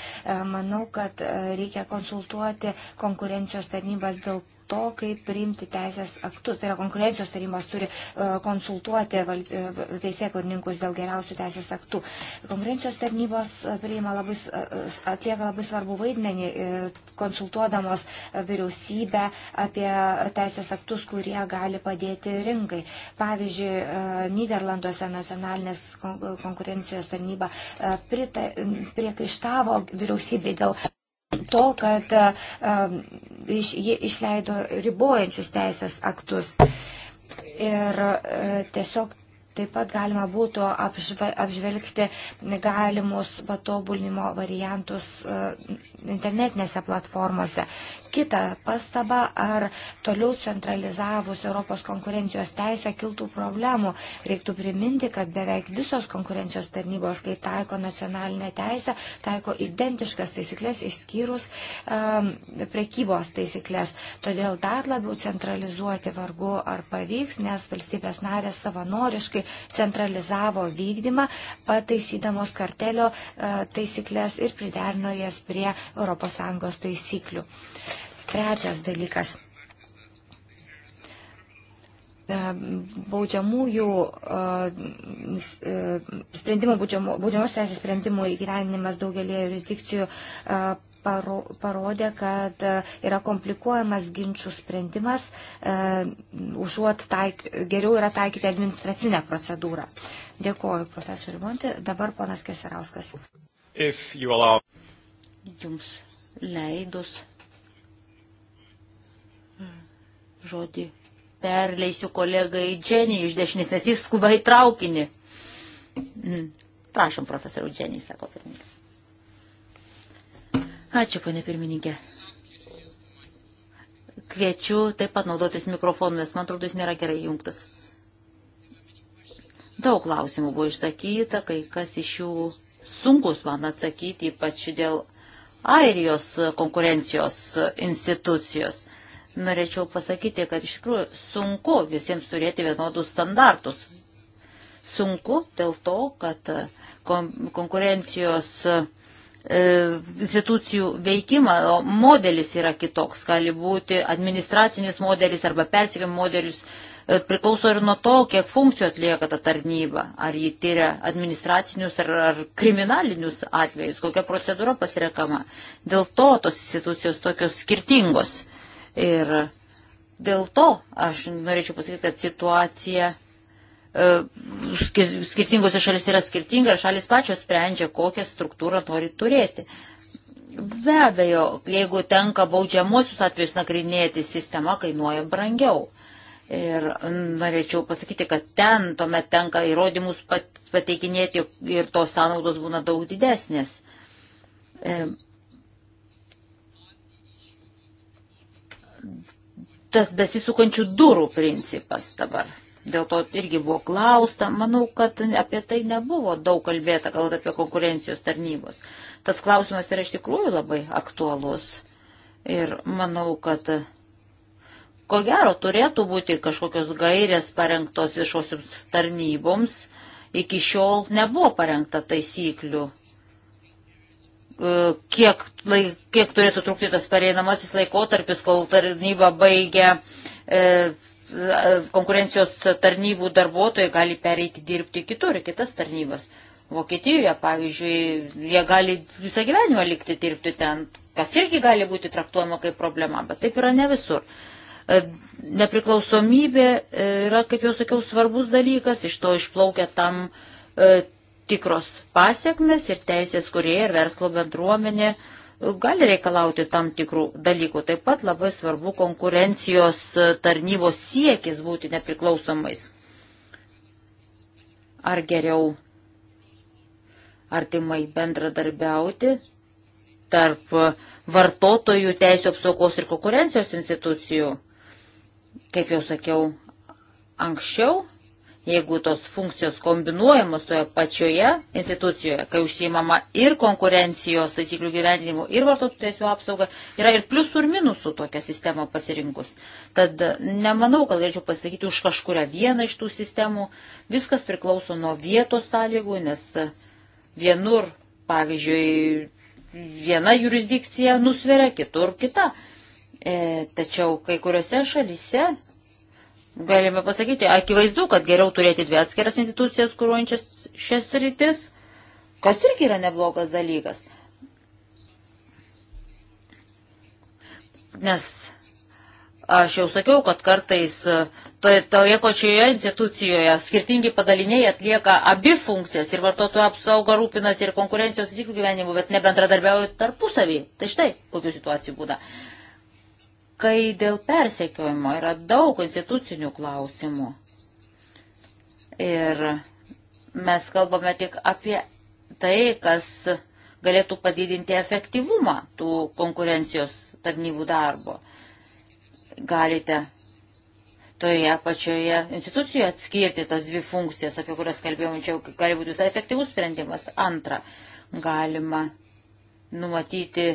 Manau, kad reikia konsultuoti konkurencijos tarnybas dėl to, kaip priimti teisės aktus. Tai yra konkurencijos tarybos turi e, konsultuoti e, teisėkurninkus dėl geriausių teisės aktų. Konkurencijos tarnybos e, priima labai, atlieka labai svarbu vaidmenį, konsultuodamos vyriausybę apie teisės aktus, kurie gali padėti rinkai. Pavyzdžiui, Niderlanduose nacionalinės konkurencijos tarnyba priekaištavo vyriausybei dėl to, kad um, iš, jie išleido ribojančius teisės aktus. Ir e, tiesiog Taip pat galima būtų apžvelgti galimus patobulinimo variantus e, internetinėse platformose. Kita pastaba, ar toliau centralizavus Europos konkurencijos teisę kiltų problemų. Reiktų priminti, kad beveik visos konkurencijos tarnybos, kai taiko nacionalinę teisę, taiko identiškas taisyklės išskyrus um, prekybos taisyklės. Todėl dar labiau centralizuoti vargu ar pavyks, nes valstybės narės savanoriškai centralizavo vykdymą, pataisydamos kartelio e, taisyklės ir priderino jas prie ES taisyklių. Trečias dalykas. E, baudžiamųjų, e, sprendimų, baudžiamos teisės sprendimų įgyvenimas daugelį jurisdikcijų paro, parodė, kad e, yra komplikuojamas ginčių sprendimas, e, užuot taik, geriau yra taikyti administracinę procedūrą. Dėkuoju, profesoriu Monti. Dabar ponas Keserauskas. Allow... Jums leidus žodį perleisiu kolegai Dženį iš dešinės, nes jis skuba į traukinį. Mm. Prašom, profesoriau Dženį, sako pirmininkas. Ačiū, ponė pirmininkė. Kviečiu taip pat naudotis mikrofonu, nes man atrodo, jis nėra gerai jungtas. Daug klausimų buvo išsakyta, kai kas iš jų sunkus man atsakyti, ypač dėl Airijos konkurencijos institucijos. Norėčiau pasakyti, kad iš tikrųjų sunku visiems turėti vienodus standartus. Sunku dėl to, kad konkurencijos E, institucijų veikimą, o modelis yra kitoks, gali būti administracinis modelis arba persikėjimo modelis, e, priklauso ir nuo to, kiek funkcijų atlieka ta tarnyba, ar jį tyria administracinius ar, ar kriminalinius atvejus, kokia procedūra pasirekama. Dėl to tos institucijos tokios skirtingos. Ir dėl to aš norėčiau pasakyti, kad situacija E, skirtingose šalise yra skirtinga ir šalis pačios sprendžia, kokią struktūrą nori turėti. Be abejo, jeigu tenka baudžiamosius atvejus nagrinėti, sistema kainuoja brangiau. Ir norėčiau pasakyti, kad ten tuomet tenka įrodymus pateikinėti ir tos sąnaudos būna daug didesnės. E, tas besisukančių durų principas dabar dėl to irgi buvo klausta. Manau, kad apie tai nebuvo daug kalbėta, kalbant apie konkurencijos tarnybos. Tas klausimas yra iš tikrųjų labai aktualus. Ir manau, kad ko gero turėtų būti kažkokios gairės parengtos viešosioms tarnyboms. Iki šiol nebuvo parengta taisyklių e, kiek, laik, kiek turėtų trukti tas pareinamasis laikotarpis, kol tarnyba baigia e, konkurencijos tarnybų darbuotojai gali pereiti dirbti kitur, kitas tarnybas. Vokietijoje, pavyzdžiui, jie gali visą gyvenimą likti dirbti ten, kas irgi gali būti traktuojama kaip problema, bet taip yra ne visur. E, nepriklausomybė e, yra, kaip jau sakiau, svarbus dalykas, iš to išplaukia tam e, tikros pasiekmes ir teisės kurie ir verslo bendruomenė. E, gali reikalauti tam tikrų dalykų. Taip pat labai svarbu konkurencijos tarnybos siekis būti nepriklausomais. Ar geriau artimai bendradarbiauti tarp vartotojų teisų apsaugos ir konkurencijos institucijų. Kaip jau sakiau anksčiau, jeigu tos funkcijos kombinuojamos toje pačioje institucijoje, kai užsiimama ir konkurencijos taisyklių gyvendinimu, ir vartotojų teisų apsauga, yra ir pliusų ir minusų tokią sistemą pasirinkus. Tad nemanau, kad galėčiau pasakyti už kažkuria vieną iš tų sistemų. Viskas priklauso nuo vietos sąlygų, nes vienur, pavyzdžiui, viena jurisdikcija nusveria, kitur kita. E, tačiau kai kuriuose šalyse galime pasakyti, akivaizdu, kad geriau turėti dvi atskiras institucijas, kūruojančias šias rytis, kas irgi yra neblogas dalykas. Nes aš jau sakiau, kad kartais e, toje pačioje institucijoje skirtingi padaliniai atlieka abi funkcijas ir vartotojų apsauga rūpinasi ir konkurencijos įsiklių gyvenimu, bet nebendradarbiauja tarpusavį. Tai štai, kokių situacijų būna. Uh, kai dėl persekiojimo yra daug institucinių klausimų. Ir mes kalbame tik apie tai, kas galėtų padidinti efektyvumą tų konkurencijos tarnybų darbo. Galite toje pačioje institucijoje atskirti tas dvi funkcijas, apie kurias kalbėjome, čia gali būti visai efektyvus sprendimas. Antra, galima numatyti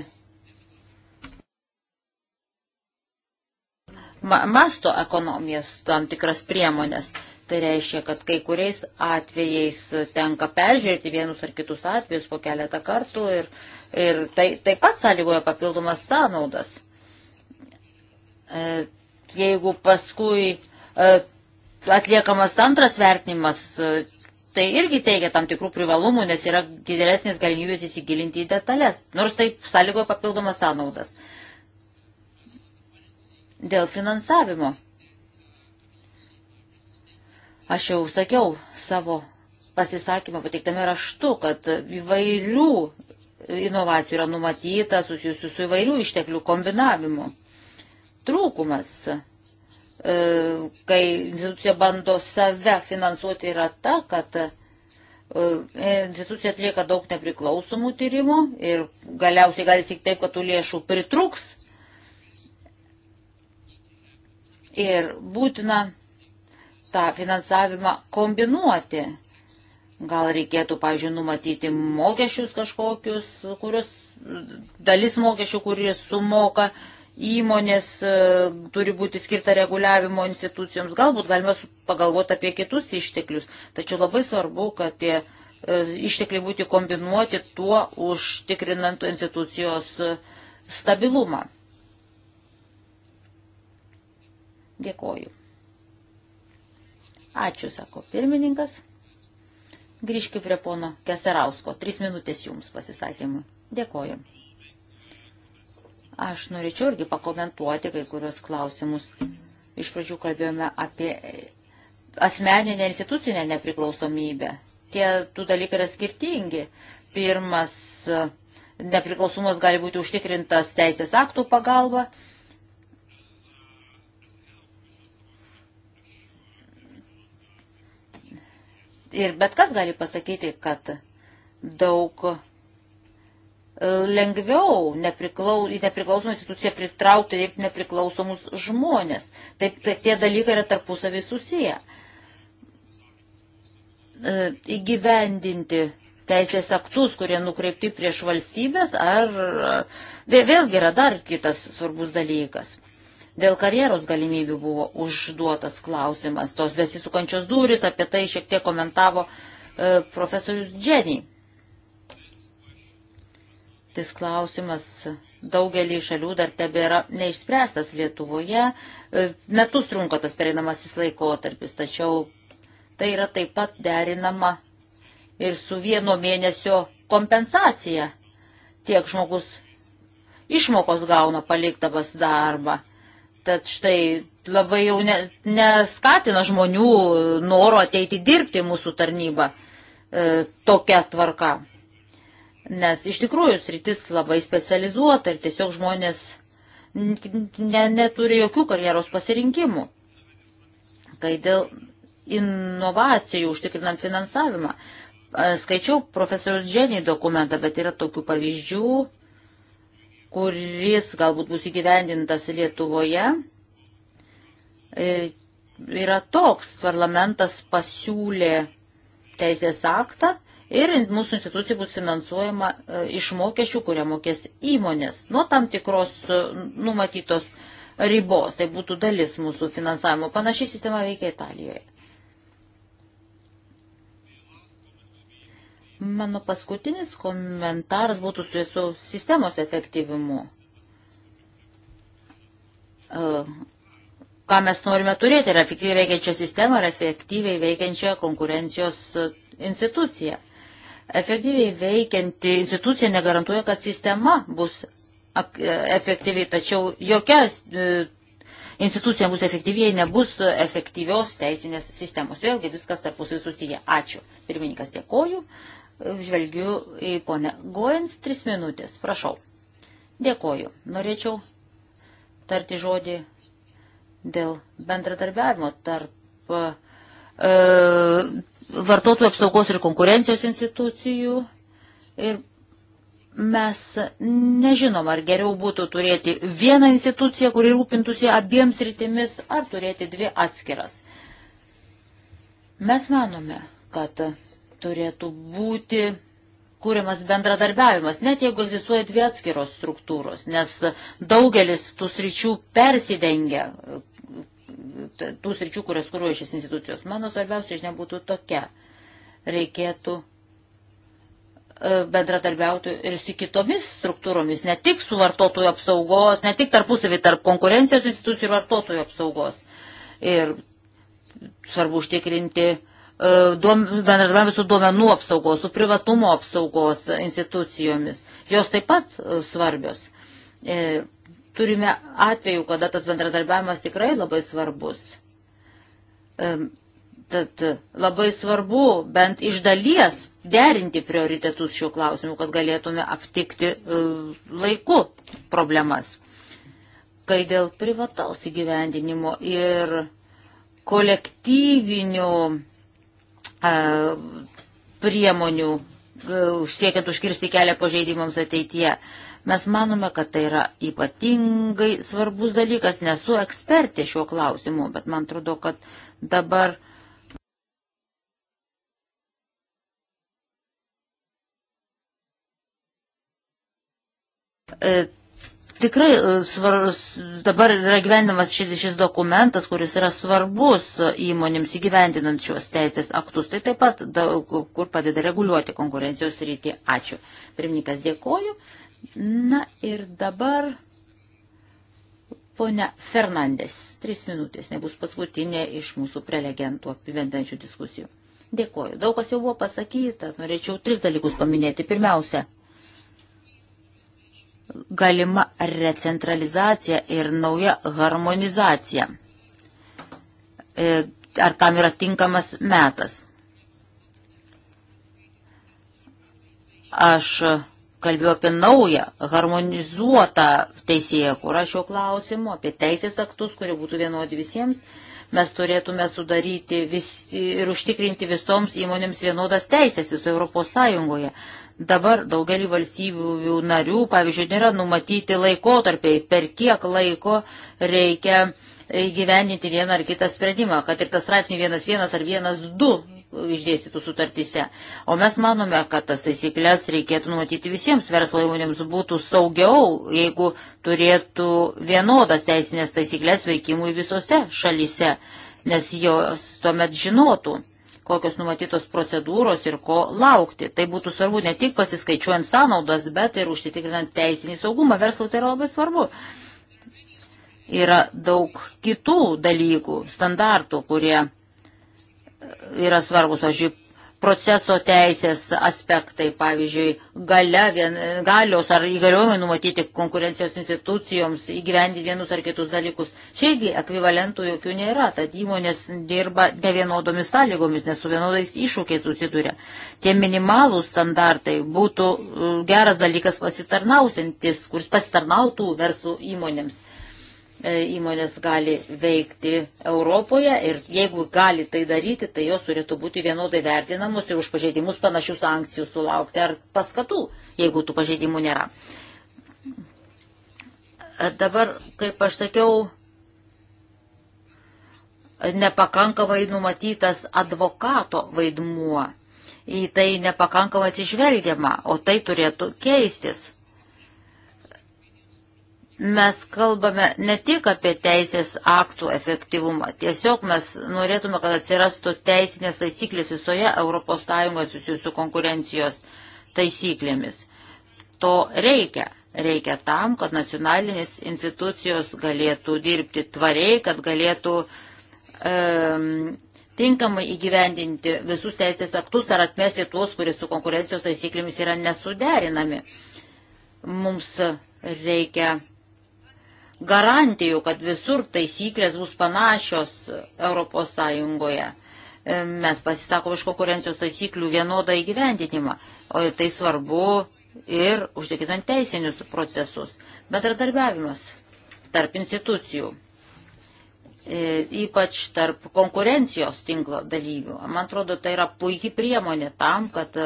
masto ekonomijas tam tikras priemonės. Tai reiškia, kad kai kuriais atvejais tenka peržiūrėti vienus ar kitus atvejus po keletą kartų ir, ir tai taip pat sąlygoja papildomas sąnaudas. E, jeigu paskui e, atliekamas antras vertinimas, e, tai irgi teigia tam tikrų privalumų, nes yra didesnės galimybės įsigilinti į detalės, nors tai sąlygoja papildomas sąnaudas dėl finansavimo. Aš jau sakiau savo pasisakymą pateiktame raštu, kad įvairių inovacijų yra numatyta susijusių su įvairių išteklių kombinavimu. Trūkumas, e, kai institucija bando save finansuoti, yra ta, kad e, institucija atlieka daug nepriklausomų tyrimų ir galiausiai gali tik taip, kad tų lėšų pritruks ir būtina tą finansavimą kombinuoti. Gal reikėtų, pavyzdžiui, numatyti mokesčius kažkokius, kurios dalis mokesčių, kuris sumoka įmonės, e, turi būti skirta reguliavimo institucijoms. Galbūt galime pagalvoti apie kitus išteklius, tačiau labai svarbu, kad tie e, ištekliai būtų kombinuoti tuo užtikrinant institucijos e, stabilumą. Dėkoju. Ačiū, sako pirmininkas. Grįžkime prie pono Keserausko. Tris minutės jums pasisakymui. Dėkoju. Aš norėčiau irgi pakomentuoti kai kurios klausimus. Iš pradžių kalbėjome apie asmeninę institucinę nepriklausomybę. Tie tų dalykai yra skirtingi. Pirmas nepriklausomumas gali būti užtikrintas teisės aktų pagalba, Ir bet kas gali pasakyti, kad daug e, lengviau nepriklau, į nepriklausomą instituciją pritraukti ir nepriklausomus žmonės. Taip, tai tie dalykai yra tarpusavį susiję. E, įgyvendinti teisės aktus, kurie nukreipti prieš valstybės, ar vėlgi yra dar kitas svarbus dalykas. Dėl karjeros galimybių buvo užduotas klausimas. Tos besisukančios durys, apie tai šiek tiek komentavo e, profesorius Dženiai. Tis klausimas daugelį šalių dar tebėra neišspręstas Lietuvoje. E, metus trunka tas pereinamasis laikotarpis, tačiau tai yra taip pat derinama ir su vieno mėnesio kompensacija. Tiek žmogus išmokos gauna palikdamas darbą. Tad štai labai jau ne, neskatina žmonių noro ateiti dirbti mūsų tarnybą e, tokia tvarka. Nes iš tikrųjų sritis labai specializuota ir tiesiog žmonės ne, neturi jokių karjeros pasirinkimų. Kai dėl inovacijų užtikrinant finansavimą. E, skaičiau profesorius Dženiai dokumentą, bet yra tokių pavyzdžių, kuris galbūt bus įgyvendintas Lietuvoje, e, yra toks. Parlamentas pasiūlė teisės aktą ir mūsų institucija bus finansuojama e, iš mokesčių, kurie mokės įmonės nuo tam tikros e, numatytos ribos. Tai būtų dalis mūsų finansavimo. Panašiai sistema veikia Italijoje. Mano paskutinis komentaras būtų su jūsų sistemos efektyvimu. E, ką mes norime turėti, ar efektyviai veikiančią sistemą, ar efektyviai veikiančią konkurencijos e, instituciją. Efektyviai veikianti institucija negarantuoja, kad sistema bus e, efektyviai, tačiau jokia institucija bus efektyviai, nebus efektyvios teisinės sistemos. Vėlgi viskas tarpusai susiję. Ačiū. Pirmininkas dėkoju žvelgiu į ponę Goins, tris minutės, prašau. Dėkoju. Norėčiau tarti žodį dėl bendradarbiavimo tarp e, vartotojų apsaugos ir konkurencijos institucijų. Ir mes nežinom, ar geriau būtų turėti vieną instituciją, kuri rūpintųsi abiems rytimis, ar turėti dvi atskiras. Mes manome, kad turėtų būti kūriamas bendradarbiavimas, net jeigu egzistuoja dvi atskiros struktūros, nes daugelis tų sričių persidengia, tų sričių, kurias kūruoja šis institucijos. Mano svarbiausia žinia būtų tokia. Reikėtų e, bendradarbiauti ir su kitomis struktūromis, ne tik su vartotojų apsaugos, ne tik tarpusavį tarp konkurencijos institucijų ir vartotojų apsaugos. Ir svarbu užtikrinti uh, E, bendradarbiavimas su duomenų apsaugos, su privatumo apsaugos institucijomis. Jos taip pat e, svarbios. E, turime atvejų, kada tas bendradarbiavimas tikrai labai svarbus. Tad labai svarbu bent iš dalies derinti prioritetus šiuo klausimu, kad galėtume aptikti laiku problemas. Kai dėl privataus įgyvendinimo ir kolektyvinio priemonių siekiant užkirsti kelią pažeidimams ateityje. Mes manome, kad tai yra ypatingai svarbus dalykas. Nesu ekspertė šiuo klausimu, bet man atrodo, kad dabar. E, Tikrai e, svarus, dabar yra gyvendamas šis, šis dokumentas, kuris yra svarbus įmonėms įgyvendinant šios teisės aktus, tai taip pat daug kur padeda reguliuoti konkurencijos rytį. Ačiū. Pirmininkas dėkoju. Na ir dabar ponia Fernandės. Tris minutės nebus paskutinė iš mūsų prelegentų apibendrančių diskusijų. Dėkoju. Daug kas jau buvo pasakyta. Norėčiau tris dalykus paminėti. Pirmiausia galima recentralizacija ir nauja harmonizacija. E, ar tam yra tinkamas metas? Aš kalbėjau apie naują harmonizuotą teisėją, kur aš jau klausimu, apie teisės aktus, kurie būtų vienodi visiems. Mes turėtume sudaryti vis, ir užtikrinti visoms įmonėms vienodas teisės visoje Europos Sąjungoje. Dabar daugelį valstybių narių, pavyzdžiui, nėra numatyti laikotarpiai, per kiek laiko reikia įgyveninti vieną ar kitą sprendimą, kad ir tas straipsnių vienas vienas ar vienas du išdėstytų sutartyse. O mes manome, kad tas taisyklės reikėtų numatyti visiems verslo įmonėms būtų saugiau, jeigu turėtų vienodas teisinės taisyklės veikimui visose šalyse, nes jos tuomet žinotų, kokios numatytos procedūros ir ko laukti. Tai būtų svarbu ne tik pasiskaičiuojant sąnaudas, bet ir užsitikrinant teisinį saugumą. Verslui tai yra labai svarbu. Yra daug kitų dalykų, standartų, kurie yra svarbus, pažiūrėjau, proceso teisės aspektai, pavyzdžiui, galia, vien, galios ar įgaliojimai numatyti konkurencijos institucijoms įgyvendinti vienus ar kitus dalykus. Šiaipgi ekvivalentų jokių nėra, tad įmonės dirba ne vienodomis sąlygomis, nes su vienodais iššūkiais susiduria. Tie minimalūs standartai būtų uh, geras dalykas pasitarnausintis, kuris pasitarnautų versų įmonėms. E, įmonės gali veikti Europoje ir jeigu gali tai daryti, tai jos turėtų būti vienodai vertinamos ir už pažeidimus panašių sankcijų sulaukti ar paskatų, jeigu tų pažeidimų nėra. E, dabar, kaip aš sakiau, nepakankamai numatytas advokato vaidmuo. Į tai nepakankamai atsižvelgiama, o tai turėtų keistis mes kalbame ne tik apie teisės aktų efektyvumą, tiesiog mes norėtume, kad atsirastų teisinės taisyklės visoje ES susijusių konkurencijos taisyklėmis. To reikia. Reikia tam, kad nacionalinės institucijos galėtų dirbti tvariai, kad galėtų um, tinkamai įgyvendinti visus teisės aktus ar atmesti tuos, kurie su konkurencijos taisyklėmis yra nesuderinami. Mums reikia garantijų, kad visur taisyklės bus panašios ES. E, mes pasisakom iš konkurencijos taisyklių vienodą įgyvendinimą, o tai svarbu ir užtikrinant teisinius procesus. Bendradarbiavimas tarp institucijų, e, ypač tarp konkurencijos tinklo dalyvių. Man atrodo, tai yra puikiai priemonė tam, kad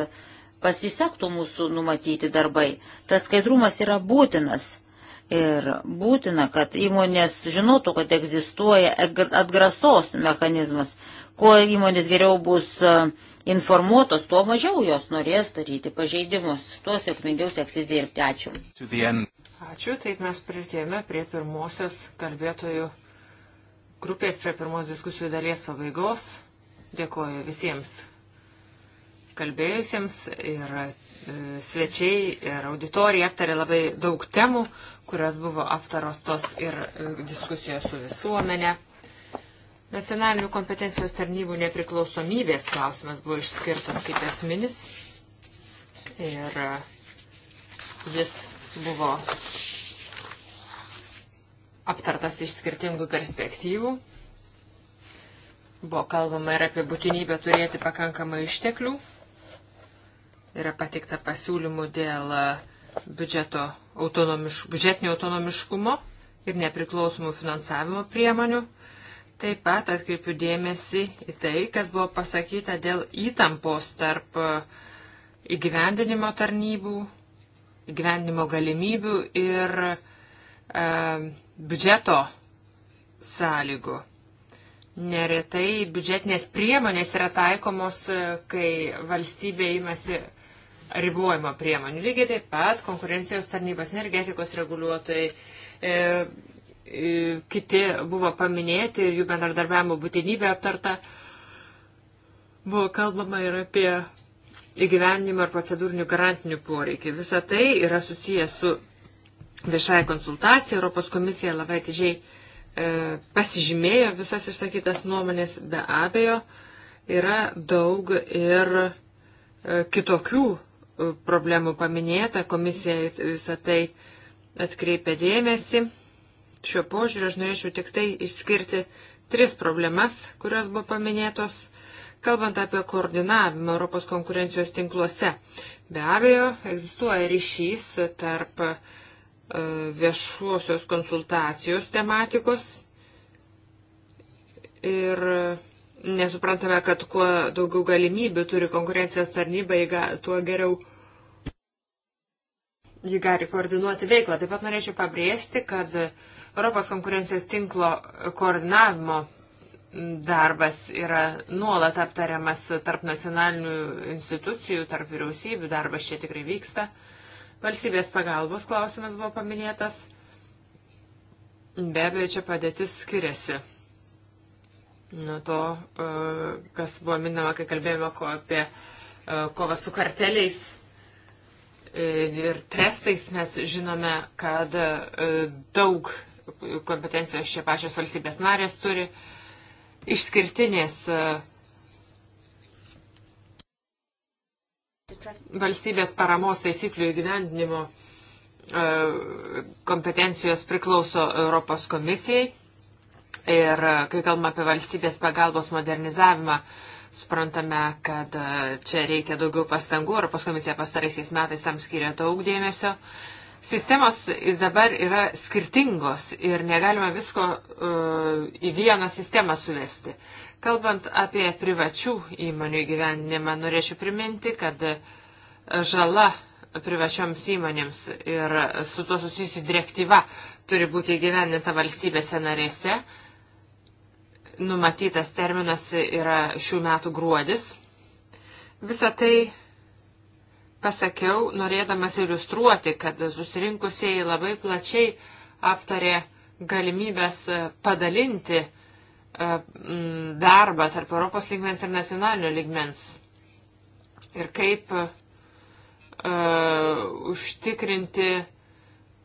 pasisektų mūsų numatyti darbai. Tas skaidrumas yra būtinas Ir būtina, kad įmonės žinotų, kad egzistuoja atgrasos mechanizmas. Kuo įmonės geriau bus e, informuotos, tuo mažiau jos norės daryti pažeidimus. Tuo sėkmingiau seksis dirbti. Ačiū. Ačiū, taip mes prieartėjome prie pirmosios kalbėtojų grupės, prie pirmos diskusijų dalies pabaigos. Dėkuoju visiems kalbėjusiems ir svečiai ir auditorija aptarė labai daug temų, kurios buvo aptarostos ir e, diskusijos su visuomenė. Nacionalinių kompetencijos tarnybų nepriklausomybės klausimas buvo išskirtas kaip esminis ir e, jis buvo aptartas iš skirtingų perspektyvų. Buvo kalbama ir apie būtinybę turėti pakankamai išteklių Yra pateikta pasiūlymų dėl e, biudžeto autonomiš, biudžetinio autonomiškumo ir nepriklausomų finansavimo priemonių. Taip pat atkreipiu dėmesį į tai, kas buvo pasakyta dėl įtampos tarp e, įgyvendinimo tarnybų, įgyvendinimo galimybių ir e, biudžeto sąlygų. Neretai biudžetinės priemonės yra taikomos, e, kai valstybė imasi ribojimo priemonių. Lygiai taip pat konkurencijos tarnybos energetikos reguliuotojai. E, e, Kiti buvo paminėti ir jų bendradarbiavimo būtinybė aptarta. Buvo kalbama ir apie įgyvendinimo ir procedūrinių garantinių poreikį. Visa tai yra susijęs su viešai konsultacija. Europos komisija labai atidžiai e, pasižymėjo visas išsakytas nuomonės. Be abejo, yra daug ir e, kitokių problemų paminėta, komisija visą tai atkreipia dėmesį. Šiuo požiūriu aš norėčiau tik tai išskirti tris problemas, kurios buvo paminėtos, kalbant apie koordinavimą Europos konkurencijos tinkluose. Be abejo, egzistuoja ryšys tarp e, viešuosios konsultacijos tematikos ir nesuprantame, kad kuo daugiau galimybių turi konkurencijos tarnyba, tuo geriau ji gali koordinuoti veiklą. Taip pat norėčiau pabrėžti, kad Europos konkurencijos tinklo koordinavimo darbas yra nuolat aptariamas tarp nacionalinių institucijų, tarp vyriausybių, darbas čia tikrai vyksta. Valstybės pagalbos klausimas buvo paminėtas. Be abejo, čia padėtis skiriasi nuo to, e, kas buvo minama, kai kalbėjome ko apie e, kovą su karteliais ir trestais mes žinome, kad e, daug kompetencijos čia pačios valstybės narės turi išskirtinės e, valstybės paramos taisyklių įgyvendinimo e, kompetencijos priklauso Europos komisijai. Ir kai kalbame apie valstybės pagalbos modernizavimą, Suprantame, kad e, čia reikia daugiau pastangų, Europos komisija pastaraisiais metais tam skiria daug dėmesio. Sistemos dabar yra skirtingos ir negalima visko uh, į vieną sistemą suvesti. Kalbant apie privačių įmonių gyvenimą, norėčiau priminti, kad e, žala privačioms įmonėms ir su tuo susijusi direktyva turi būti įgyvendinta valstybėse narėse. Uh, numatytas terminas yra šių metų gruodis. Visą tai pasakiau, norėdamas iliustruoti, kad susirinkusieji labai plačiai aptarė galimybės padalinti e, darbą tarp Europos lygmens ir nacionalinio lygmens. Ir kaip uh, užtikrinti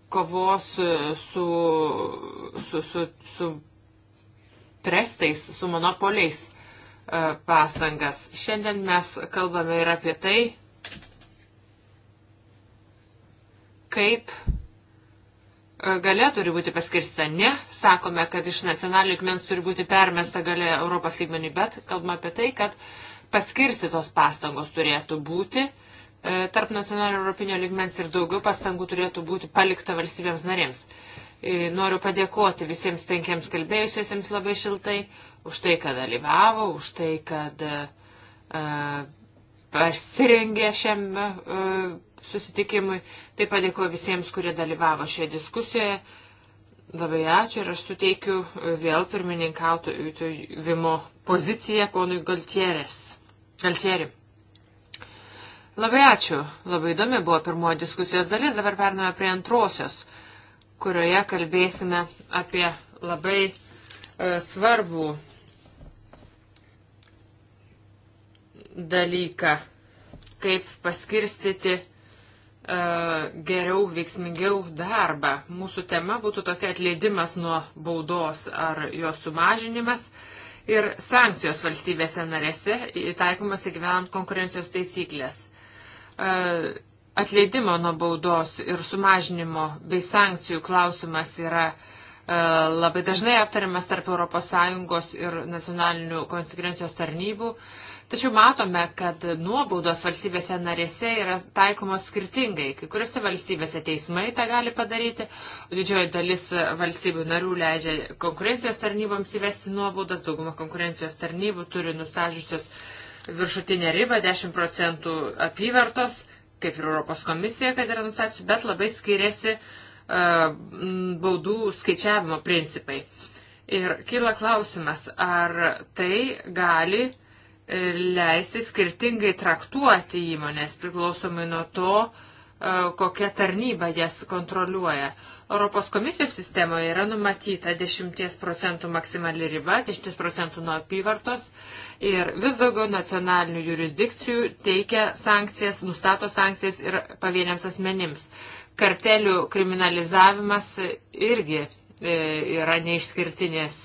kovos su, su, su, su trestais, su monopoliais e, pastangas. Šiandien mes kalbame ir apie tai, kaip e, galia turi būti paskirsta. Ne, sakome, kad iš nacionalinio lygmens turi būti permesta galia Europos lygmenį, bet kalbame apie tai, kad paskirstytos pastangos turėtų būti e, tarp nacionalinio europinio lygmens ir daugiau pastangų turėtų būti palikta valstybėms narėms. E, noriu padėkoti visiems penkiems kalbėjusiesiems labai šiltai už tai, kad dalyvavo, už tai, kad e, e, pasirengė šiam susitikimui. Taip padėkoju visiems, kurie dalyvavo šioje diskusijoje. Labai ačiū ir aš suteikiu vėl pirmininkautojimo poziciją ponui Galtieris. Galtieri. Labai ačiū. Labai įdomi buvo pirmoji diskusijos dalis, dabar pername prie antrosios kurioje kalbėsime apie labai e, svarbų dalyką, kaip paskirstyti e, geriau, veiksmingiau darbą. Mūsų tema būtų tokia atleidimas nuo baudos ar jos sumažinimas ir sankcijos valstybėse narėse, įtaikomas įgyvenant konkurencijos taisyklės. E, atleidimo nuo baudos ir sumažinimo bei sankcijų klausimas yra e, labai dažnai aptariamas tarp ES ir nacionalinių konsekvencijos tarnybų. Tačiau matome, kad nuobaudos valstybėse narėse yra taikomos skirtingai. Kai kuriuose valstybėse teismai tą gali padaryti, o didžioji dalis valstybių narių leidžia konkurencijos tarnyboms įvesti nuobaudas. Dauguma konkurencijos tarnybų turi nustažiusios viršutinę ribą 10 procentų apyvartos kaip ir Europos komisija, kad yra nustačiusi, bet labai skiriasi e, baudų skaičiavimo principai. Ir kyla klausimas, ar tai gali e, leisti skirtingai traktuoti įmonės priklausomai nuo to, uh, E, kokia tarnyba jas kontroliuoja. Europos komisijos sistemoje yra numatyta 10 procentų maksimali riba, 10 procentų nuo apyvartos ir vis daugiau nacionalinių jurisdikcijų teikia sankcijas, nustato sankcijas ir pavieniams asmenims. Kartelių kriminalizavimas irgi e, yra neišskirtinės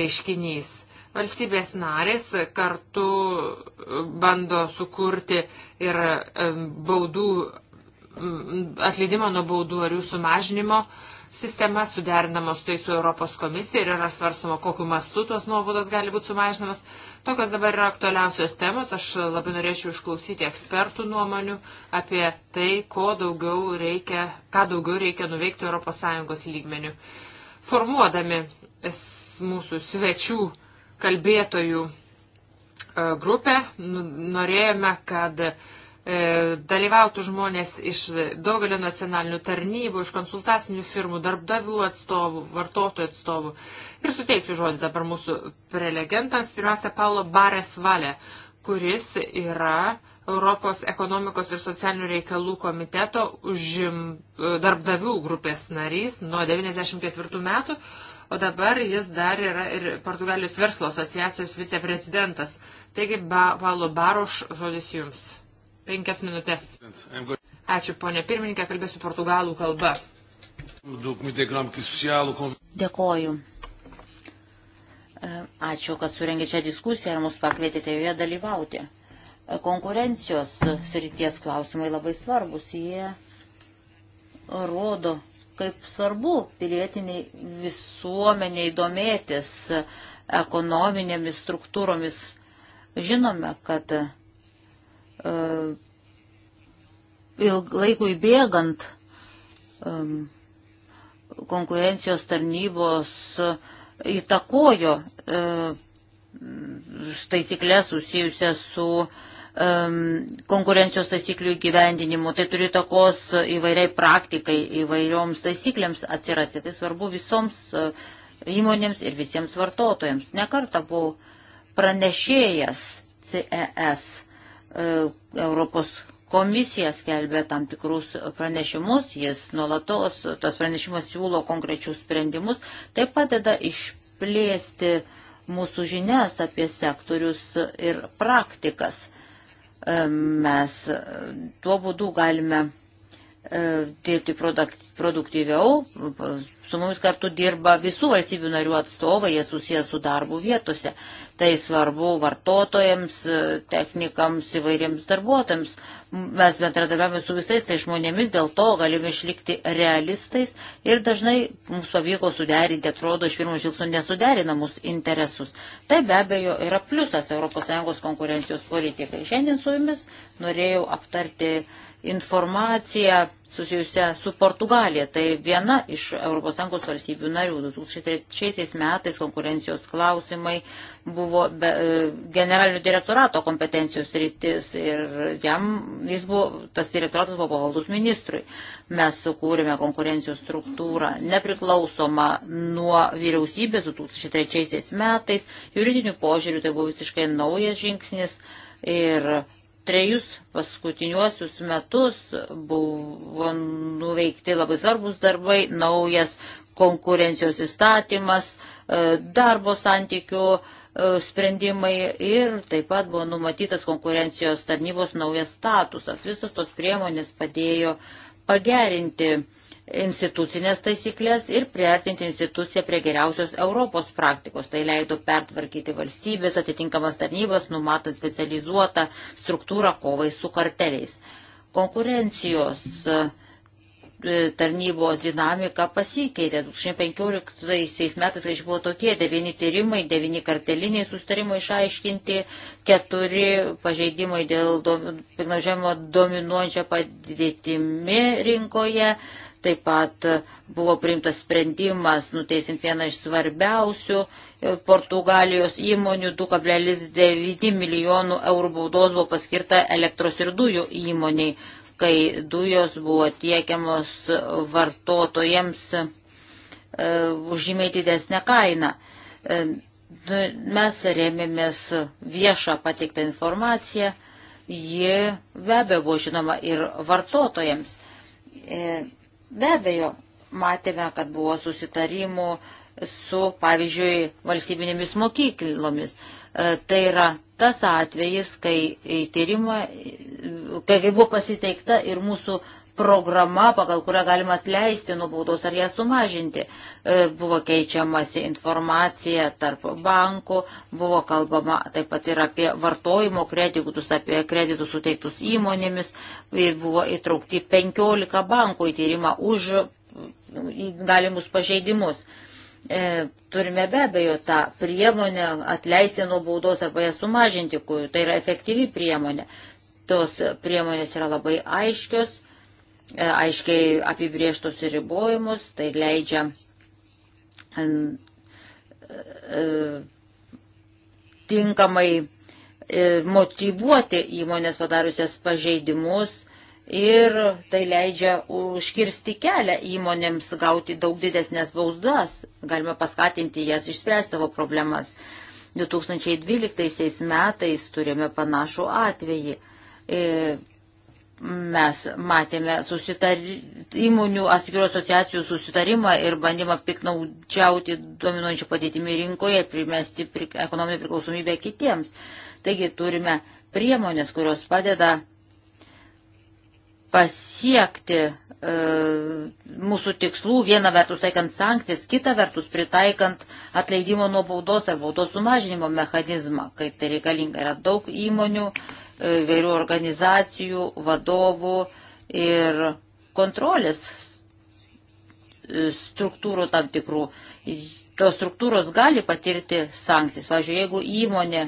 reiškinys. Valstybės narės kartu e, bando sukurti ir e, baudų, atleidimo nuo baudų ar jų sumažinimo sistema suderinama su tai su Europos komisija ir yra svarstama, kokiu mastu tos nuobodos gali būti sumažinamas. Tokios dabar yra aktualiausios temos. Aš labai norėčiau išklausyti ekspertų nuomonių apie tai, ko daugiau reikia, ką daugiau reikia nuveikti ES lygmenių. Formuodami mūsų svečių kalbėtojų e, grupę. Nu, norėjome, kad e, dalyvautų žmonės iš daugelio nacionalinių tarnybų, iš konsultacinių firmų, darbdavių atstovų, vartotojų atstovų. Ir suteiksiu žodį dabar mūsų prelegentams. Pirmiausia, Paulo Bares Valė, kuris yra Europos ekonomikos ir socialinių reikalų komiteto užim, e, darbdavių grupės narys nuo 1994 metų, o dabar jis dar yra ir Portugalijos verslo asociacijos viceprezidentas. Taigi, ba, Paulo Baroš, žodis jums. Penkias minutės. Ačiū, ponė pirmininkė, kalbėsiu portugalų kalba. Dėkoju. Ačiū, kad surengė čia diskusiją ir mus pakvietėte joje dalyvauti. Konkurencijos srities klausimai labai svarbus. Jie rodo, kaip svarbu pilietiniai visuomeniai domėtis ekonominėmis struktūromis. Žinome, kad e, laikui bėgant e, konkurencijos tarnybos įtakojo e, taisyklės susijusias su e, konkurencijos taisyklių gyvendinimu, tai turi takos įvairiai praktikai, įvairioms taisyklėms atsirasti. Tai svarbu visoms e, įmonėms ir visiems vartotojams. Nekarta buvau pranešėjas CES, e, Europos komisija skelbė tam tikrus pranešimus, jis nuolatos, tas pranešimas siūlo konkrečius sprendimus, tai padeda išplėsti mūsų žinias apie sektorius ir praktikas mes tuo būdu galime E, dirbti produktyviau. Su mumis kartu dirba visų valstybių narių atstovai, jie susijęs su darbu vietose. Tai svarbu vartotojams, e, technikams, įvairiems darbuotojams. Mes bendradarbiavame su visais tai žmonėmis, dėl to galime išlikti realistais ir dažnai mums pavyko suderinti, atrodo, iš pirmo žvilgsnio nesuderinamus interesus. Tai be abejo yra pliusas ES konkurencijos politikai. Šiandien su jumis norėjau aptarti informaciją susijusią su Portugalija. Tai viena iš ES valstybių narių. 2003 metais konkurencijos klausimai buvo be, e, generalinio direktorato kompetencijos rytis ir jam, jis buvo, tas direktoratas buvo pavaldus ministrui. Mes sukūrėme konkurencijos struktūrą nepriklausomą nuo vyriausybės 2003 metais. Juridinių požiūrių tai buvo visiškai naujas žingsnis ir trejus paskutiniuosius metus buvo nuveikti labai svarbus darbai, naujas konkurencijos įstatymas, e, darbo santykių e, sprendimai ir taip pat buvo numatytas konkurencijos tarnybos naujas statusas. Visos tos priemonės padėjo pagerinti institucinės taisyklės ir priartinti instituciją prie geriausios Europos praktikos. Tai leido pertvarkyti valstybės atitinkamas tarnybas, numatant specializuotą struktūrą kovai su karteliais. Konkurencijos e, tarnybos dinamika pasikeitė. 2015 metais, kai buvo tokie devyni tyrimai, devyni karteliniai sustarimai išaiškinti, keturi pažeidimai dėl piknaudžiavimo dominuojančią padėtimi rinkoje, Taip pat buvo priimtas sprendimas nuteisint vieną iš svarbiausių e, Portugalijos įmonių 2,9 milijonų eurų baudos buvo paskirta elektros ir dujų įmoniai, kai dujos buvo tiekiamos vartotojams e, už žymiai didesnę kainą. E, nu, mes rėmėmės viešą pateiktą informaciją, ji be abejo buvo žinoma ir vartotojams. Be abejo, matėme, kad buvo susitarimų su, pavyzdžiui, valstybinėmis mokyklomis. E, tai yra tas atvejis, kai, tyrimą, kai buvo pasiteikta ir mūsų programa, pagal kurią galima atleisti nubaudos ar ją sumažinti. E, buvo keičiamasi informacija tarp bankų, buvo kalbama taip pat ir apie vartojimo kreditus, apie kreditus suteiktus įmonėmis, e, buvo įtraukti 15 bankų į tyrimą už galimus pažeidimus. E, turime be abejo tą priemonę atleisti nuo baudos arba ją sumažinti, tai yra efektyvi priemonė. Tos priemonės yra labai aiškios, E, aiškiai apibrieštus ir ribojimus, tai leidžia e, tinkamai e, motivuoti įmonės padariusias pažeidimus ir tai leidžia užkirsti kelią įmonėms gauti daug didesnės baudas, galima paskatinti jas išspręsti savo problemas. 2012 metais turėjome panašų atvejį. Mes matėme susitar... įmonių atskirų asociacijų susitarimą ir bandymą piknaudžiauti dominuojančią padėtimį rinkoje ir primesti pri... ekonominę priklausomybę kitiems. Taigi turime priemonės, kurios padeda pasiekti e, mūsų tikslų, viena vertus taikant sankcijas, kita vertus pritaikant atleidimo nuo baudos ar baudos sumažinimo mechanizmą, kai tai reikalinga yra daug įmonių, e, E, vairių organizacijų, vadovų ir kontrolės struktūrų tam tikrų. Tos struktūros gali patirti sankcijas. Važiuoju, jeigu įmonė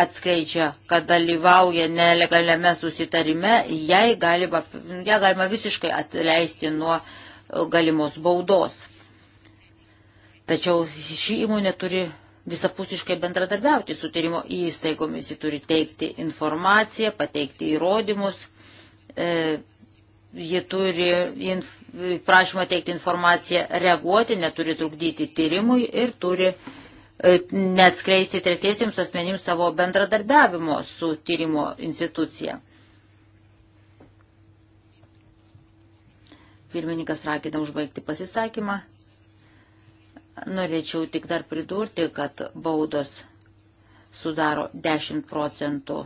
atskleidžia, kad dalyvauja nelegaliame susitarime, jai galima, ją galima visiškai atleisti nuo galimos baudos. Tačiau ši įmonė turi visapusiškai bendradarbiauti su tyrimo įstaigomis. Ji turi teikti informaciją, pateikti įrodymus, e, ji turi inf, prašymą teikti informaciją, reaguoti, neturi trukdyti tyrimui ir turi e, neskleisti tretiesiems asmenims savo bendradarbiavimo su tyrimo institucija. Pirmininkas ragina užbaigti pasisakymą. Norėčiau tik dar pridurti, kad baudos sudaro 10 procentų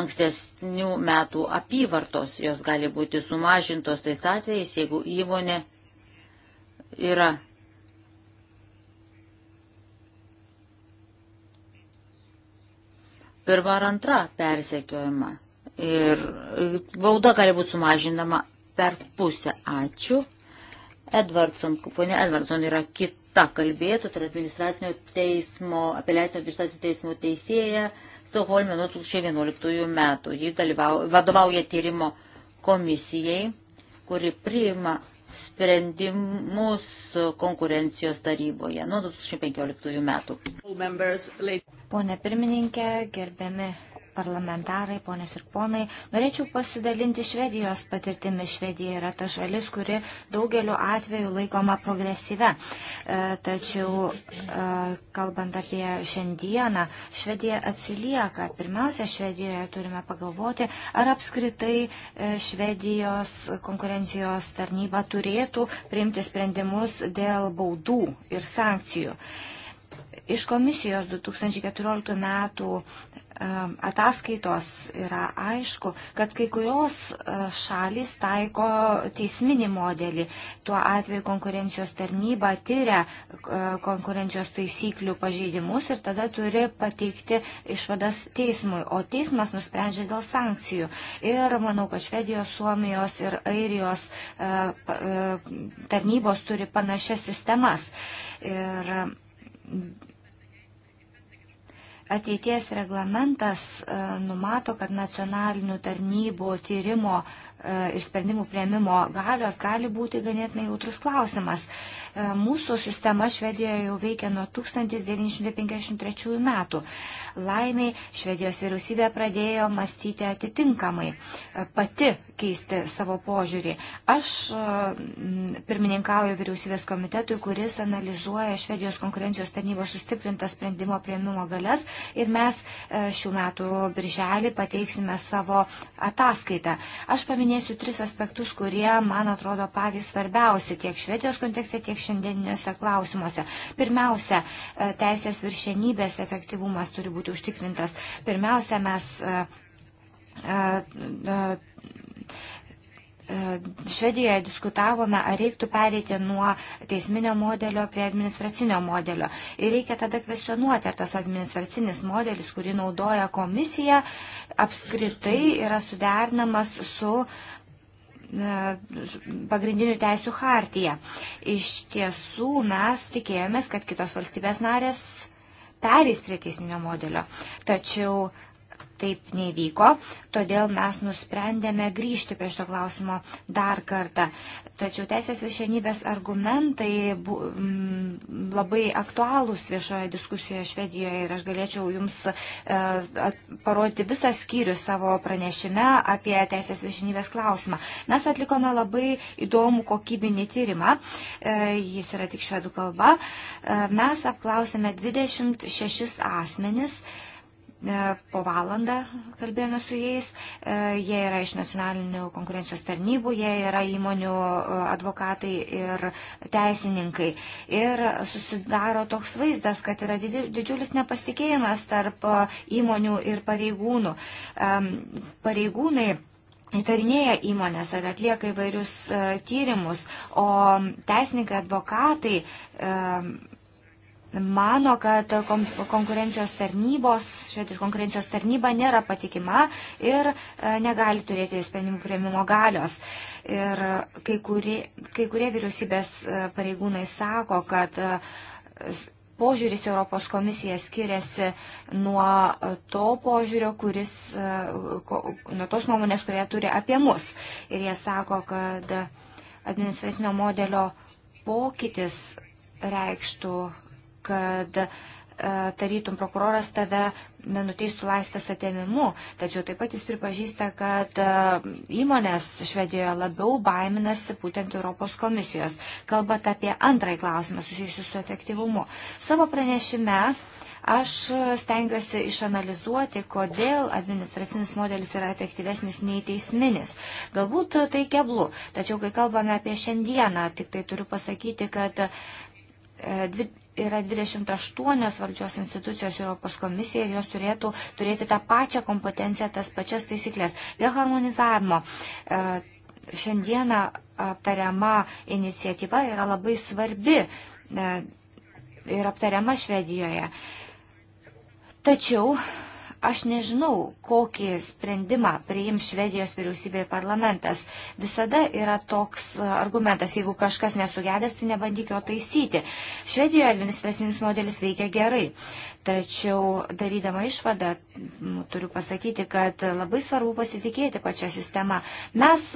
ankstesnių metų apyvartos. Jos gali būti sumažintos tais atvejais, jeigu įmonė yra pirma ar antra persekiojama. Ir bauda gali būti sumažinama per pusę. Ačiū. Edvardson, ponia Edvardson yra kita kalbėtų, tai yra administracinio teismo, apeliacinio administracinio teismo teisėja Stokholme nuo 2011 metų. Ji dalyvau, vadovauja tyrimo komisijai, kuri priima sprendimus konkurencijos taryboje nuo 2015 metų. Pone pirmininkė, gerbiami parlamentarai, ponės ir ponai, norėčiau pasidalinti Švedijos patirtimi. Švedija yra ta šalis, kuri daugeliu atveju laikoma progresyve. E, tačiau, e, kalbant apie šiandieną, Švedija atsilieka. Pirmiausia, Švedijoje turime pagalvoti, ar apskritai e, Švedijos konkurencijos tarnyba turėtų priimti sprendimus dėl baudų ir sankcijų. Iš komisijos 2014 metų ataskaitos yra aišku, kad kai kurios e, šalys taiko teisminį modelį. Tuo atveju konkurencijos tarnyba tyria e, konkurencijos taisyklių pažeidimus ir tada turi pateikti išvadas teismui, o teismas nusprendžia dėl sankcijų. Ir manau, kad Švedijos, Suomijos ir Airijos e, tarnybos turi panašias sistemas. Ir Ateities reglamentas e, numato, kad nacionalinių tarnybų tyrimo uh, E, ir sprendimų prieimimo galios gali būti ganėtinai jautrus klausimas. E, mūsų sistema Švedijoje jau veikia nuo 1953 metų. Laimiai Švedijos vyriausybė pradėjo mąstyti atitinkamai, e, pati keisti savo požiūrį. Aš pirmininkauju vyriausybės komitetui, kuris analizuoja Švedijos konkurencijos tarnybos sustiprintas sprendimo prieimimo galės ir mes šių metų birželį pateiksime savo ataskaitą. Aš paminėjau paminėsiu tris aspektus, kurie, man atrodo, patys svarbiausi tiek Švedijos kontekste, tiek šiandieniniuose klausimuose. Pirmiausia, e, teisės viršenybės efektyvumas turi būti užtikrintas. Pirmiausia, mes e, e, E, Švedijoje diskutavome, ar reiktų pereiti nuo teisminio modelio prie administracinio modelio. Ir reikia tada kvesionuoti, ar tas administracinis modelis, kurį naudoja komisija, apskritai yra suderinamas su e, pagrindinių teisų hartija. Iš tiesų mes tikėjomės, kad kitos valstybės narės perės prie teisminio modelio. Tačiau uh, taip nevyko, todėl mes nusprendėme grįžti prie šito klausimo dar kartą. Tačiau teisės viršienybės argumentai bu, m, mm, labai aktualūs viešoje diskusijoje Švedijoje ir aš galėčiau Jums e, parodyti visą skyrių savo pranešime apie teisės viršienybės klausimą. Mes atlikome labai įdomų kokybinį tyrimą, e, jis yra tik švedų kalba. E, mes apklausėme 26 asmenis. E, E, po valandą kalbėjome su jais. E, jie yra iš nacionalinių konkurencijos tarnybų, jie yra įmonių e, advokatai ir teisininkai. Ir susidaro toks vaizdas, kad yra didžiulis nepasitikėjimas tarp įmonių ir pareigūnų. Pareigūnai įtarinėja įmonės ar atlieka įvairius tyrimus, o teisininkai, advokatai mano, kad konkurencijos tarnybos, švedijos konkurencijos tarnyba nėra patikima ir e, negali turėti sprendimų prieimimo galios. Ir kai kurie, kai kurie vyriausybės e, pareigūnai sako, kad e, požiūris Europos komisija skiriasi nuo to požiūrio, kuris, nuo tos nuomonės, kurie turi apie mus. Ir jie sako, kad administracinio modelio pokytis reikštų kad e, tarytum prokuroras tave nuteistų laisvės atėmimu. Tačiau taip pat jis pripažįsta, kad e, įmonės Švedijoje labiau baiminasi būtent Europos komisijos. Kalbat apie antrąjį klausimą susijusiu su efektyvumu. Savo pranešime Aš stengiuosi išanalizuoti, kodėl administracinis modelis yra efektyvesnis nei teisminis. Galbūt tai keblu, tačiau kai kalbame apie šiandieną, tik tai turiu pasakyti, kad e, yra 28 valdžios institucijos Europos komisija ir jos turėtų turėti tą pačią kompetenciją, tas pačias taisyklės. Dėl harmonizavimo e, šiandieną aptariama iniciatyva yra labai svarbi e, ir aptariama Švedijoje. Tačiau Aš nežinau, kokį sprendimą priims Švedijos vyriausybė ir parlamentas. Visada yra toks e, argumentas, jeigu kažkas nesugedęs, tai nebandyk jo taisyti. Švedijoje administracinis modelis veikia gerai. Tačiau darydama išvadą turiu pasakyti, kad labai svarbu pasitikėti pačią sistemą. Mes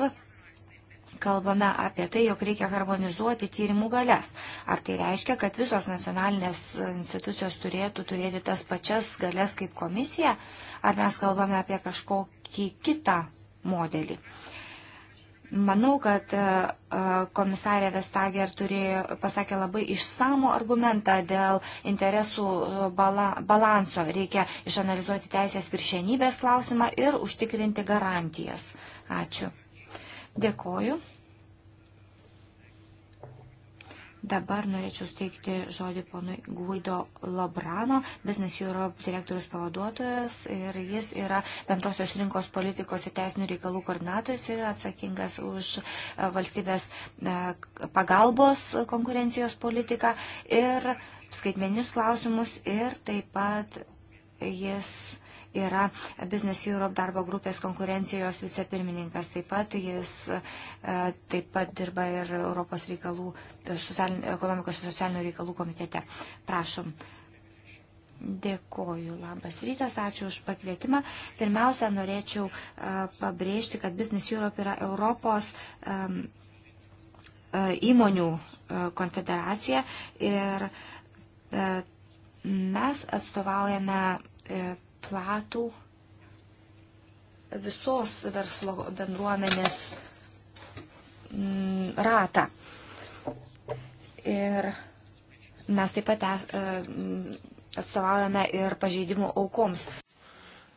kalbame apie tai, jog reikia harmonizuoti tyrimų galės. Ar tai reiškia, kad visos nacionalinės institucijos turėtų turėti tas pačias galės kaip komisija, ar mes kalbame apie kažkokį kitą modelį? Manau, kad e, e, komisarė Vestager turėjo, pasakė labai išsamų argumentą dėl interesų e, bala, balanso. Reikia išanalizuoti teisės viršenybės klausimą ir užtikrinti garantijas. Ačiū. Dėkoju. Dabar norėčiau steigti žodį ponui Guido Lobrano, Business Europe direktorius pavaduotojas ir jis yra bendrosios rinkos politikos ir teisinių reikalų koordinatorius ir atsakingas už e, valstybės e, pagalbos konkurencijos politiką ir skaitmeninius klausimus ir taip pat jis yra Business Europe darbo grupės konkurencijos vicepirmininkas. Taip pat jis e, taip pat dirba ir Europos reikalų, social, ekonomikos ir socialinių reikalų komitete. Prašom. Dėkoju, labas rytas, ačiū už pakvietimą. Pirmiausia, norėčiau uh, pabrėžti, kad Business Europe yra Europos um, uh, įmonių uh, konfederacija ir uh, mes atstovaujame uh, platų visos verslo bendruomenės mm, ratą. Ir mes taip pat e, mm, atstovaujame ir pažeidimų aukoms.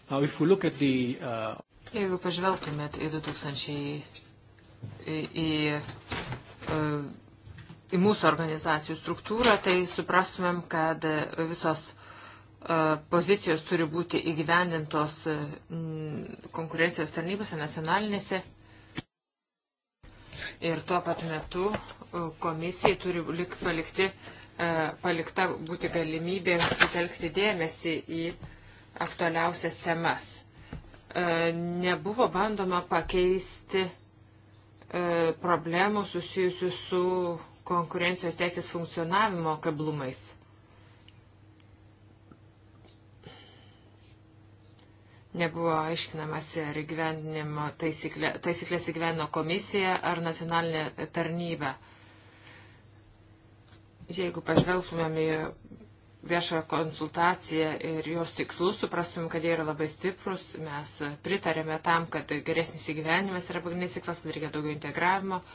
Now, the, uh... Jeigu pažvelgtumėt į 2000 į, į, e, į mūsų organizacijų struktūrą, tai suprastumėm, kad visos E, pozicijos turi būti įgyvendintos e, konkurencijos tarnybose nacionalinėse. Ir tuo pat metu e, komisijai turi lik palikti, palikta būti galimybė sutelkti dėmesį į aktualiausias temas. Nebuvo bandoma pakeisti problemų susijusių su konkurencijos teisės funkcionavimo kablumais nebuvo aiškinamasi, ar įgyvendinimo taisyklė, taisyklės įgyvendino komisija ar nacionalinė tarnyba. Jeigu pažvelgtumėm į viešą konsultaciją ir jos tikslus, suprastumėm, kad jie yra labai stiprus, mes pritarėme tam, kad geresnis įgyvenimas yra pagrindinis tikslas, kad reikia daugiau integravimo e,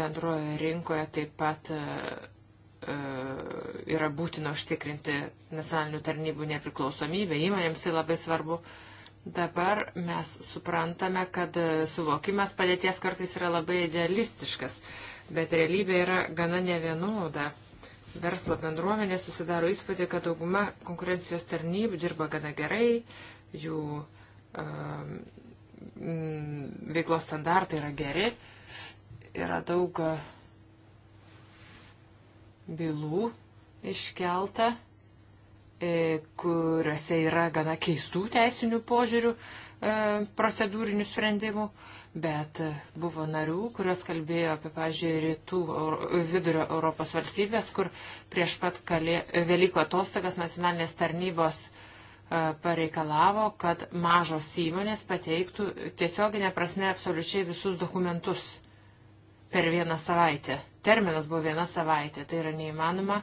bendroje rinkoje taip pat e, E, yra būtina užtikrinti nacionalinių tarnybų nepriklausomybę, įmonėms tai labai svarbu. Dabar mes suprantame, kad suvokimas padėties kartais yra labai idealistiškas, bet realybė yra gana nevienoda. Verslo bendruomenė susidaro įspūdį, kad dauguma konkurencijos tarnybų dirba gana gerai, jų um, veiklos standartai yra geri, yra daug uh, bylų iškelta, e, kuriuose yra gana keistų teisinių požiūrių e, procedūrinių sprendimų, bet buvo narių, kurios kalbėjo apie, pažiūrėjau, rytų vidurio Europos valstybės, kur prieš pat kalė, Velykų atostogas nacionalinės tarnybos e, pareikalavo, kad mažos įmonės pateiktų tiesioginė prasme absoliučiai visus dokumentus per vieną savaitę. Terminas buvo viena savaitė, tai yra neįmanoma.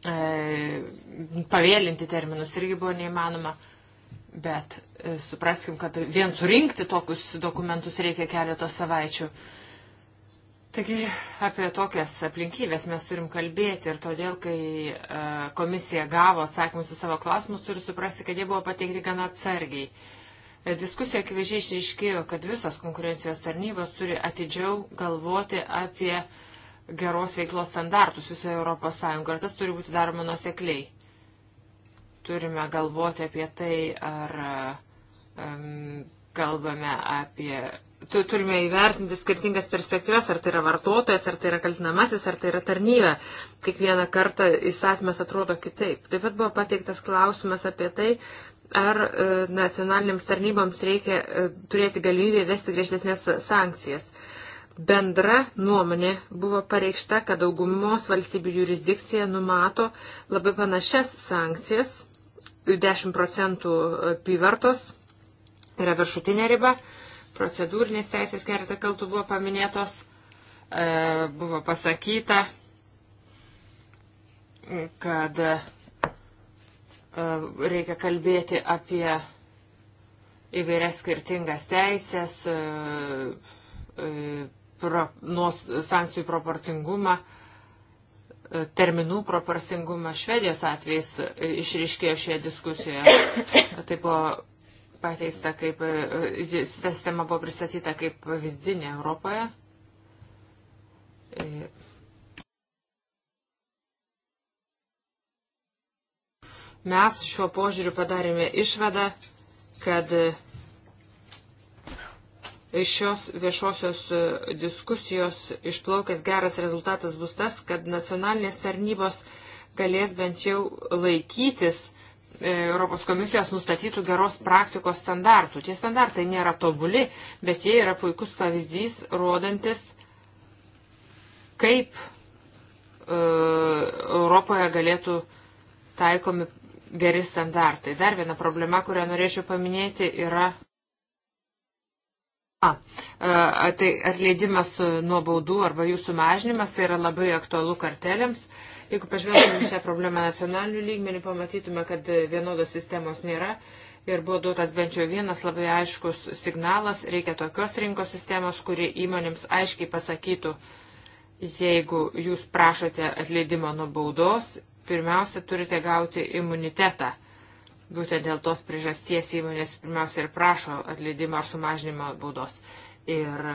E, pavėlinti terminus irgi buvo neįmanoma, bet e, supraskim, kad vien surinkti tokius dokumentus reikia keletos savaičių. Taigi apie tokias aplinkybės mes turim kalbėti ir todėl, kai e, komisija gavo atsakymus į savo klausimus, turi suprasti, kad jie buvo pateikti gana atsargiai. E, Diskusija akivaizdžiai išryškėjo, kad visos konkurencijos tarnybos turi atidžiau galvoti apie geros veiklos standartus visoje Europos Sąjungoje. Ir tas turi būti daroma nusekliai. Turime galvoti apie tai, ar um, kalbame apie. Tu, turime įvertinti skirtingas perspektyvas, ar tai yra vartotojas, ar tai yra kaltinamasis, ar tai yra tarnybė. Kiekvieną kartą įstatymas atrodo kitaip. Taip pat buvo pateiktas klausimas apie tai, uh, ar e, nacionaliniams tarnyboms reikia e, turėti galimybę vesti griežtesnės sankcijas. Bendra nuomonė buvo pareikšta, kad daugumos valstybių jurisdikcija numato labai panašias sankcijas, 10 procentų apyvartos yra viršutinė riba, procedūrinės teisės keletą kaltų buvo paminėtos, e, buvo pasakyta, kad E, reikia kalbėti apie įvairias skirtingas teisės, e, e, pro, nuo sankcijų proporcingumą, terminų proporcingumą. Švedijos atvejais išriškėjo šioje diskusijoje. Tai buvo pateista kaip, sistema buvo pristatyta kaip pavyzdinė Europoje. Mes šiuo požiūriu padarėme išvadą, kad iš šios viešosios e, diskusijos išplaukęs geras rezultatas bus tas, kad nacionalinės tarnybos galės bent jau laikytis e, Europos komisijos nustatytų geros praktikos standartų. Tie standartai nėra tobuli, bet jie yra puikus pavyzdys, rodantis, kaip e, Europoje galėtų taikomi geri standartai. Dar viena problema, kurią norėčiau paminėti, yra A, tai atleidimas nuo baudų arba jų sumažinimas tai yra labai aktualu kartelėms. Jeigu pažvelgtume šią problemą nacionaliniu lygmeniu, pamatytume, kad vienodos sistemos nėra ir buvo duotas bent jau vienas labai aiškus signalas, reikia tokios rinkos sistemos, kuri įmonėms aiškiai pasakytų, jeigu jūs prašote atleidimo nuo baudos pirmiausia turite gauti imunitetą. Būtent dėl tos priežasties įmonės pirmiausia ir prašo atleidimo ar sumažinimo baudos. Ir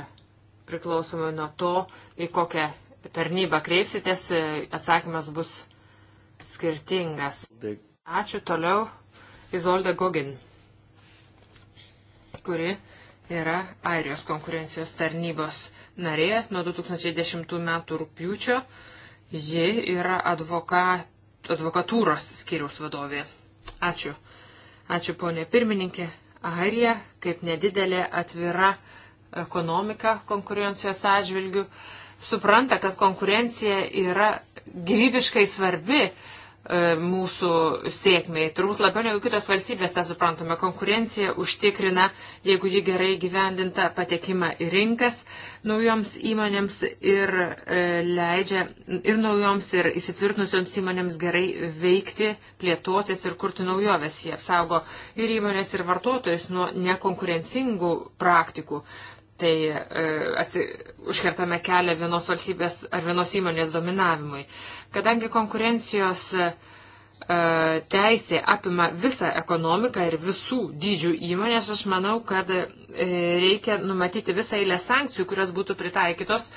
priklausomai nuo to, į kokią tarnybą kreipsitės, atsakymas bus skirtingas. Ačiū toliau Izolda Gogin, kuri yra Airijos konkurencijos tarnybos narė nuo 2010 metų rūpjūčio. Ji yra advokat, advokatūros skiriaus vadovė. Ačiū. Ačiū, ponė pirmininkė. Airija, kaip nedidelė atvira ekonomika konkurencijos atžvilgių, supranta, kad konkurencija yra gyvybiškai svarbi E, mūsų sėkmiai. Turbūt labiau negu kitos valstybės tą suprantame. Konkurencija užtikrina, jeigu ji gerai gyvendinta, patekimą į rinkas naujoms įmonėms ir e, leidžia ir naujoms, ir įsitvirtinusioms įmonėms gerai veikti, plėtotis ir kurti naujoves. Jie apsaugo ir įmonės, ir vartotojus nuo nekonkurencingų praktikų tai e, atsi, užkertame kelią vienos valstybės ar vienos įmonės dominavimui. Kadangi konkurencijos e, teisė apima visą ekonomiką ir visų dydžių įmonės, aš manau, kad e, reikia numatyti visą eilę sankcijų, kurios būtų pritaikytos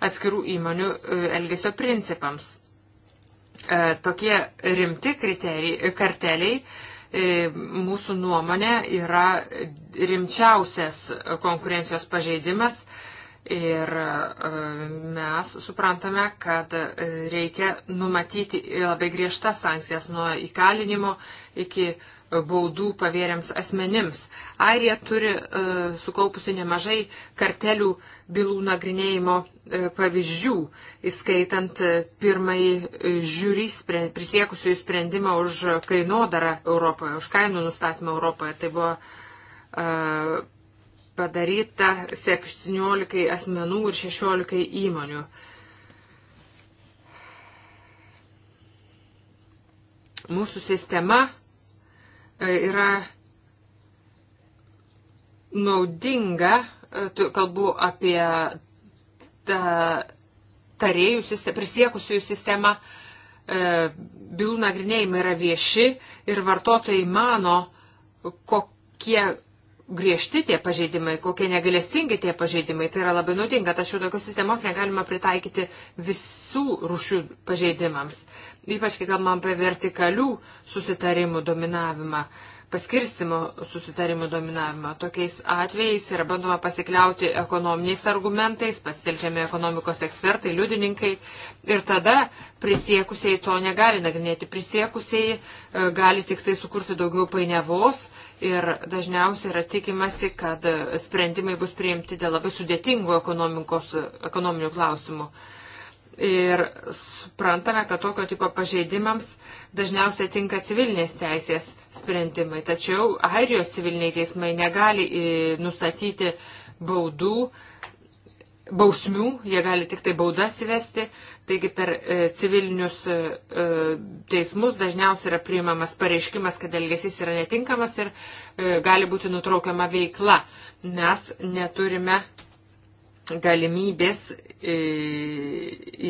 atskirų įmonių elgesio principams. Tokie rimti kriterijai, karteliai E, mūsų nuomonė yra rimčiausias konkurencijos pažeidimas ir e, mes suprantame, kad e, reikia numatyti labai griežtas sankcijas nuo įkalinimo iki baudų pavėriams asmenims. Airija turi e, sukaupusi nemažai kartelių bylų nagrinėjimo e, pavyzdžių, įskaitant e, pirmąjį žiūry spren, prisiekusiųjų sprendimą už kainodarą Europoje, už kainų nustatymą Europoje. Tai buvo e, padaryta 17 asmenų ir 16 įmonių. Mūsų sistema E, yra naudinga, e, kalbu apie tą tarėjų sistemą, prisiekusiųjų sistemą, e, bylų nagrinėjimai yra vieši ir vartotojai mano, kokie griežti tie pažeidimai, kokie negalestingi tie pažeidimai. Tai yra labai naudinga, tačiau tokios sistemos negalima pritaikyti visų rušių pažeidimams ypač kai kalbam apie vertikalių susitarimų dominavimą, paskirstimo susitarimų dominavimą. Tokiais atvejais yra bandoma pasikliauti ekonominiais argumentais, pasitelkiami ekonomikos ekspertai, liudininkai ir tada prisiekusiai to negali nagrinėti. Prisiekusiai e, gali tik tai sukurti daugiau painiavos ir dažniausiai yra tikimasi, kad sprendimai bus priimti dėl labai sudėtingų ekonominių klausimų. Ir suprantame, kad tokio tipo pažeidimams dažniausiai tinka civilinės teisės sprendimai. Tačiau Airijos civiliniai teismai negali e, nustatyti baudų, bausmių, jie gali tik tai baudas įvesti. Taigi per e, civilinius e, teismus dažniausiai yra priimamas pareiškimas, kad elgesys yra netinkamas ir gali būti nutraukiama veikla. Mes neturime galimybės e,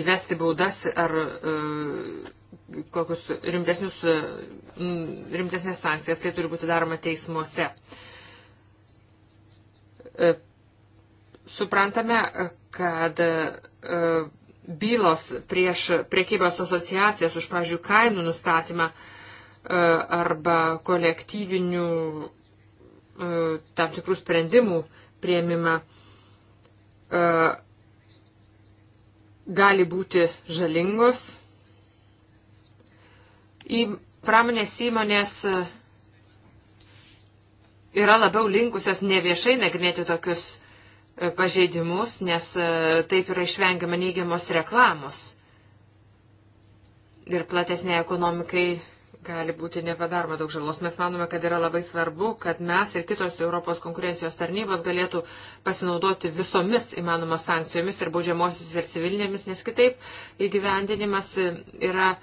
įvesti baudas ar e, kokius rimtesnius, e, rimtesnės sankcijas, tai turi būti daroma teismuose. Suprantame, kad bylos prieš priekybos asociacijas už, pažiūrėjau, kainų nustatymą arba kolektyvinių tam tikrų sprendimų prieimimą E, gali būti žalingos. Į pramonės įmonės e, yra labiau linkusios neviešai nagrinėti tokius e, pažeidimus, nes taip yra išvengiama neigiamos reklamos. Ir platesnė ekonomikai gali būti nepadaroma daug žalos. Mes manome, kad yra labai svarbu, kad mes ir kitos Europos konkurencijos tarnybos galėtų pasinaudoti visomis įmanomos sankcijomis ir baudžiamosis ir civilinėmis, nes kitaip įgyvendinimas yra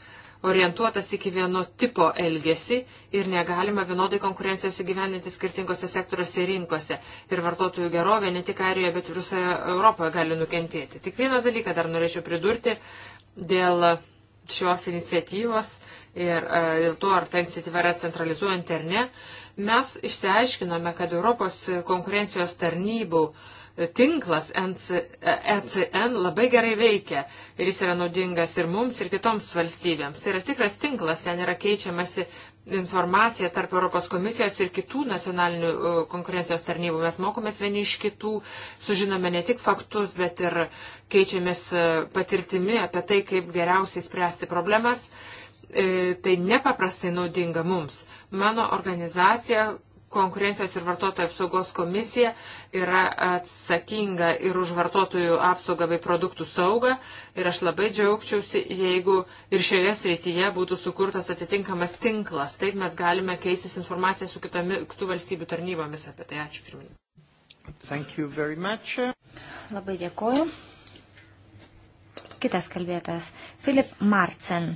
orientuotas iki vieno tipo elgesį ir negalima vienodai konkurencijos įgyveninti skirtingose sektoriuose ir rinkose. Ir vartotojų gerovė ne tik Airijoje, bet ir visoje Europoje gali nukentėti. Tik vieną dalyką dar norėčiau pridurti dėl šios iniciatyvos ir e, dėl to, ar ta iniciatyva yra centralizuojanti ar ne, mes išsiaiškinome, kad Europos konkurencijos tarnybų e, tinklas ECN e, labai gerai veikia ir jis yra naudingas ir mums, ir kitoms valstybėms. Tai yra tikras tinklas, ten yra keičiamasi informacija tarp Europos komisijos ir kitų nacionalinių konkurencijos tarnybų. Mes mokomės vieni iš kitų, sužinome ne tik faktus, bet ir keičiamės patirtimi apie tai, kaip geriausiai spręsti problemas. Uh, E, tai nepaprastai naudinga mums. Mano organizacija, konkurencijos ir vartotojų apsaugos komisija yra atsakinga ir už vartotojų apsaugą bei produktų saugą. Ir aš labai džiaugčiausi, jeigu ir šioje srityje būtų sukurtas atitinkamas tinklas. Taip mes galime keistis informaciją su kitami, kitų valstybių tarnybomis apie tai. Ačiū pirmininkai. Labai dėkoju. Kitas kalbėtojas. Filip Marcen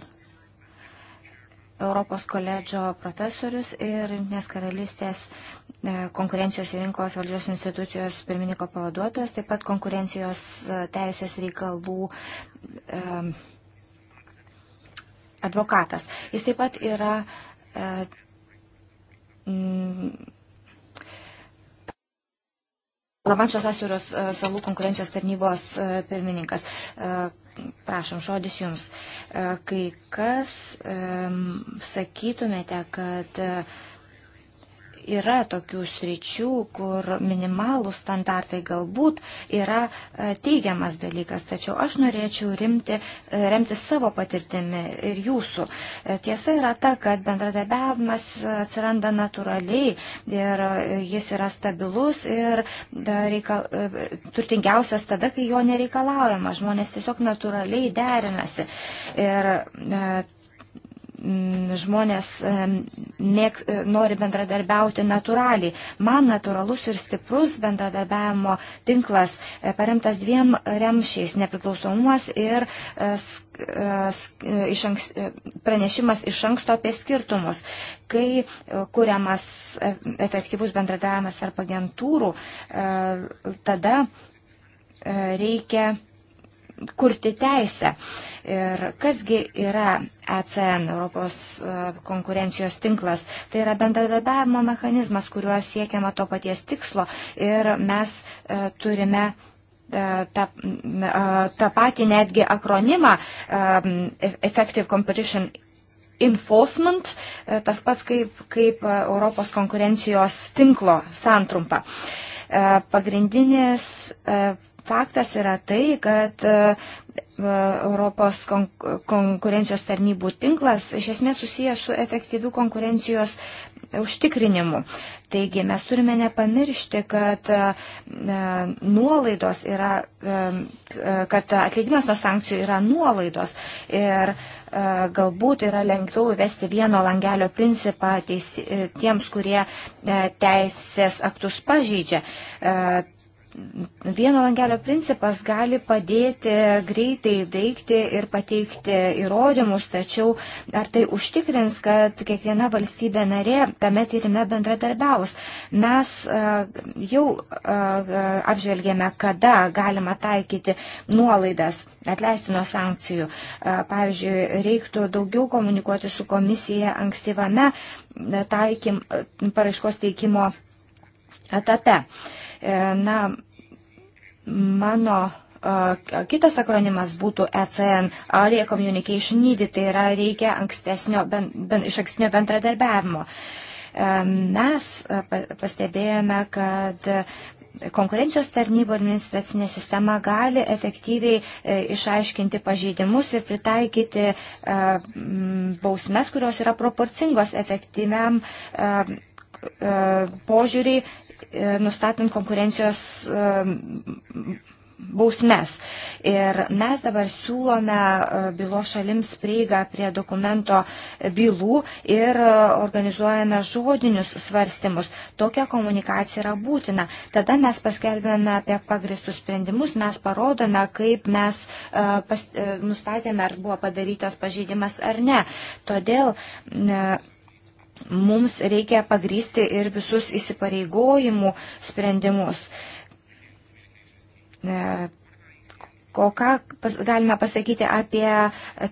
Europos koledžo profesorius ir Junktinės karalystės e, konkurencijos rinkos valdžios institucijos pirmininko pavaduotojas, taip pat konkurencijos e, teisės reikalų e, advokatas. Jis taip pat yra Lamančios Asiūros salų konkurencijos tarnybos pirmininkas. Tai prašom, žodis jums. E, kai kas sakytumėte, kad yra tokių sričių, kur minimalų standartai galbūt yra e, teigiamas dalykas, tačiau aš norėčiau rimti, e, remti savo patirtimi ir jūsų. E, tiesa yra ta, kad bendradarbiavimas atsiranda natūraliai ir jis yra stabilus ir reikal, turtingiausias tada, kai jo nereikalaujama. Žmonės tiesiog natūraliai derinasi. Ir, Mm, žmonės mėg, e, nori bendradarbiauti natūraliai. Man natūralus ir stiprus bendradarbiavimo tinklas e, paremtas dviem remšiais - nepriklausomumas ir e, iš anks, pranešimas iš anksto apie skirtumus. Kai kuriamas efektyvus bendradarbiavimas tarp agentūrų, tada reikia kurti teisę. Ir kasgi yra ECN, Europos e, konkurencijos tinklas? Tai yra bendradarbiavimo mechanizmas, kuriuo siekiama to paties tikslo ir mes e, turime e, tą, tą patį netgi akronimą Effective Competition enforcement, tas pats kaip, kaip Europos konkurencijos tinklo santrumpa. Pagrindinis faktas yra tai, kad e, e, Europos konkurencijos tarnybų tinklas iš esmės susijęs su efektyviu konkurencijos užtikrinimu. Taigi mes turime nepamiršti, kad e, nuolaidos yra, kad atleidimas nuo sankcijų yra nuolaidos ir galbūt yra lengviau vesti vieno langelio principą teis, tiems, kurie teisės aktus pažeidžia vieno langelio principas gali padėti greitai veikti ir pateikti įrodymus, tačiau ar tai užtikrins, kad kiekviena valstybė narė tame tyrime bendradarbiaus. Mes jau apžvelgėme, kada galima taikyti nuolaidas atleistino sankcijų. Pavyzdžiui, reiktų daugiau komunikuoti su komisija ankstyvame taikym, paraiškos teikimo etape. Uh, E, na, mano kitas akronimas būtų ECN, Area Communication Needed, tai yra reikia ankstesnio, ben, ben, iš ankstinio bendradarbiavimo. E, mes pastebėjome, kad konkurencijos tarnybo administracinė sistema gali efektyviai e, išaiškinti pažeidimus ir pritaikyti bausmes, kurios yra proporcingos efektyviam požiūriai E, nustatant konkurencijos e, bausmes. Ir mes dabar siūlome e, bylo šalims prieigą prie dokumento bylų ir organizuojame žodinius svarstymus. Tokia komunikacija yra būtina. Tada mes paskelbėme apie pagristus sprendimus, mes parodome, kaip mes pas, nustatėme, ar buvo padarytas pažeidimas ar ne. Todėl mums reikia pagrysti ir visus įsipareigojimų sprendimus. E, ko ką pas, galime pasakyti apie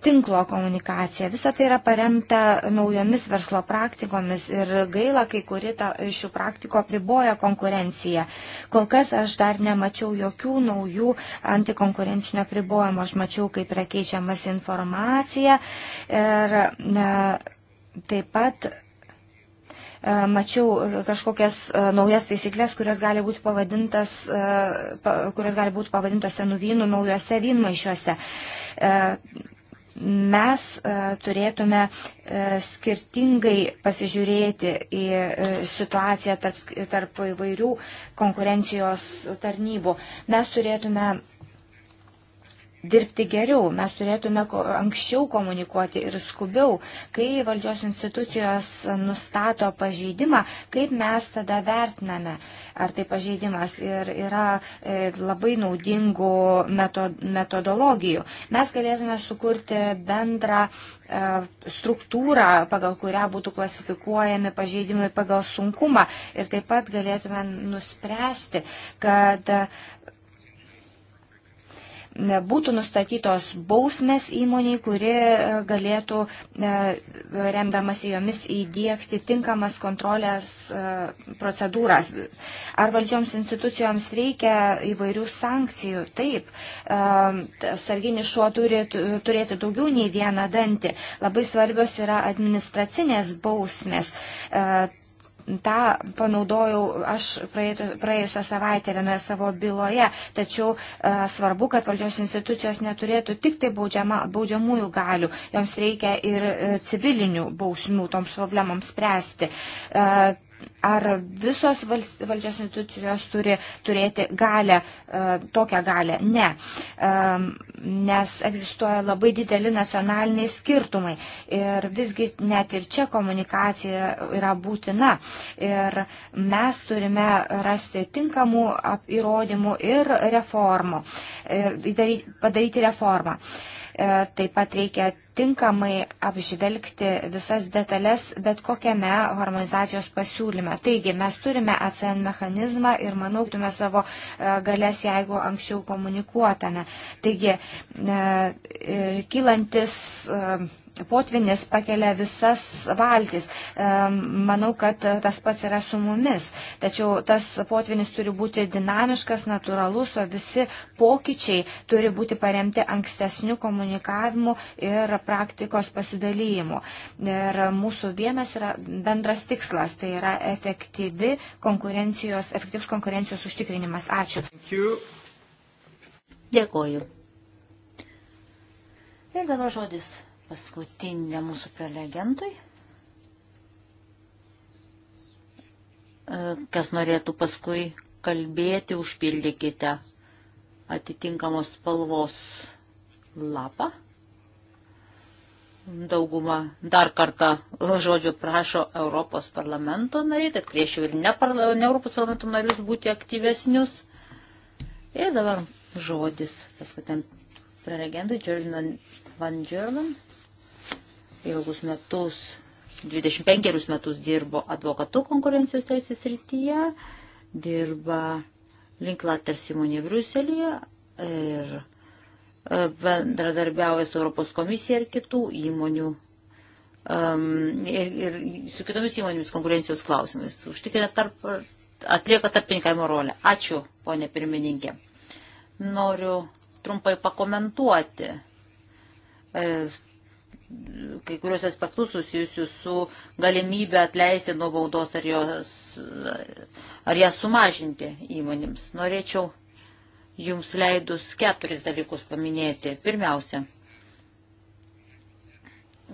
tinklo komunikaciją. Visa tai yra paremta naujomis verslo praktikomis ir gaila, kai kuri ta, šių praktiko priboja konkurenciją. Kol kas aš dar nemačiau jokių naujų antikonkurencinio pribojimo. Aš mačiau, kaip yra keičiamas informacija ir ne, taip pat E, mačiau e, kažkokias e, naujas taisyklės, kurios gali būti, kurios gali būti pavadintos senų vynų naujuose vynmaišiuose. Mes turėtume skirtingai pasižiūrėti į situaciją tarp, tarp įvairių konkurencijos tarnybų. Mes turėtume dirbti geriau. Mes turėtume anksčiau komunikuoti ir skubiau, kai valdžios institucijos nustato pažeidimą, kaip mes tada vertiname, ar tai pažeidimas ir yra e, labai naudingų metodologijų. Mes galėtume sukurti bendrą e, struktūrą, pagal kurią būtų klasifikuojami pažeidimai pagal sunkumą ir taip pat galėtume nuspręsti, kad būtų nustatytos bausmės įmoniai, kuri e, galėtų e, remdamas jomis įdėkti tinkamas kontrolės e, procedūras. Ar valdžioms institucijoms reikia įvairių sankcijų? Taip, sarginis šuo turi turėti daugiau nei vieną dantį. Labai svarbios yra administracinės bausmės tą panaudojau aš praėjusią savaitę vienoje savo byloje, tačiau e, svarbu, kad valdžios institucijos neturėtų tik tai baudžiama, baudžiamųjų galių, joms reikia ir e, civilinių bausmių toms problemams spręsti. E, Ar visos valdžios institucijos turi turėti galę, e, tokią galę? Ne, e, nes egzistuoja labai dideli nacionaliniai skirtumai. Ir visgi net ir čia komunikacija yra būtina. Ir mes turime rasti tinkamų įrodymų ir reformų. Ir padaryti reformą. E, taip pat reikia tinkamai apžvelgti visas detalės bet kokiame harmonizacijos pasiūlyme. Taigi, mes turime ACN mechanizmą ir manau, turime savo e, galės, jeigu anksčiau komunikuotame. Taigi, e, e, kylantis potvinis pakelia visas valtis. E, manau, kad tas pats yra su mumis. Tačiau tas potvinis turi būti dinamiškas, natūralus, o visi pokyčiai turi būti paremti ankstesnių komunikavimų ir praktikos pasidalymu. Ir mūsų vienas yra bendras tikslas, tai yra efektyvi konkurencijos, efektyvus konkurencijos užtikrinimas. Ačiū. Dėkoju. Ir dabar žodis paskutinė mūsų prelegentui. E, kas norėtų paskui kalbėti, užpildykite atitinkamos spalvos lapą. Dauguma dar kartą žodžio prašo Europos parlamento nariai, tad kviečiu ir ne, parla, ne Europos parlamento narius būti aktyvesnius. Ir dabar žodis paskutiniam prelegentui Džerlinan Van Džerlan ilgus metus, 25 metus dirbo advokatų konkurencijos teisės rytyje, dirba Linklaters įmonė Briuselėje ir e, bendradarbiauja su Europos komisija ir kitų įmonių um, ir, ir su kitomis įmonėmis konkurencijos klausimais. Užtikrina tarp, atlieka tarpininkavimo rolę. Ačiū, ponė pirmininkė. Noriu trumpai pakomentuoti e, kai kurios aspektus susijusius su galimybė atleisti nuo baudos ar, jos, ar ją sumažinti įmonėms. Norėčiau jums leidus keturis dalykus paminėti. Pirmiausia,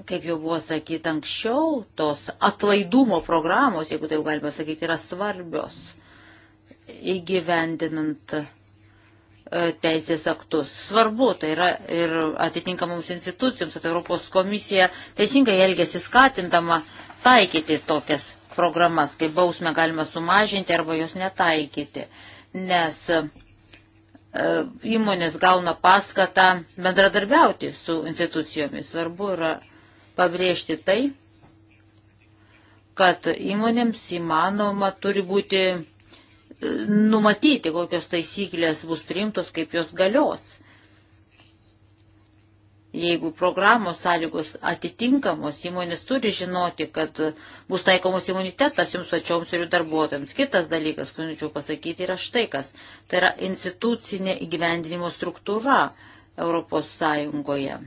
kaip jau buvo sakyta anksčiau, tos atlaidumo programos, jeigu taip galima sakyti, yra svarbios įgyvendinant E, teisės aktus. Svarbu, tai yra ir atitinkamoms institucijoms, kad Europos komisija teisingai elgesi skatindama taikyti tokias programas, kaip bausmę galima sumažinti arba jos netaikyti, nes e, įmonės gauna paskatą bendradarbiauti su institucijomis. Svarbu yra pabrėžti tai, kad įmonėms įmanoma turi būti numatyti, kokios taisyklės bus priimtos, kaip jos galios. Jeigu programos sąlygos atitinkamos, įmonės turi žinoti, kad bus taikomos imunitetas jums pačioms ir jų darbuotojams. Kitas dalykas, kurį norėčiau pasakyti, yra štai kas. Tai yra institucinė įgyvendinimo struktūra Europos Sąjungoje.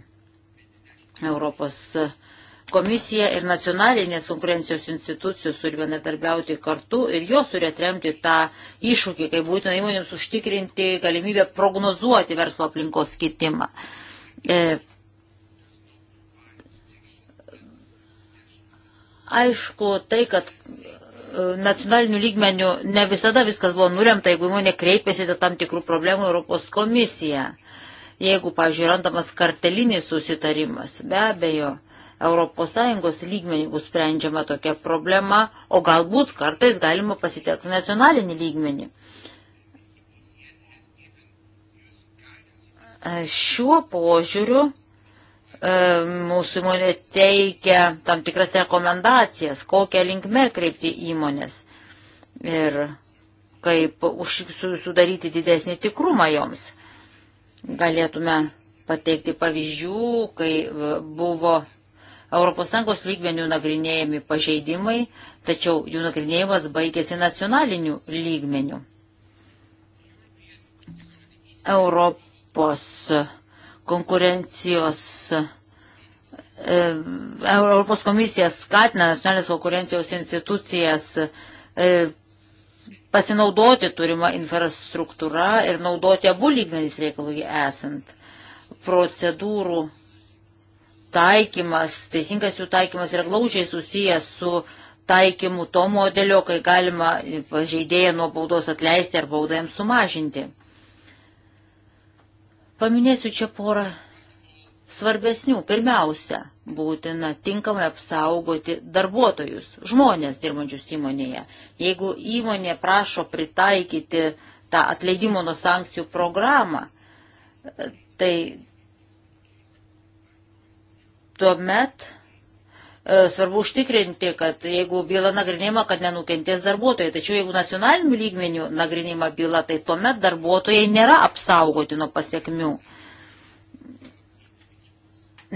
Europos Sąjungoje. Komisija ir nacionalinės konkurencijos institucijos turi bendradarbiauti kartu ir jos turi atremti tą iššūkį, kai būtina įmonėms užtikrinti galimybę prognozuoti verslo aplinkos kitimą. E, aišku, tai, kad e, nacionalinių lygmenių ne visada viskas buvo nuremta, jeigu įmonė kreipėsi dėl tam tikrų problemų Europos komisiją. Jeigu, pažiūrėjau, randamas kartelinis susitarimas, be abejo, ES lygmenį bus sprendžiama tokia problema, o galbūt kartais galima pasitelkti nacionalinį lygmenį. Šiuo požiūriu e, mūsų įmonė teikia tam tikras rekomendacijas, kokią linkmę kreipti įmonės ir kaip sudaryti didesnį tikrumą joms. Galėtume pateikti pavyzdžių, kai e, buvo ES lygmenių nagrinėjami pažeidimai, tačiau jų nagrinėjimas baigėsi nacionaliniu lygmeniu. Europos konkurencijos. E, Europos komisija skatina nacionalinės konkurencijos institucijas e, pasinaudoti turimą infrastruktūrą ir naudoti abu lygmenys reikalui esant procedūrų taikymas, teisingas jų taikymas yra glaužiai susijęs su taikymu to modelio, kai galima pažeidėją nuo baudos atleisti ar baudą jam sumažinti. Paminėsiu čia porą svarbesnių. Pirmiausia, būtina tinkamai apsaugoti darbuotojus, žmonės dirbančius įmonėje. Jeigu įmonė prašo pritaikyti tą atleidimo nuo sankcijų programą, tai tuomet e, svarbu užtikrinti, kad jeigu byla nagrinėjama, kad nenukentės darbuotojai. Tačiau jeigu nacionaliniu lygmeniu nagrinėjama byla, tai tuomet darbuotojai nėra apsaugoti nuo pasiekmių.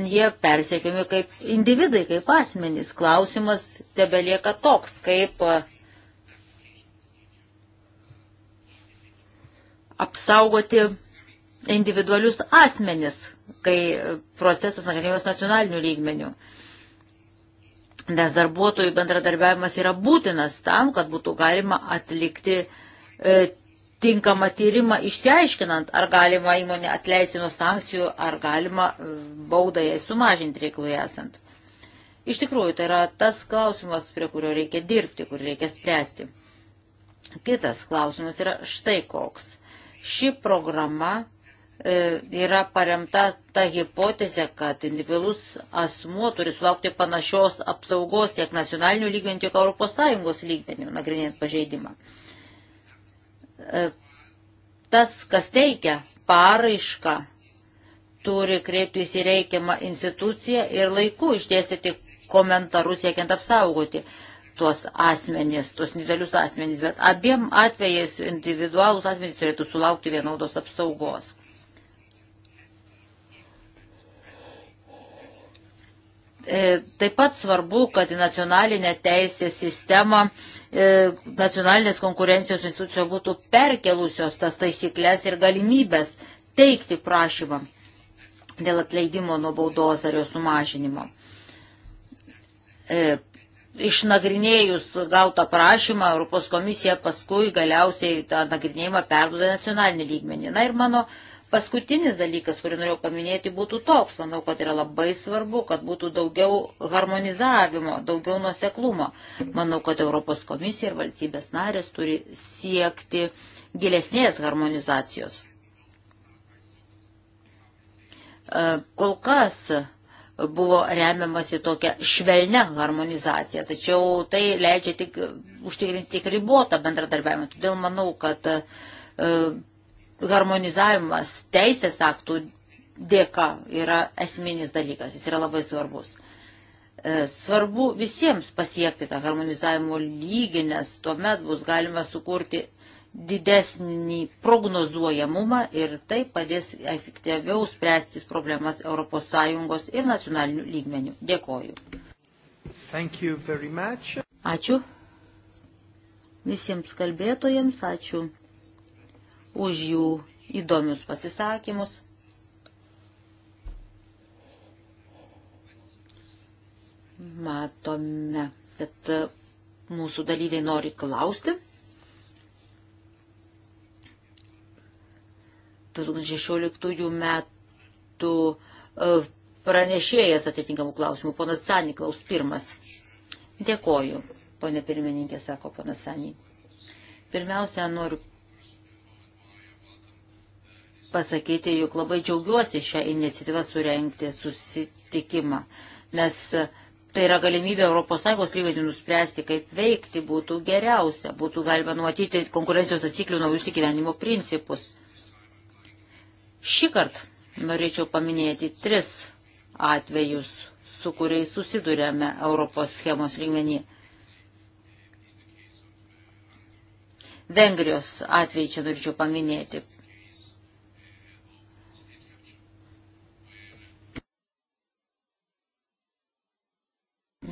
Jie persiekiami kaip individai, kaip asmenys. Klausimas tebelieka toks, kaip e, apsaugoti individualius asmenis, kai procesas nagrinėjamas nacionaliniu lygmeniu. Nes darbuotojų bendradarbiavimas yra būtinas tam, kad būtų galima atlikti e, tinkamą tyrimą išsiaiškinant, ar galima įmonę atleisti nuo sankcijų, ar galima e, baudą jai sumažinti reikalui esant. Iš tikrųjų, tai yra tas klausimas, prie kurio reikia dirbti, kur reikia spręsti. Kitas klausimas yra štai koks. Ši programa E, yra paremta ta hipotezė, kad individualus asmuo turi sulaukti panašios apsaugos tiek nacionalinių lygmenių, tiek ES lygmenių, nagrinėjant pažeidimą. E, tas, kas teikia paraišką, turi kreiptis į reikiamą instituciją ir laiku išdėstyti komentarus siekiant apsaugoti tuos asmenys, tuos individualius asmenys, bet abiem atvejais individualus asmenys turėtų sulaukti vienodos apsaugos. E, taip pat svarbu, kad į nacionalinę teisės sistemą e, nacionalinės konkurencijos institucijos būtų perkelusios tas taisyklės ir galimybės teikti prašymą dėl atleidimo nuo baudos ar jo sumažinimo. E, išnagrinėjus gautą prašymą, Europos komisija paskui galiausiai tą nagrinėjimą perduoda nacionalinį lygmenį. Na ir mano uh, Paskutinis dalykas, kurį norėjau paminėti, būtų toks. Manau, kad yra labai svarbu, kad būtų daugiau harmonizavimo, daugiau nuseklumo. Manau, kad Europos komisija ir valstybės narės turi siekti gilesnės harmonizacijos. E, kol kas buvo remiamasi tokia švelnia harmonizacija, tačiau tai leidžia tik užtikrinti tik ribotą bendradarbiavimą. Todėl manau, kad e, harmonizavimas teisės aktų dėka yra esminis dalykas, jis yra labai svarbus. E, svarbu visiems pasiekti tą harmonizavimo lygį, nes tuomet bus galima sukurti didesnį prognozuojamumą ir tai padės efektyviau spręstis problemas ES ir nacionalinių lygmenių. Dėkoju. Ačiū visiems kalbėtojams, ačiū už jų įdomius pasisakymus. Matome, kad mūsų dalyviai nori klausti. 2016 metų e, pranešėjas atitinkamų klausimų, ponas Sani, klaus pirmas. Dėkoju, ponė pirmininkė, sako ponas Sani. Pirmiausia, noriu pasakyti, jog labai džiaugiuosi šią iniciatyvą surenkti susitikimą, nes tai yra galimybė ES lygmenį nuspręsti, kaip veikti būtų geriausia, būtų galima numatyti konkurencijos atsiklių naujus įgyvenimo principus. Šį kartą norėčiau paminėti tris atvejus, su kuriais susidurėme Europos schemos lygmenyje. Vengrijos atvejį čia norėčiau paminėti.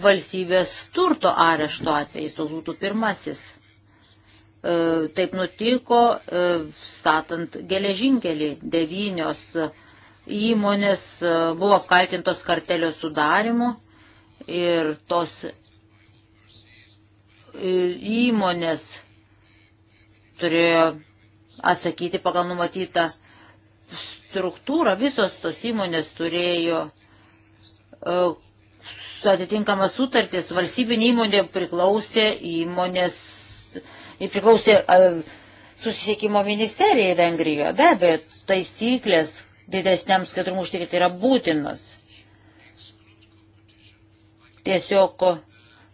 valstybės turto arešto atvejais, toks būtų pirmasis. E, taip nutiko, e, statant geležinkelį, devynios įmonės e, buvo apkaltintos kartelio sudarimu ir tos įmonės turėjo atsakyti pagal numatytą struktūrą, visos tos įmonės turėjo atitinkamas sutartis, valstybinė įmonė priklausė įmonės, priklausė susisiekimo ministerijai Vengrijoje. Be abejo, taisyklės didesniam skaidrumui užtikrinti yra būtinos. Tiesiog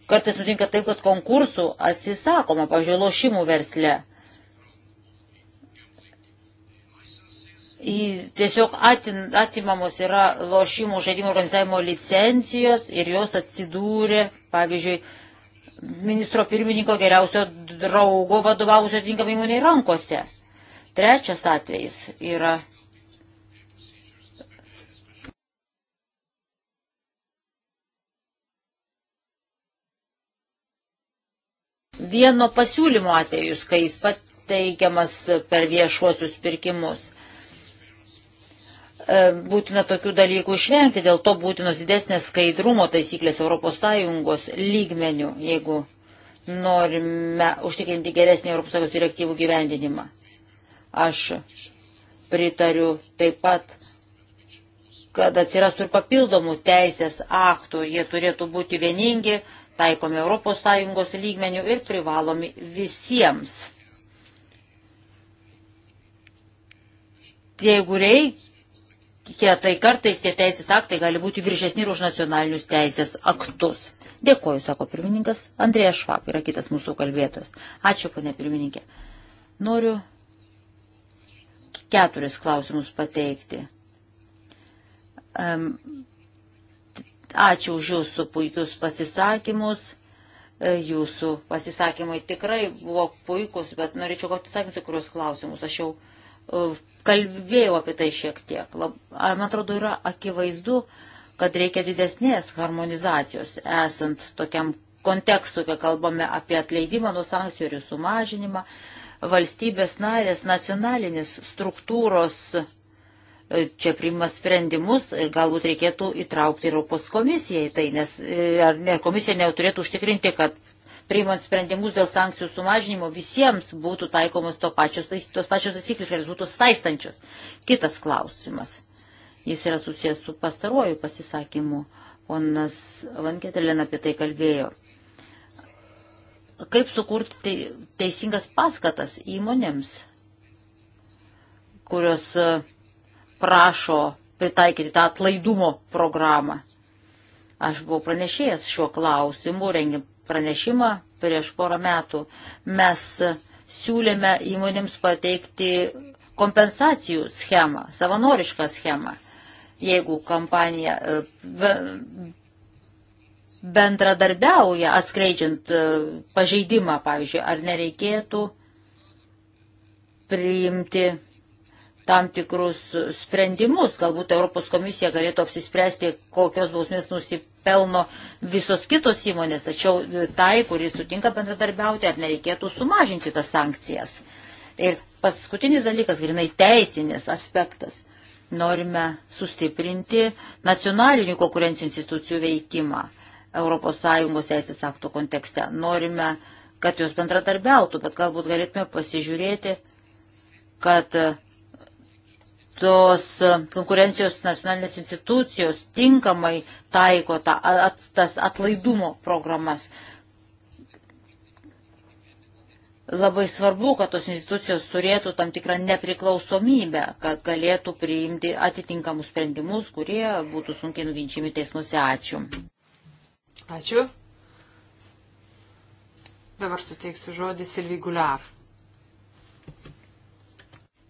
kartais nutinka taip, kad konkursų atsisakoma, pažiūrėjau, lošimų versle. tiesiog atimamos yra lošimų žaidimų organizavimo licencijos ir jos atsidūrė, pavyzdžiui, ministro pirmininko geriausio draugo vadovavusio tinkamai įmoniai rankose. Trečias atvejis yra. Vieno pasiūlymo atvejus, kai jis pateikiamas per viešuosius pirkimus. E, būtina tokių dalykų išvengti, dėl to būtinos didesnės skaidrumo taisyklės ES lygmenių, jeigu norime užtikrinti geresnį ES direktyvų gyvendinimą. Aš pritariu taip pat, kad atsirastų ir papildomų teisės aktų, jie turėtų būti vieningi, taikomi ES lygmenių ir privalomi visiems. Jeigu reikia, tai kartais tie teisės aktai gali būti viršesni ir už nacionalinius teisės aktus. Dėkoju, sako pirmininkas. Andrėjas Švap yra kitas mūsų kalbėtojas. Ačiū, ponė pirmininkė. Noriu keturis klausimus pateikti. Ačiū už jūsų puikius pasisakymus. E, jūsų pasisakymai tikrai buvo puikus, bet norėčiau gauti atsakymus į kurios klausimus. Aš jau e, kalbėjau apie tai šiek tiek. Lab, man atrodo, yra akivaizdu, kad reikia didesnės harmonizacijos esant tokiam kontekstui, kai kalbame apie atleidimą nuo sankcijų ir jų sumažinimą. Valstybės narės nacionalinės struktūros e, čia priima sprendimus ir galbūt reikėtų įtraukti Europos komisiją į tai, nes e, ar ne, komisija neturėtų užtikrinti, kad priimant sprendimus dėl sankcijų sumažinimo, visiems būtų taikomos to pačios, tos pačios taisyklės, kad būtų saistančios. Kitas klausimas. Jis yra susijęs su pastaruoju pasisakymu. Ponas Vanketelin apie tai kalbėjo. Kaip sukurti teisingas paskatas įmonėms, kurios e, prašo pritaikyti tą atlaidumo programą. Aš buvau pranešėjęs šiuo klausimu, rengiant pranešimą prieš porą metų, mes siūlėme įmonėms pateikti kompensacijų schemą, savanorišką schemą. Jeigu kompanija e, bendradarbiauja atskleidžiant e, pažeidimą, pavyzdžiui, ar nereikėtų priimti tam tikrus sprendimus. Galbūt Europos komisija galėtų apsispręsti, kokios bausmės nusipelno visos kitos įmonės, tačiau tai, kuri sutinka bendradarbiauti, ar nereikėtų sumažinti tas sankcijas. Ir paskutinis dalykas, grinai teisinis aspektas. Norime sustiprinti nacionalinių konkurencijų institucijų veikimą ES teisės aktų kontekste. Norime, kad jos bendradarbiautų, bet galbūt galėtume pasižiūrėti, kad tos konkurencijos nacionalinės institucijos tinkamai taiko ta, at, tas atlaidumo programas. Labai svarbu, kad tos institucijos turėtų tam tikrą nepriklausomybę, kad galėtų priimti atitinkamus sprendimus, kurie būtų sunkiai nuginčiami teismuose. Ačiū. Ačiū. Dabar suteiksiu žodį Silvi Guliar.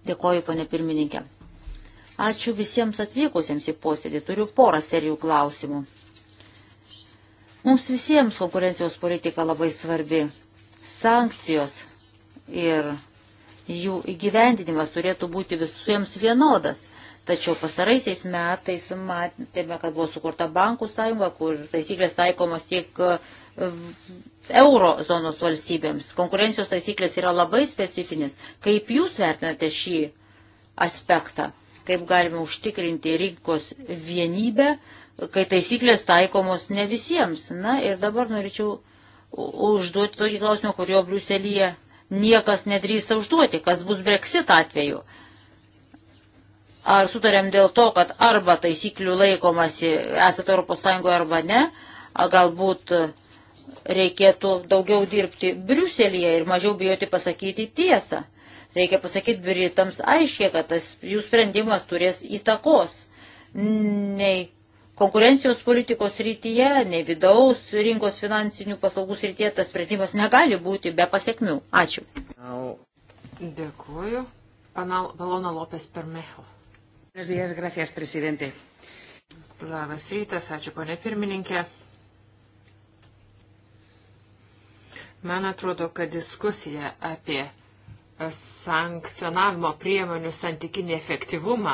Dėkoju, ponė pirmininkė. Ačiū visiems atvykusiems į posėdį. Turiu porą serijų klausimų. Mums visiems konkurencijos politika labai svarbi. Sankcijos ir jų įgyvendinimas turėtų būti visiems vienodas. Tačiau pasaraisiais metais matėme, kad buvo sukurta bankų sąjunga, kur taisyklės taikomos tik e, euro zonos valstybėms. Konkurencijos taisyklės yra labai specifinis. Kaip jūs vertinate šį aspektą? kaip galime užtikrinti rinkos vienybę, kai taisyklės taikomos ne visiems. Na ir dabar norėčiau užduoti tokį klausimą, kurio Briuselyje niekas nedrįsta užduoti, kas bus Brexit atveju. Ar sutarėm dėl to, kad arba taisyklių laikomasi esate ES arba ne, galbūt reikėtų daugiau dirbti Briuselėje ir mažiau bijoti pasakyti tiesą. Reikia pasakyti Britams aiškiai, kad tas jų sprendimas turės įtakos. Nei konkurencijos politikos rytyje, nei vidaus rinkos finansinių paslaugų srityje tas sprendimas negali būti be pasiekmių. Ačiū. Dėkuoju. Panal, Balona Lopes Permejo. Buenos días, gracias, presidente. Labas rytas, ačiū ponė pirmininkė. Man atrodo, kad diskusija apie sankcionavimo priemonių santykinį efektyvumą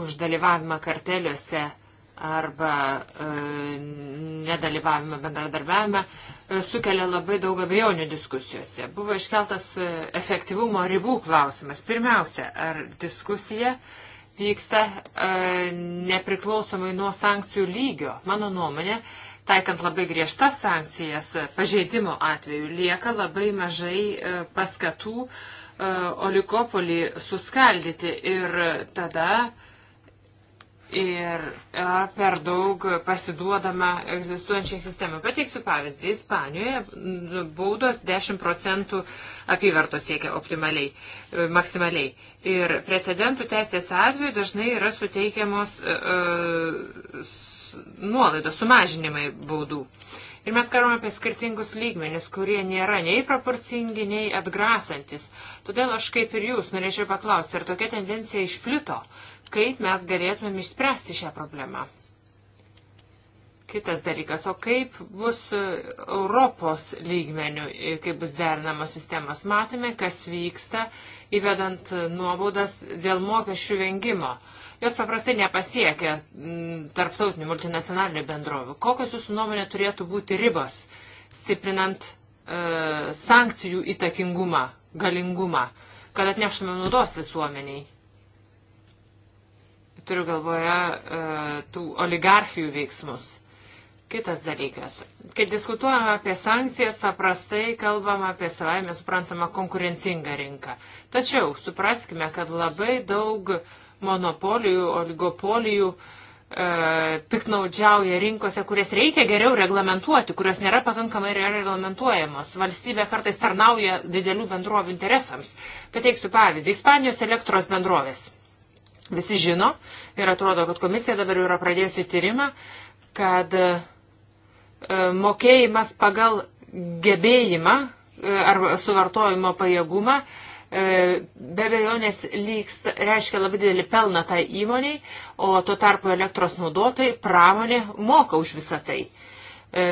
už dalyvavimą karteliuose arba e, nedalyvavimą bendradarbiavime e, sukelia labai daug abejonių diskusijose. Buvo iškeltas e, efektyvumo ribų klausimas. Pirmiausia, ar diskusija vyksta e, nepriklausomai nuo sankcijų lygio. Mano nuomonė, e, taikant labai griežtas sankcijas pažeidimo atveju, lieka labai mažai e, paskatų e, oligopolį suskaldyti ir tada ir e, per daug pasiduodama egzistuojančiai sistemai. Pateiksiu pavyzdį. Ispanijoje baudos 10 procentų apyvartos siekia optimaliai, maksimaliai. Ir precedentų teisės atveju dažnai yra suteikiamos uh, nuolaidos, sumažinimai baudų. Ir mes kalbame apie skirtingus lygmenis, kurie nėra nei proporcingi, nei atgrasantis. Todėl aš kaip ir jūs norėčiau paklausti, ar tokia tendencija išplito, kaip mes galėtumėm išspręsti šią problemą. Kitas dalykas, o kaip bus Europos lygmenių, kaip bus derinamos sistemos. Matome, kas vyksta įvedant nuobodas dėl mokesčių vengimo. Uh, jos paprastai nepasiekia mm, tarptautinių multinacionalinių bendrovių. Kokios jūsų nuomonė turėtų būti ribos, stiprinant e, sankcijų įtakingumą, galingumą, kad atneštume naudos visuomeniai? Turiu galvoje e, tų oligarchijų veiksmus. Kitas dalykas. Kai diskutuojame apie sankcijas, paprastai kalbame apie savaime suprantamą konkurencingą rinką. Tačiau supraskime, kad labai daug uh, monopolijų, oligopolijų e, piknaudžiauja rinkose, kurias reikia geriau reglamentuoti, kurios nėra pakankamai reglamentuojamos. Valstybė kartais tarnauja didelių bendrovių interesams. Pateiksiu pavyzdį. Ispanijos elektros bendrovės. Visi žino ir atrodo, kad komisija dabar yra pradėjusi tyrimą, kad e, mokėjimas pagal gebėjimą e, ar suvartojimo pajėgumą E, be abejonės reiškia labai didelį pelną tai įmoniai, o tuo tarpu elektros naudotojai pramonė moka už visą tai. E,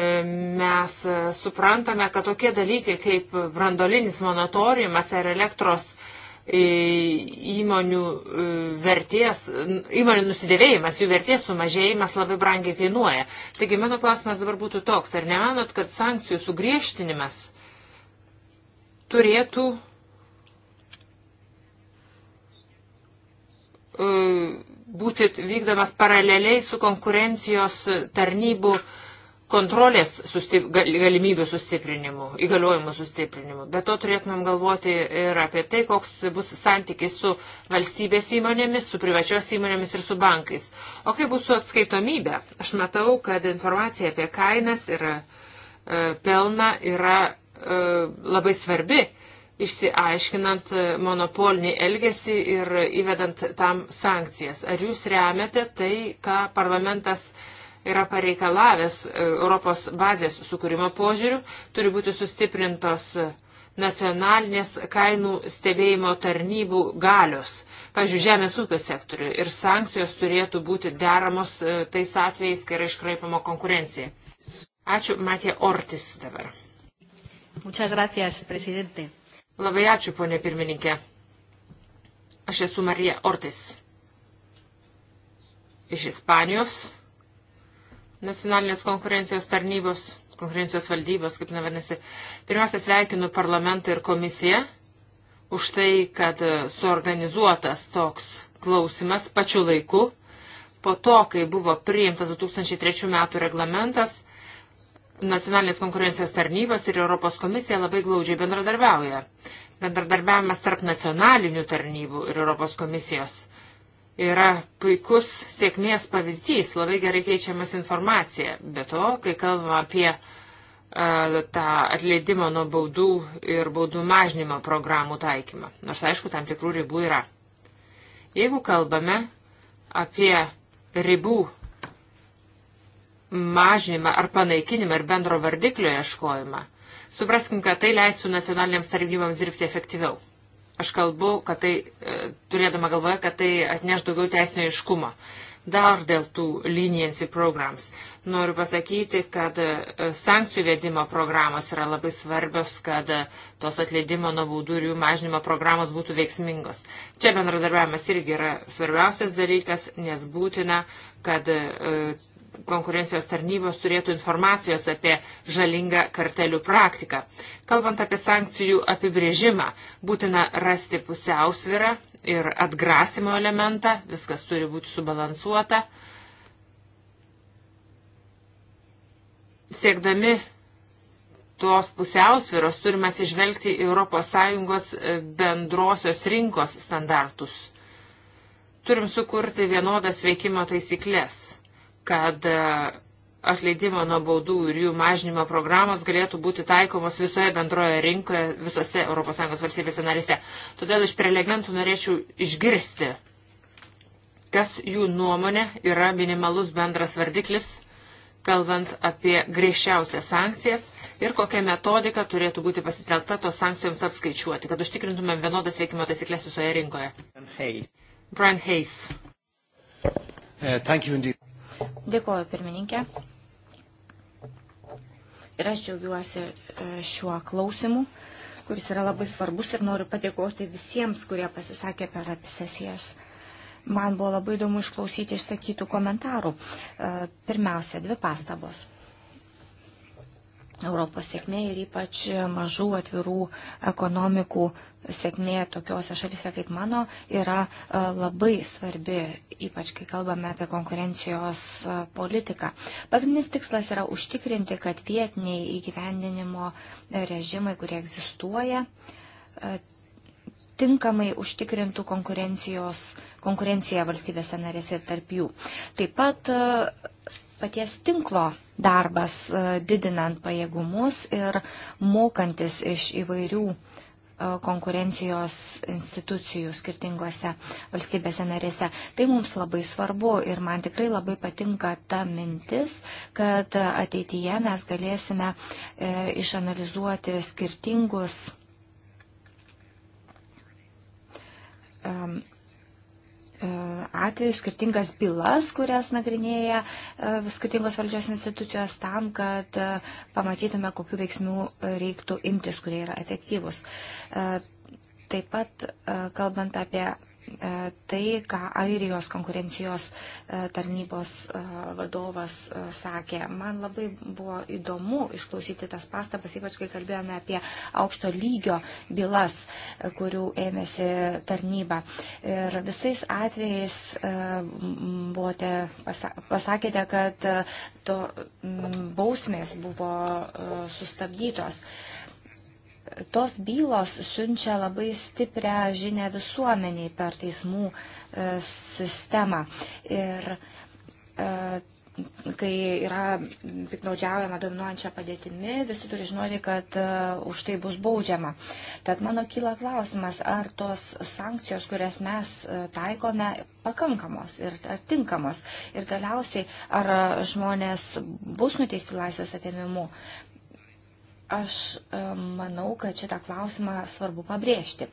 mes e, suprantame, kad tokie dalykai kaip brandolinis monatoriumas ar elektros įmonių vertės, įmonių nusidėvėjimas, jų vertės sumažėjimas labai brangiai kainuoja. Taigi mano klausimas dabar būtų toks, ar nemanot, kad sankcijų sugriežtinimas turėtų Mm, būti vykdomas paraleliai su konkurencijos tarnybų kontrolės sustip, galimybių sustiprinimu, įgaliojimų sustiprinimu. Bet to turėtumėm galvoti ir apie tai, koks bus santykis su valstybės įmonėmis, su privačios įmonėmis ir su bankais. O kaip bus su atskaitomybė? Aš matau, kad informacija apie kainas ir e, pelną yra e, labai svarbi išsiaiškinant monopolinį elgesį ir įvedant tam sankcijas. Ar jūs remiate tai, ką parlamentas yra pareikalavęs e, Europos bazės sukūrimo požiūrių, turi būti sustiprintos nacionalinės kainų stebėjimo tarnybų galios, pažiūrėjau, žemės ūkio sektoriui ir sankcijos turėtų būti deramos e, tais atvejais, kai yra iškraipama konkurencija. Ačiū, Matė Ortis dabar. Muchas gracias, presidente. Labai ačiū, ponė pirmininkė. Aš esu Marija Ortis iš Ispanijos nacionalinės konkurencijos tarnybos, konkurencijos valdybos, kaip nevanasi. Pirmiausia, sveikinu parlamentą ir komisiją už tai, kad e, suorganizuotas toks klausimas pačiu laiku. Po to, kai buvo priimtas 2003 metų reglamentas, nacionalinės konkurencijos tarnybos ir Europos komisija labai glaudžiai bendradarbiauja. Bendradarbiavimas tarp nacionalinių tarnybų ir Europos komisijos yra puikus sėkmės pavyzdys, labai gerai keičiamas informacija. Be to, kai kalbam apie uh, tą atleidimo nuo baudų ir baudų mažnymo programų taikymą, nors aišku, tam tikrų ribų yra. Jeigu kalbame apie ribų mažinimą ar panaikinimą ir bendro vardiklio ieškojimą. Supraskim, kad tai leistų nacionaliniams tarnybams dirbti efektyviau. Aš kalbu, kad tai, e, turėdama galvoje, kad tai atneš daugiau teisinio iškumo. Dar dėl tų leniency programs. Noriu pasakyti, kad e, sankcijų vedimo programos yra labai svarbios, kad e, tos atleidimo nuo baudų ir jų mažinimo programos būtų veiksmingos. Čia bendradarbiavimas irgi yra svarbiausias dalykas, nes būtina, kad konkurencijos tarnybos turėtų informacijos apie žalingą kartelių praktiką. Kalbant apie sankcijų apibrėžimą, būtina rasti pusiausvirą ir atgrasimo elementą, viskas turi būti subalansuota. Siekdami tos pusiausviros turime atsižvelgti ES e, bendrosios rinkos standartus. Turim sukurti vienodas veikimo taisyklės kad e, atleidimo nuo baudų ir jų mažinimo programos galėtų būti taikomos visoje bendroje rinkoje, visose ES valstybėse narėse. Todėl iš prelegentų norėčiau išgirsti, kas jų nuomonė yra minimalus bendras vardiklis, kalbant apie griežčiausias sankcijas ir kokia metodika turėtų būti pasitelkta tos sankcijoms apskaičiuoti, kad užtikrintumėm vienodas veikimo taisyklės visoje rinkoje. Brian Hayes. Brian Hayes. Uh, Dėkuoju, pirmininkė. Ir aš džiaugiuosi e, šiuo klausimu, kuris yra labai svarbus ir noriu padėkoti visiems, kurie pasisakė per abi sesijas. Man buvo labai įdomu išklausyti išsakytų komentarų. E, pirmiausia, dvi pastabos. Europos sėkmė ir ypač mažų atvirų ekonomikų sėkmė tokiuose šalise kaip mano yra e, labai svarbi, ypač kai kalbame apie konkurencijos e, politiką. Pagrindinis tikslas yra užtikrinti, kad vietiniai įgyvendinimo e, režimai, kurie egzistuoja, tinkamai užtikrintų konkurenciją valstybėse narėse ir tarp jų. Taip pat e, paties tinklo darbas e, didinant pajėgumus ir mokantis iš įvairių e, konkurencijos institucijų skirtingose valstybėse narėse. Tai mums labai svarbu ir man tikrai labai patinka ta mintis, kad ateityje mes galėsime išanalizuoti skirtingus Um, e, atvejus, skirtingas bylas, kurias nagrinėja e, skirtingos valdžios institucijos tam, kad e, pamatytume, kokiu veiksmu reiktų imtis, kurie yra efektyvus. Taip pat, kalbant apie E, tai, ką Airijos konkurencijos e, tarnybos e, vadovas sakė. Man labai buvo įdomu išklausyti tas pastabas, ypač kai kalbėjome apie aukšto lygio bylas, kurių ėmėsi tarnyba. Ir visais atvejais buvote, pasakėte, kad to bausmės buvo sustabdytos tos bylos siunčia labai stiprią žinę visuomeniai per teismų e, sistemą. Ir e, kai yra piknaudžiaujama dominuojančia padėtimi, visi turi žinoti, kad e, už tai bus baudžiama. Tad mano kyla klausimas, ar tos sankcijos, kurias mes taikome, pakankamos ir ar tinkamos. Ir galiausiai, ar žmonės bus nuteisti laisvės atėmimu. Aš e, manau, kad šitą klausimą svarbu pabrėžti.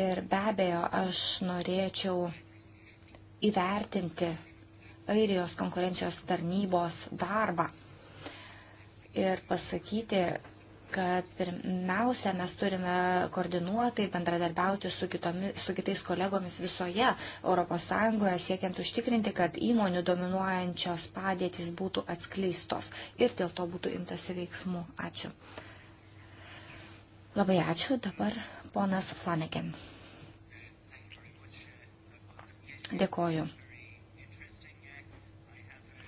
Ir be abejo, aš norėčiau įvertinti Airijos konkurencijos tarnybos darbą ir pasakyti, kad pirmiausia mes turime koordinuotai bendradarbiauti su, kitomis, su kitais kolegomis visoje ES, siekiant užtikrinti, kad įmonių dominuojančios padėtis būtų atskleistos ir dėl to būtų imtasi veiksmų. Ačiū. Labai ačiū. Dabar ponas Flanagan. Dėkoju.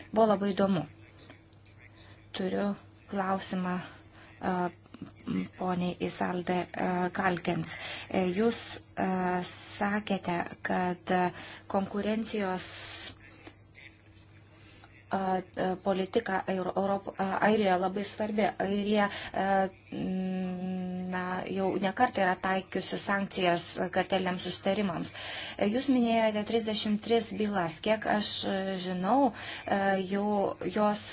Buvo labai įdomu. Turiu klausimą poniai Isalde Kalkins. E, jūs sakėte, kad konkurencijos politika Airijoje labai svarbi. Airija na, jau nekartą yra taikiusi sankcijas karteliams sustarimams. E, jūs minėjote 33 bylas. Kiek aš e, žinau, e, jau jos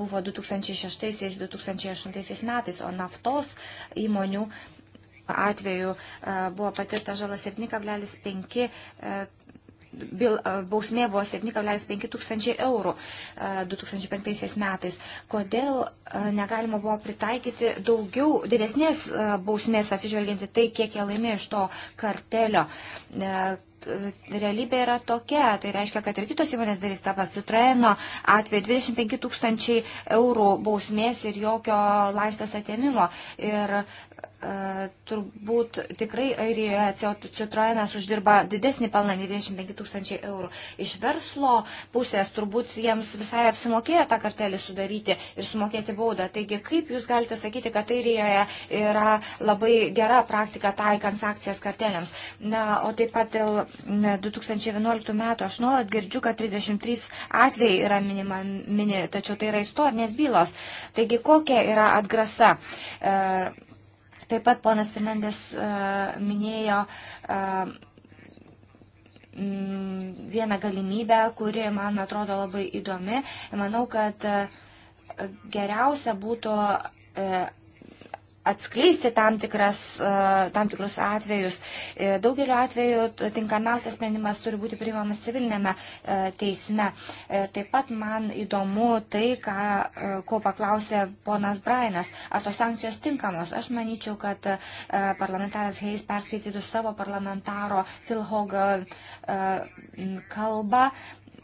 buvo 2006-2008 metais, o naftos įmonių atveju buvo patirta žala 7,5 bausmė buvo 7,5 tūkstančiai eurų 2005 metais. Kodėl negalima buvo pritaikyti daugiau didesnės bausmės atsižvelginti tai, kiek jie laimėjo iš to kartelio? realybė yra tokia. Tai reiškia, kad ir kitos įmonės darys tą pats. Citroeno atveju 25 tūkstančiai eurų bausmės ir jokio laisvės atėmimo. Ir E, turbūt tikrai Airijoje Citroenas uždirba didesnį pelną nei 25 tūkstančiai eurų. Iš verslo pusės turbūt jiems visai apsimokėjo tą kartelį sudaryti ir sumokėti baudą. Taigi kaip jūs galite sakyti, kad Airijoje yra labai gera praktika taikant sankcijas kartelėms? Na, o taip pat dėl 2011 metų aš nuolat girdžiu, kad 33 atvejai yra minima, mini, tačiau tai yra istorinės bylos. Taigi kokia yra atgrasa? E, Taip pat ponas Fernandės e, minėjo e, vieną galimybę, kuri man atrodo labai įdomi. Manau, kad e, geriausia būtų atskleisti tam, tikras, e, tam tikrus atvejus. E, daugeliu atveju tinkamiausias sprendimas turi būti priimamas civilinėme e, teisme. Taip pat man įdomu tai, ką, ko paklausė ponas Brainas. Ar tos sankcijos tinkamos? Aš manyčiau, kad parlamentaras Heis perskaitytų savo parlamentaro Phil Hogan kalbą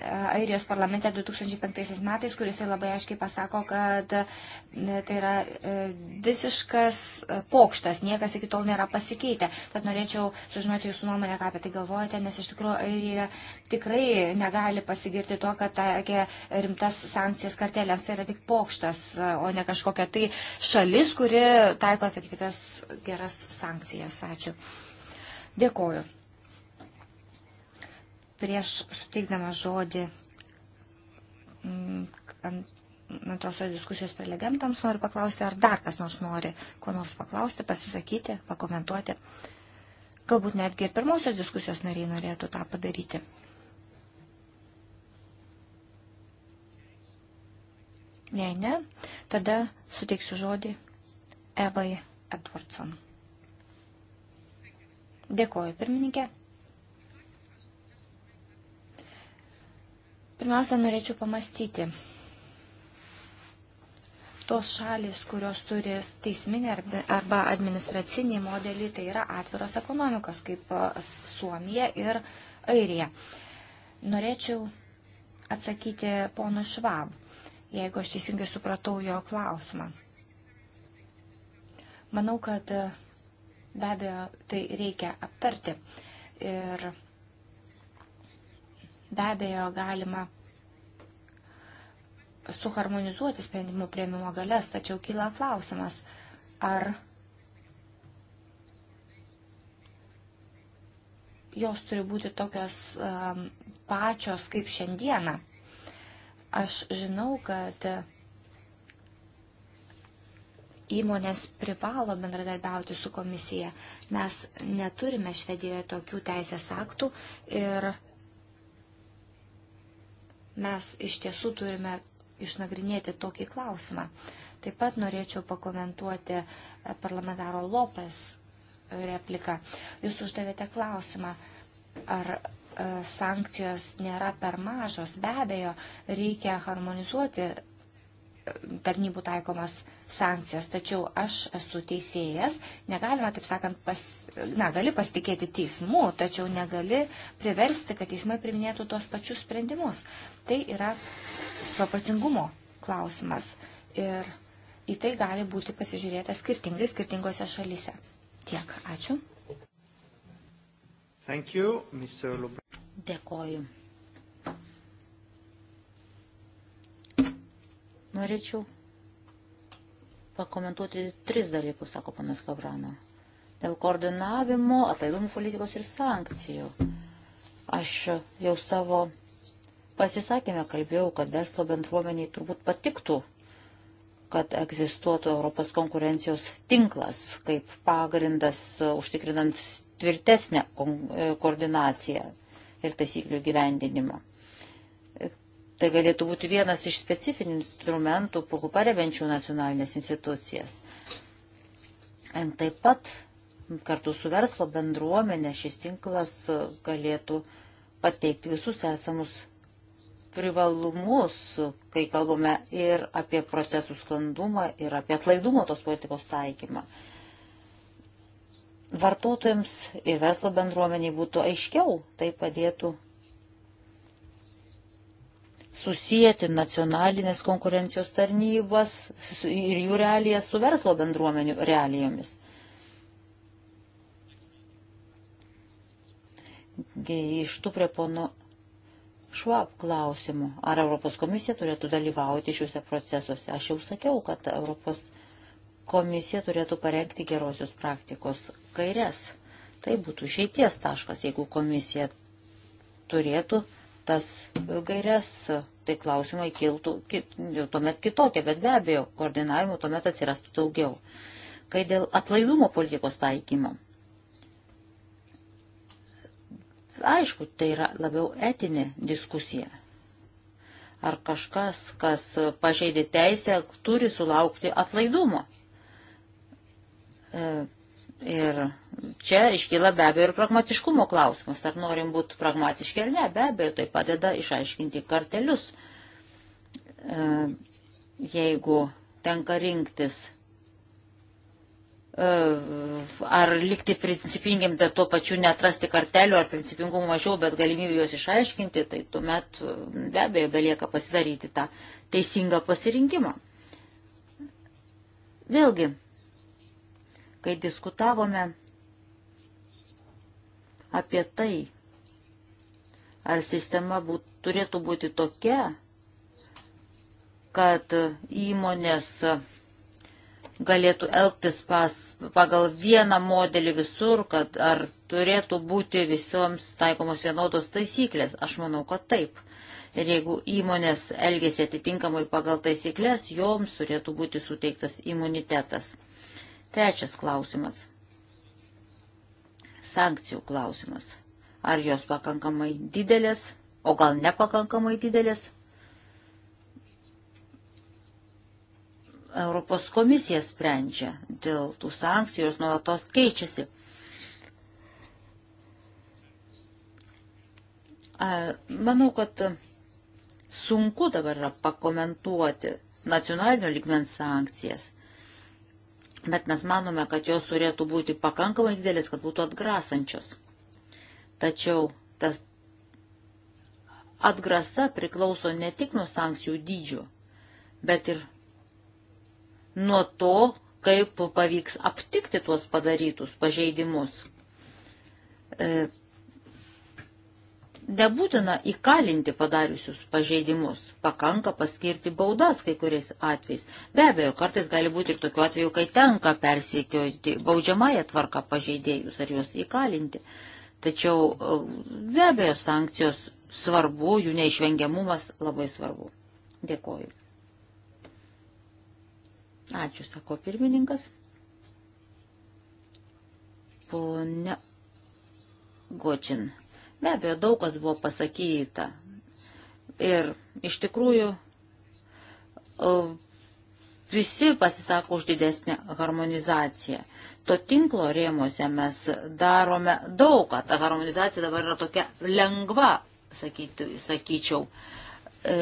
Airijos parlamente 2005 metais, kuris labai aiškiai pasako, kad e, tai yra e, visiškas e, pokštas, niekas iki tol nėra pasikeitę. Tad norėčiau sužinoti jūsų nuomonę, ką apie tai galvojate, nes iš tikrųjų Airija tikrai negali pasigirti to, kad taikė rimtas sankcijas kartelėms. Tai yra tik pokštas, o ne kažkokia tai šalis, kuri taiko efektyves geras sankcijas. Ačiū. Dėkoju. Prieš suteikdama žodį mm, antrosios diskusijos prelegentams noriu paklausti, ar dar kas nors nori, ko nors paklausti, pasisakyti, pakomentuoti. Galbūt netgi ir pirmosios diskusijos nariai norėtų tą padaryti. Jei ne, tada suteiksiu žodį Evai Edwardson. Dėkoju, pirmininkė. Pirmiausia, norėčiau pamastyti. Tos šalis, kurios turi teisminį arba administracinį modelį, tai yra atviros ekonomikos, kaip Suomija ir Airija. Norėčiau atsakyti ponu Švab, jeigu aš teisingai supratau jo klausimą. Manau, kad be abejo tai reikia aptarti. Ir Be abejo, galima suharmonizuoti sprendimų prieimimo galės, tačiau kyla klausimas, ar jos turi būti tokios um, pačios kaip šiandieną. Aš žinau, kad įmonės privalo bendradarbiauti su komisija. Mes neturime Švedijoje tokių teisės aktų ir mes iš tiesų turime išnagrinėti tokį klausimą. Taip pat norėčiau pakomentuoti e, parlamentaro Lopes e, repliką. Jūs uždavėte klausimą, ar e, sankcijos nėra per mažos. Be abejo, reikia harmonizuoti tarnybų taikomas sankcijas, tačiau aš esu teisėjas, negalima, taip sakant, pas, na, gali pasitikėti teismu, tačiau negali priversti, kad teismai priminėtų tos pačius sprendimus. Tai yra proporcingumo klausimas ir į tai gali būti pasižiūrėta skirtingai skirtingose šalyse. Tiek, ačiū. Thank you, Mr. Lubra. Dėkoju. Norėčiau pakomentuoti tris dalykus, sako panas Labrano. Dėl koordinavimo, ataidumų politikos ir sankcijų. Aš jau savo pasisakėme, kalbėjau, kad verslo bendruomeniai turbūt patiktų, kad egzistuotų Europos konkurencijos tinklas kaip pagrindas uh, užtikrinant tvirtesnę uh, koordinaciją ir taisyklių gyvendinimą. Uh, tai galėtų būti vienas iš specifinių instrumentų parebenčių nacionalinės institucijas. Taip pat kartu su verslo bendruomenė šis tinklas galėtų pateikti visus esamus privalumus, kai kalbame ir apie procesų sklandumą, ir apie atlaidumo tos politikos taikymą. Vartotojams ir verslo bendruomeniai būtų aiškiau, tai padėtų susijęti nacionalinės konkurencijos tarnybas ir jų realijas su verslo bendruomenių realijomis. Grįžtu prie pono Švab klausimu, ar Europos komisija turėtų dalyvauti šiuose procesuose. Aš jau sakiau, kad Europos komisija turėtų parengti gerosios praktikos kairias. Tai būtų išeities taškas, jeigu komisija turėtų tas gairias, tai klausimai kiltų kit, tuomet kitokie, bet be abejo, koordinavimo tuomet atsirastų daugiau. Kai dėl atlaidumo politikos taikymo Aišku, tai yra labiau etinė diskusija. Ar kažkas, kas pažeidė teisę, turi sulaukti atlaidumo. E, ir čia iškyla be abejo ir pragmatiškumo klausimas. Ar norim būti pragmatiški ar ne, be abejo, tai padeda išaiškinti kartelius. E, jeigu tenka rinktis ar likti principingiam, bet tuo pačiu netrasti kartelių ar principingumų mažiau, bet galimybių juos išaiškinti, tai tuomet e, be abejo belieka pasidaryti tą teisingą pasirinkimą. Vėlgi, kai diskutavome apie tai, ar sistema būt, turėtų būti tokia, kad įmonės galėtų elgtis pas, pagal vieną modelį visur, kad ar turėtų būti visoms taikomos vienodos taisyklės. Aš manau, kad taip. Ir jeigu įmonės elgesi atitinkamai pagal taisyklės, joms turėtų būti suteiktas imunitetas. Trečias klausimas. Sankcijų klausimas. Ar jos pakankamai didelės, o gal nepakankamai didelės? Europos komisija sprendžia dėl tų sankcijų, jos nuolatos keičiasi. Manau, kad sunku dabar yra pakomentuoti nacionalinio ligmens sankcijas, bet mes manome, kad jos turėtų būti pakankamai didelės, kad būtų atgrasančios. Tačiau tas atgrasa priklauso ne tik nuo sankcijų dydžio, bet ir nuo to, kaip pavyks aptikti tuos padarytus pažeidimus. E, nebūtina įkalinti padariusius pažeidimus, pakanka paskirti baudas kai kuriais atvejais. Be abejo, kartais gali būti ir tokiu atveju, kai tenka persiekioti baudžiamąją tvarką pažeidėjus ar juos įkalinti. Tačiau e, be abejo, sankcijos svarbu, jų neišvengiamumas labai svarbu. Dėkoju. Ačiū, sako pirmininkas. Pone Gočin. Be abejo, daug kas buvo pasakyta. Ir iš tikrųjų e, visi pasisako už didesnę harmonizaciją. To tinklo rėmose mes darome daug, kad ta harmonizacija dabar yra tokia lengva, sakyti, sakyčiau. E,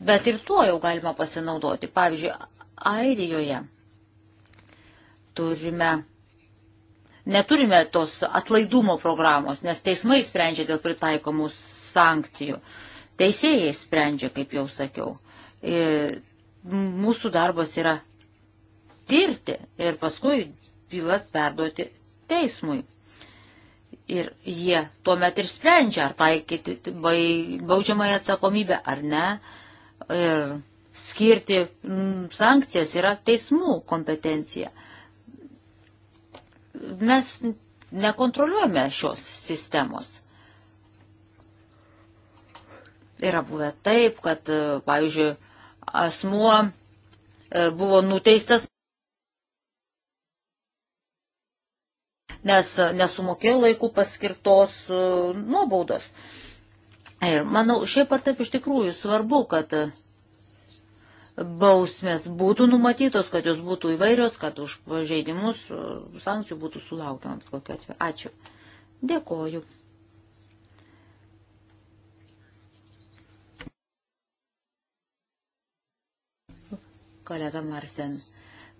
bet ir tuo jau galima pasinaudoti. Pavyzdžiui, Airijoje turime, neturime tos atlaidumo programos, nes teismai sprendžia dėl pritaikomų sankcijų. Teisėjai sprendžia, kaip jau sakiau. Ir mūsų darbas yra tirti ir paskui bylas perduoti teismui. Ir jie tuomet ir sprendžia, ar taikyti baudžiamąją atsakomybę ar ne. Ir skirti mm, sankcijas yra teismų kompetencija. Mes nekontroliuojame šios sistemos. Yra buvę taip, kad, e, pavyzdžiui, asmuo e, buvo nuteistas, nes e, nesumokėjo laikų paskirtos nuobaudos. Ir manau, šiaip ar taip iš tikrųjų svarbu, kad bausmės būtų numatytos, kad jos būtų įvairios, kad už pažeidimus e, sankcijų būtų sulaukiama bet kokiu atveju. Ačiū. Dėkoju. Kolega Marsen.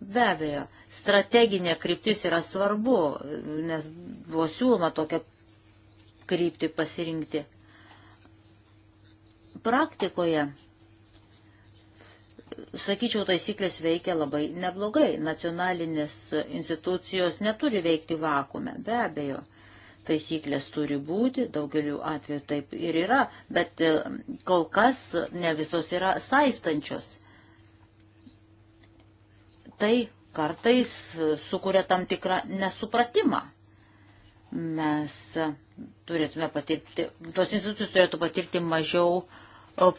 Be abejo, strateginė kryptis yra svarbu, nes buvo siūloma tokią kryptį pasirinkti. Praktikoje sakyčiau, taisyklės veikia labai neblogai. Nacionalinės institucijos neturi veikti vakume, be abejo. Taisyklės turi būti, daugeliu atveju taip ir yra, bet e, kol kas ne visos yra saistančios. Tai kartais e, sukuria tam tikrą nesupratimą. Mes turėtume patirti, tos institucijos turėtų patirti mažiau e,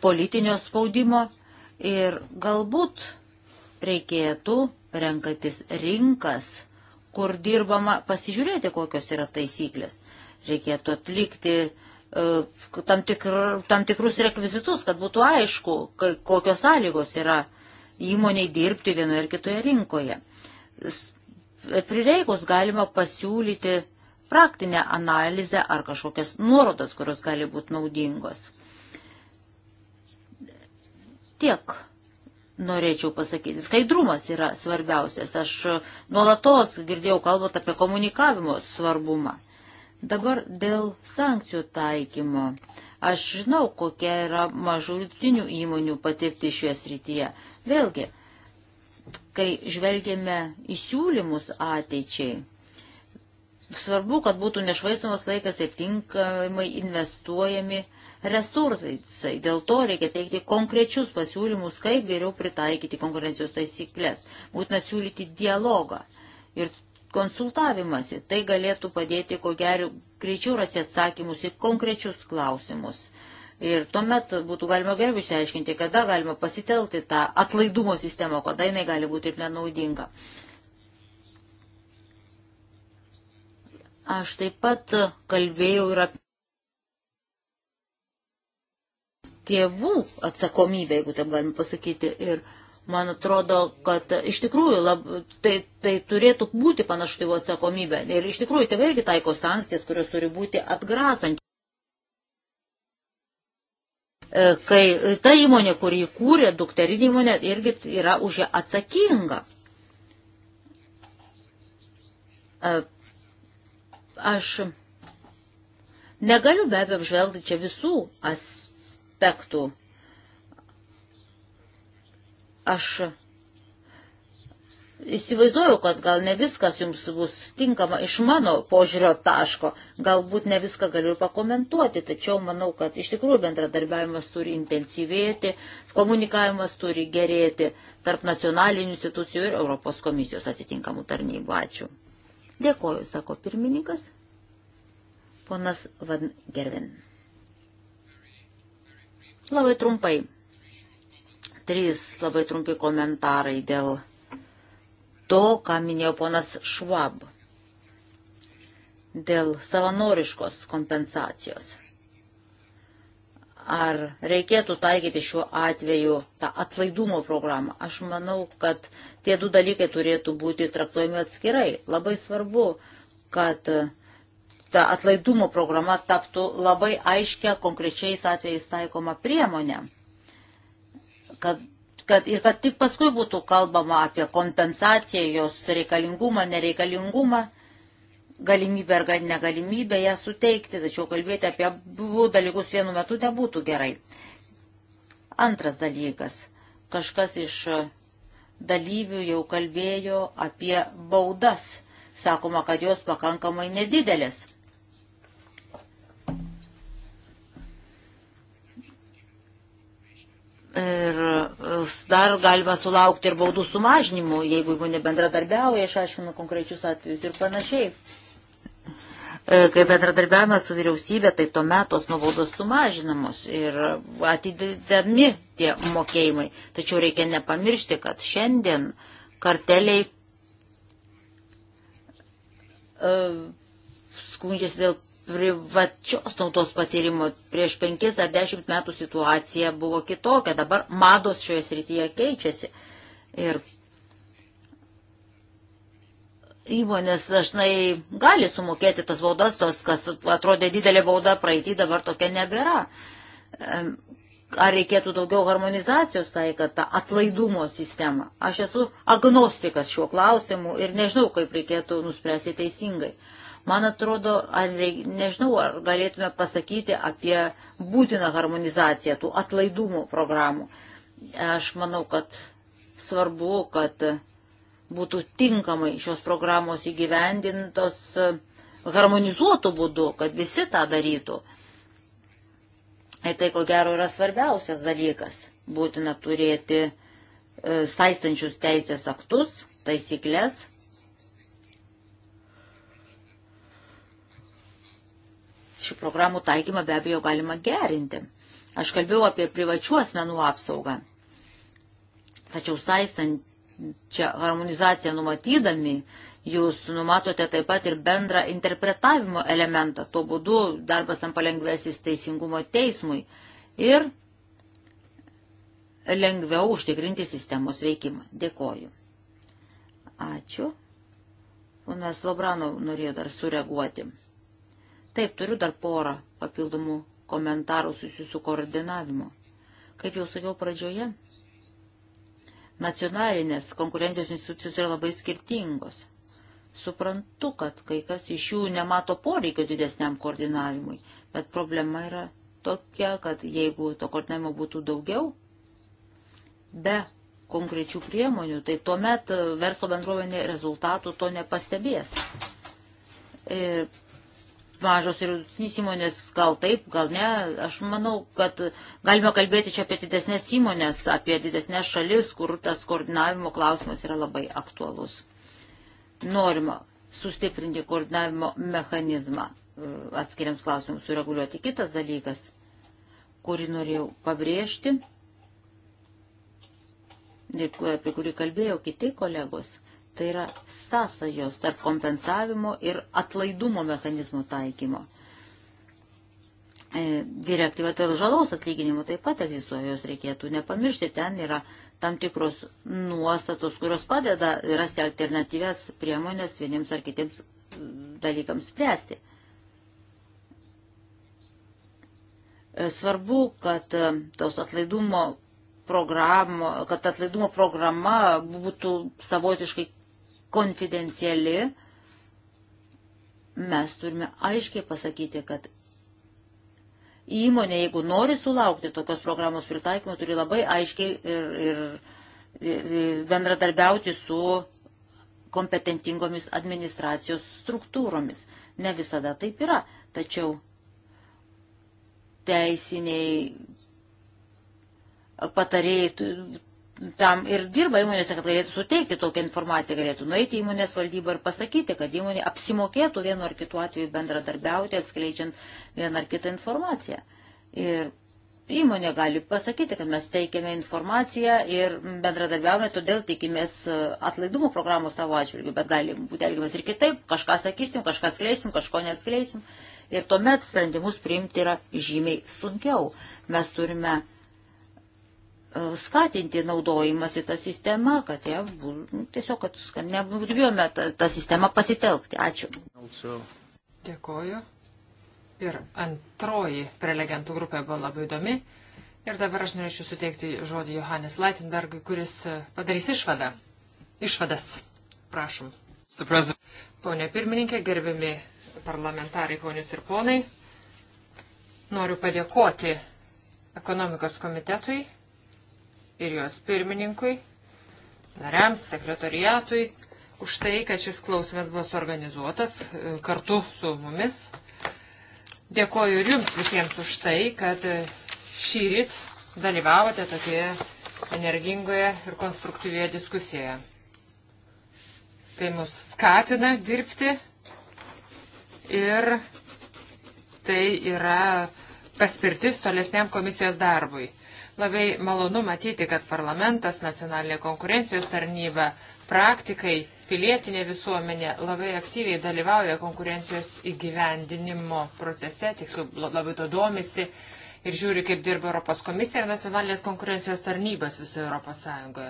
politinio spaudimo Ir galbūt reikėtų, renkantis rinkas, kur dirbama, pasižiūrėti, kokios yra taisyklės. Reikėtų atlikti uh, tam, tikr, tam tikrus rekvizitus, kad būtų aišku, kokios sąlygos yra įmoniai dirbti vienoje ar kitoje rinkoje. Prireikus galima pasiūlyti praktinę analizę ar kažkokias nuorodas, kurios gali būti naudingos. Tiek norėčiau pasakyti. Skaidrumas yra svarbiausias. Aš nuolatos girdėjau kalbant apie komunikavimo svarbumą. Dabar dėl sankcijų taikymo. Aš žinau, kokia yra mažų vidutinių įmonių patirti šioje srityje. Vėlgi, kai žvelgėme į siūlymus ateičiai, svarbu, kad būtų nešvaistomas laikas ir tinkamai investuojami uh, resursai. Dėl to reikia teikti konkrečius pasiūlymus, kaip geriau pritaikyti konkurencijos taisyklės. Būtina siūlyti dialogą ir konsultavimąsi. Tai galėtų padėti, ko geriau, greičiau rasti atsakymus į konkrečius klausimus. Ir tuomet būtų galima geriau išsiaiškinti, kada galima pasitelti tą atlaidumo sistemą, kada jinai gali būti ir nenaudinga. Aš taip pat kalbėjau ir apie tėvų atsakomybė, jeigu taip galima pasakyti. Ir man atrodo, kad iš tikrųjų lab, tai, tai turėtų būti panašu tėvų atsakomybė. Ir iš tikrųjų tėvai irgi taiko sankcijas, kurios turi būti atgrasančios. E, kai ta įmonė, kurį įkūrė, dukterinė įmonė, irgi yra už ją atsakinga. E, aš negaliu be abejo apžvelgti čia visų as aspektų. Aš Įsivaizduoju, kad gal ne viskas jums bus tinkama iš mano požiūrio taško, galbūt ne viską galiu ir pakomentuoti, tačiau manau, kad iš tikrųjų bendradarbiavimas turi intensyvėti, komunikavimas turi gerėti tarp nacionalinių institucijų ir Europos komisijos atitinkamų tarnybų. Ačiū. Dėkoju, sako pirmininkas, ponas Van Gervin. Labai trumpai. Trys labai trumpi komentarai dėl to, ką minėjo ponas Švab. Dėl savanoriškos kompensacijos. Ar reikėtų taikyti šiuo atveju tą atlaidumo programą? Aš manau, kad tie du dalykai turėtų būti traktuojami atskirai. Labai svarbu, kad ta atlaidumo programa taptų labai aiškia konkrečiais atvejais taikoma priemonė. Kad, kad, ir kad tik paskui būtų kalbama apie kompensaciją, jos reikalingumą, nereikalingumą, galimybę ar negalimybę ją suteikti, tačiau kalbėti apie abu dalykus vienu metu nebūtų gerai. Antras dalykas. Kažkas iš dalyvių jau kalbėjo apie baudas. Sakoma, kad jos pakankamai nedidelės. Ir e, dar galima sulaukti ir baudų sumažinimų, jeigu įmonė bendradarbiauja, išaiškina konkrečius atvejus ir panašiai. E, kai bendradarbiavame su vyriausybė, tai tuomet tos nuobaudos sumažinamos ir atidedami tie mokėjimai. Tačiau reikia nepamiršti, kad šiandien karteliai e, skundžiasi dėl privačios naudos patyrimo. Prieš penkis ar dešimt metų situacija buvo kitokia, dabar mados šioje srityje keičiasi. Ir įmonės dažnai gali sumokėti tas baudas, tos, kas atrodė didelė bauda praeitį, dabar tokia nebėra. Ar reikėtų daugiau harmonizacijos taikant tą atlaidumo sistemą? Aš esu agnostikas šiuo klausimu ir nežinau, kaip reikėtų nuspręsti teisingai. Uh, Man atrodo, nežinau, ar galėtume pasakyti apie būtiną harmonizaciją tų atlaidumų programų. Aš manau, kad svarbu, kad būtų tinkamai šios programos įgyvendintos e, harmonizuotų būdų, kad visi tą darytų. Ir tai, ko gero, yra svarbiausias dalykas. Būtina turėti e, saistančius teisės aktus, taisyklės, šių programų taikymą be abejo galima gerinti. Aš kalbėjau apie privačių asmenų apsaugą. Tačiau saistančią harmonizaciją numatydami, jūs numatote taip pat ir bendrą interpretavimo elementą. Tuo būdu darbas tam palengvėsis teisingumo teismui ir lengviau užtikrinti sistemos veikimą. Dėkoju. Ačiū. Ponas Lobranov norėjo dar sureaguoti. Taip, turiu dar porą papildomų komentarų susijusių su koordinavimu. Kaip jau sakiau pradžioje, nacionalinės konkurencijos institucijos yra labai skirtingos. Suprantu, kad kai kas iš jų nemato poreikio didesniam koordinavimui, bet problema yra tokia, kad jeigu to koordinavimo būtų daugiau, be konkrečių priemonių, tai tuomet verslo bendruomenė rezultatų to nepastebės. Ir mažos ir vidutinės įmonės, gal taip, gal ne. Aš manau, kad galime kalbėti čia apie didesnės įmonės, apie didesnės šalis, kur tas koordinavimo klausimas yra labai aktualus. Norima sustiprinti koordinavimo mechanizmą e, atskiriams klausimams sureguliuoti. Kitas dalykas, kurį norėjau pabrėžti, apie kurį kalbėjo kiti kolegos Tai yra sąsajos tarp kompensavimo ir atlaidumo mechanizmo taikymo. E, direktyva dėl žalos atlyginimo taip pat egzistuoja, jos reikėtų nepamiršti, ten yra tam tikros nuostatos, kurios padeda rasti alternatyvės priemonės vieniems ar kitiems dalykams spręsti. E, svarbu, kad e, tos atlaidumo programo, kad atlaidumo programa būtų savotiškai konfidenciali, mes turime aiškiai pasakyti, kad įmonė, jeigu nori sulaukti tokios programos pritaikymo, turi labai aiškiai ir, ir, ir bendradarbiauti su kompetentingomis administracijos struktūromis. Ne visada taip yra, tačiau teisiniai patarėjai tam ir dirba įmonėse, kad galėtų suteikti tokią informaciją, galėtų nueiti įmonės valdybą ir pasakyti, kad įmonė apsimokėtų vienu ar kitu atveju bendradarbiauti, atskleidžiant vieną ar kitą informaciją. Ir įmonė gali pasakyti, kad mes teikiame informaciją ir bendradarbiavome, todėl tikimės e, atlaidumo programų savo atžvilgių, bet gali būti elgiamas ir kitaip, kažką sakysim, kažką atskleisim, kažko neatskleisim. Ir tuomet sprendimus priimti yra žymiai sunkiau. Mes turime E, skatinti naudojimąsi tą sistemą, kad jie nu, tiesiog, kad, kad nebūtume tą, tą sistemą pasitelkti. Ačiū. Also. Dėkoju. Ir antroji prelegentų grupė buvo labai įdomi. Ir dabar aš norėčiau suteikti žodį Johannes Leitenbergui, kuris padarys išvadą. Išvadas. Prašom. Pone pirmininkė, gerbiami parlamentarai, ponius ir ponai, noriu padėkoti ekonomikos komitetui ir jos pirmininkui, nariams, sekretoriatui už tai, kad šis klausimas buvo suorganizuotas e, kartu su mumis. Dėkoju ir jums visiems už tai, kad e, šį ryt dalyvavote tokioje energingoje ir konstruktyvioje diskusijoje. Tai mus skatina dirbti ir tai yra paspirtis tolesniam komisijos darbui. Labai malonu matyti, kad parlamentas, nacionalinė konkurencijos tarnyba, praktikai, pilietinė visuomenė labai aktyviai dalyvauja konkurencijos įgyvendinimo procese, tiksliau labai to domisi ir žiūri, kaip dirba Europos komisija ir nacionalinės konkurencijos tarnybos visoje Europos Sąjungoje.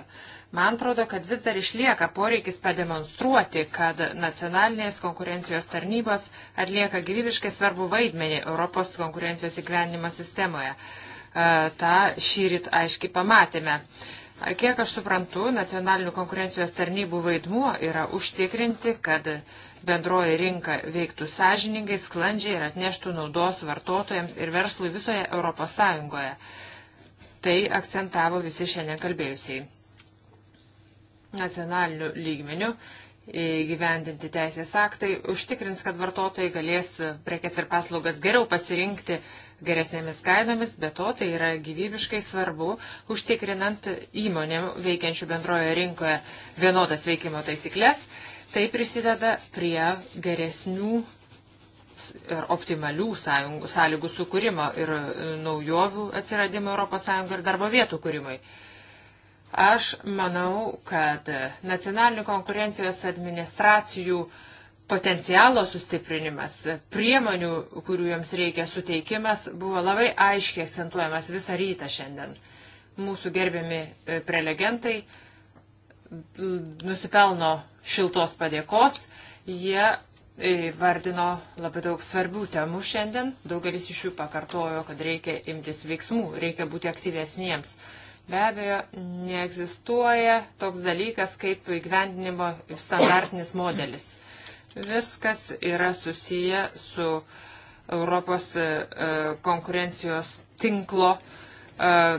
Man atrodo, kad vis dar išlieka poreikis pademonstruoti, kad nacionalinės konkurencijos tarnybos atlieka gyvybiškai svarbu vaidmenį Europos konkurencijos įgyvendinimo sistemoje. E, tą šyrit aiškiai pamatėme. Kiek aš suprantu, nacionalinių konkurencijos tarnybų vaidmuo yra užtikrinti, kad bendroji rinka veiktų sąžiningai, sklandžiai ir atneštų naudos vartotojams ir verslui visoje Europos Sąjungoje. Tai akcentavo visi šiandien kalbėjusiai. Nacionaliniu lygmeniu įgyvendinti teisės aktai užtikrins, kad vartotojai galės prekes ir paslaugas geriau pasirinkti geresnėmis kainomis, bet to tai yra gyvybiškai svarbu, užtikrinant įmonėm veikiančių bendrojo rinkoje vienodas veikimo taisyklės. Tai prisideda prie geresnių ir optimalių sąjungų, sąlygų sukūrimo ir e, naujovių atsiradimo ES ir darbo vietų kūrimui. Aš manau, kad nacionalinių konkurencijos administracijų uh, potencialo sustiprinimas, priemonių, kurių jums reikia suteikimas, buvo labai aiškiai akcentuojamas visą rytą šiandien. Mūsų gerbiami e, prelegentai nusipelno šiltos padėkos. Jie e, vardino labai daug svarbių temų šiandien. Daugelis iš jų pakartojo, kad reikia imtis veiksmų, reikia būti aktyvesniems. Be abejo, neegzistuoja toks dalykas kaip įgyvendinimo standartinis modelis. Viskas yra susiję su Europos e, e, konkurencijos tinklo e,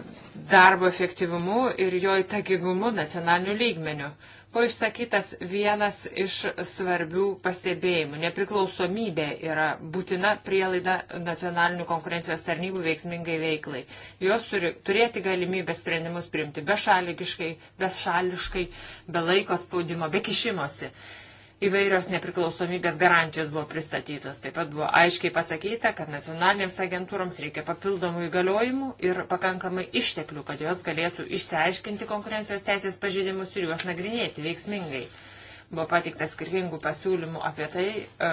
darbo efektyvumu ir jo įtakingumu nacionaliniu lygmeniu. Po išsakytas vienas iš svarbių pastebėjimų. Nepriklausomybė yra būtina prielaida nacionalinių konkurencijos tarnybų veiksmingai veiklai. Jos turi turėti galimybę sprendimus priimti bešališkai, bešališkai, be laiko spaudimo, be kišimosi. Uh, Įvairios nepriklausomybės garantijos buvo pristatytos. Taip pat buvo aiškiai pasakyta, kad nacionalinėms agentūroms reikia papildomų įgaliojimų ir pakankamai išteklių, kad jos galėtų išsiaiškinti konkurencijos teisės pažeidimus ir juos nagrinėti veiksmingai. Buvo patikta skirtingų pasiūlymų apie tai, e,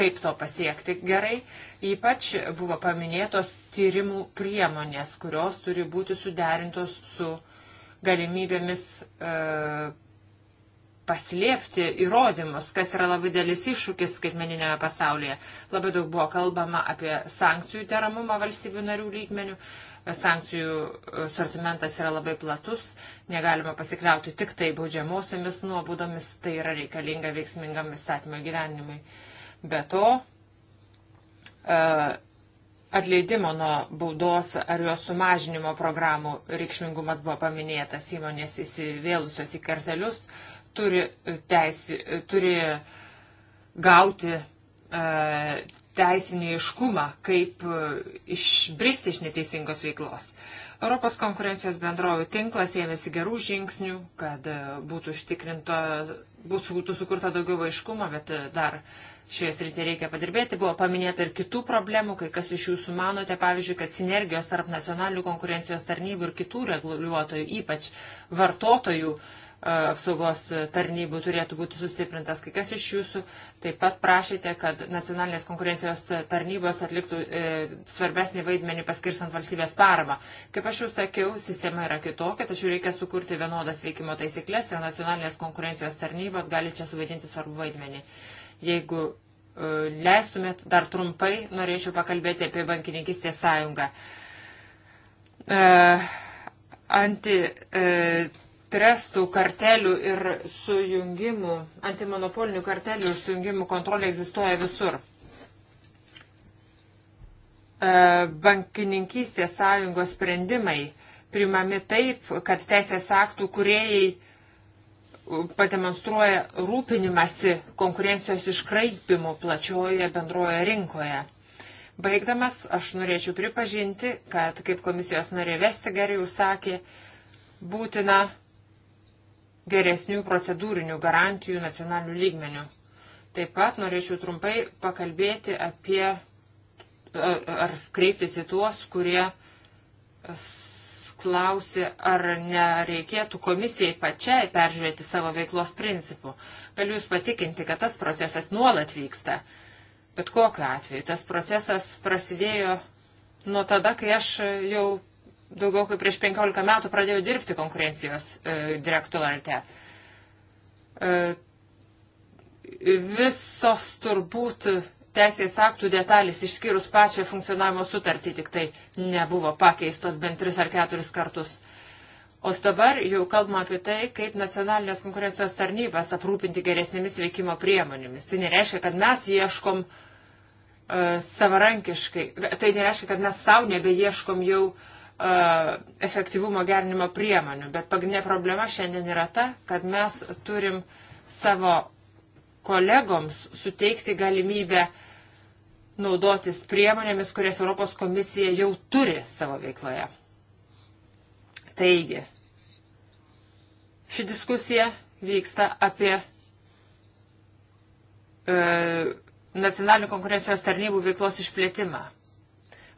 kaip to pasiekti gerai. Ypač buvo paminėtos tyrimų priemonės, kurios turi būti suderintos su galimybėmis e, paslėpti įrodymus, kas yra labai dėlis iššūkis skaitmeninėme pasaulyje. Labai daug buvo kalbama apie sankcijų deramumą valstybių narių lygmenių. Sankcijų sortimentas yra labai platus, negalima pasikliauti tik tai baudžiamosiomis nuobudomis, tai yra reikalinga veiksmingam įstatymo gyvenimui. Be to, e, atleidimo nuo baudos ar jos sumažinimo programų reikšmingumas buvo paminėtas įmonės įsivėlusios į kartelius, uh, turi, teisi, turi gauti e, teisinį iškumą, kaip e, išbristi iš neteisingos veiklos. Europos konkurencijos bendrovių tinklas ėmėsi gerų žingsnių, kad e, būtų užtikrinta, būtų sukurta daugiau vaiškumo, bet e, dar šioje srityje reikia padirbėti. Buvo paminėta ir kitų problemų, kai kas iš jūsų manote, pavyzdžiui, kad sinergijos tarp nacionalinių konkurencijos tarnybų ir kitų reguliuotojų, ypač vartotojų, uh, apsaugos tarnybų turėtų būti sustiprintas. Kai kas iš jūsų taip pat prašėte, kad nacionalinės konkurencijos tarnybos atliktų e, svarbesnį vaidmenį paskirstant valstybės paramą. Kaip aš jau sakiau, sistema yra kitokia, tačiau reikia sukurti vienodas veikimo taisyklės ir nacionalinės konkurencijos tarnybos gali čia suvaidinti svarbu vaidmenį. Jeigu e, leistumėt, dar trumpai norėčiau pakalbėti apie bankininkistės sąjungą. E, anti, e, strestų kartelių ir sujungimų, antimonopolinių kartelių ir sujungimų kontrolė egzistuoja visur. E, bankininkystės sąjungos sprendimai primami taip, kad teisės aktų kuriejai pademonstruoja rūpinimasi konkurencijos iškraipimu plačioje bendroje rinkoje. Baigdamas, aš norėčiau pripažinti, kad, kaip komisijos narė Vestiger jau sakė, būtina geresnių procedūrinių garantijų nacionalinių lygmenių. Taip pat norėčiau trumpai pakalbėti apie ar kreiptis į tuos, kurie klausė, ar nereikėtų komisijai pačiai peržiūrėti savo veiklos principų. Galiu Jūs patikinti, kad tas procesas nuolat vyksta. Bet kokiu atveju, tas procesas prasidėjo nuo tada, kai aš jau daugiau kaip prieš 15 metų pradėjau dirbti konkurencijos e, direktorate. E, visos turbūt teisės aktų detalės, išskyrus pačią funkcionavimo sutartį, tik tai nebuvo pakeistos bent tris ar keturis kartus. O dabar jau kalbama apie tai, kaip nacionalinės konkurencijos tarnybas aprūpinti geresnėmis veikimo priemonėmis. Tai nereiškia, kad mes ieškom uh, savarankiškai, tai nereiškia, kad mes savo nebeieškom jau uh, E, efektyvumo gerinimo priemonių. Bet pagrindinė problema šiandien yra ta, kad mes turim savo kolegoms suteikti galimybę naudotis priemonėmis, kurias Europos komisija jau turi savo veikloje. Taigi, ši diskusija vyksta apie e, nacionalinių konkurencijos tarnybų veiklos išplėtimą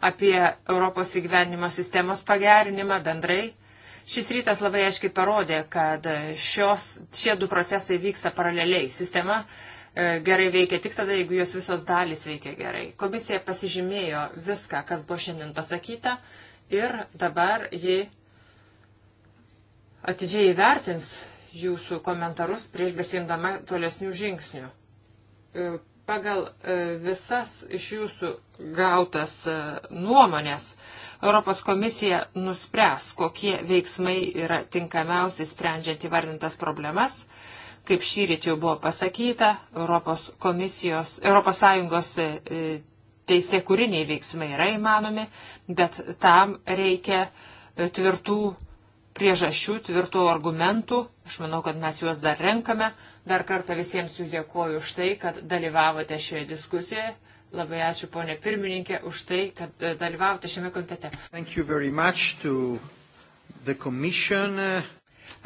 apie Europos įgyvenimo sistemos pagerinimą bendrai. Šis rytas labai aiškiai parodė, kad šios, šie du procesai vyksta paraleliai. Sistema e, gerai veikia tik tada, jeigu jos visos dalys veikia gerai. Komisija pasižymėjo viską, kas buvo šiandien pasakyta ir dabar ji atidžiai įvertins jūsų komentarus prieš besindama tolesnių žingsnių. E, pagal e, visas iš jūsų gautas e, nuomonės, Europos komisija nuspręs, kokie veiksmai yra tinkamiausi sprendžiant įvardintas problemas. Kaip šį rytį jau buvo pasakyta, Europos, Europos Sąjungos e, teisė kūriniai veiksmai yra įmanomi, bet tam reikia e, tvirtų priežasčių, tvirtų argumentų. Aš manau, kad mes juos dar renkame. Dar kartą visiems jų dėkoju už tai, kad dalyvavote šioje diskusijoje. Labai ačiū, ponė pirmininkė, už tai, kad e, dalyvavote šiame komitete.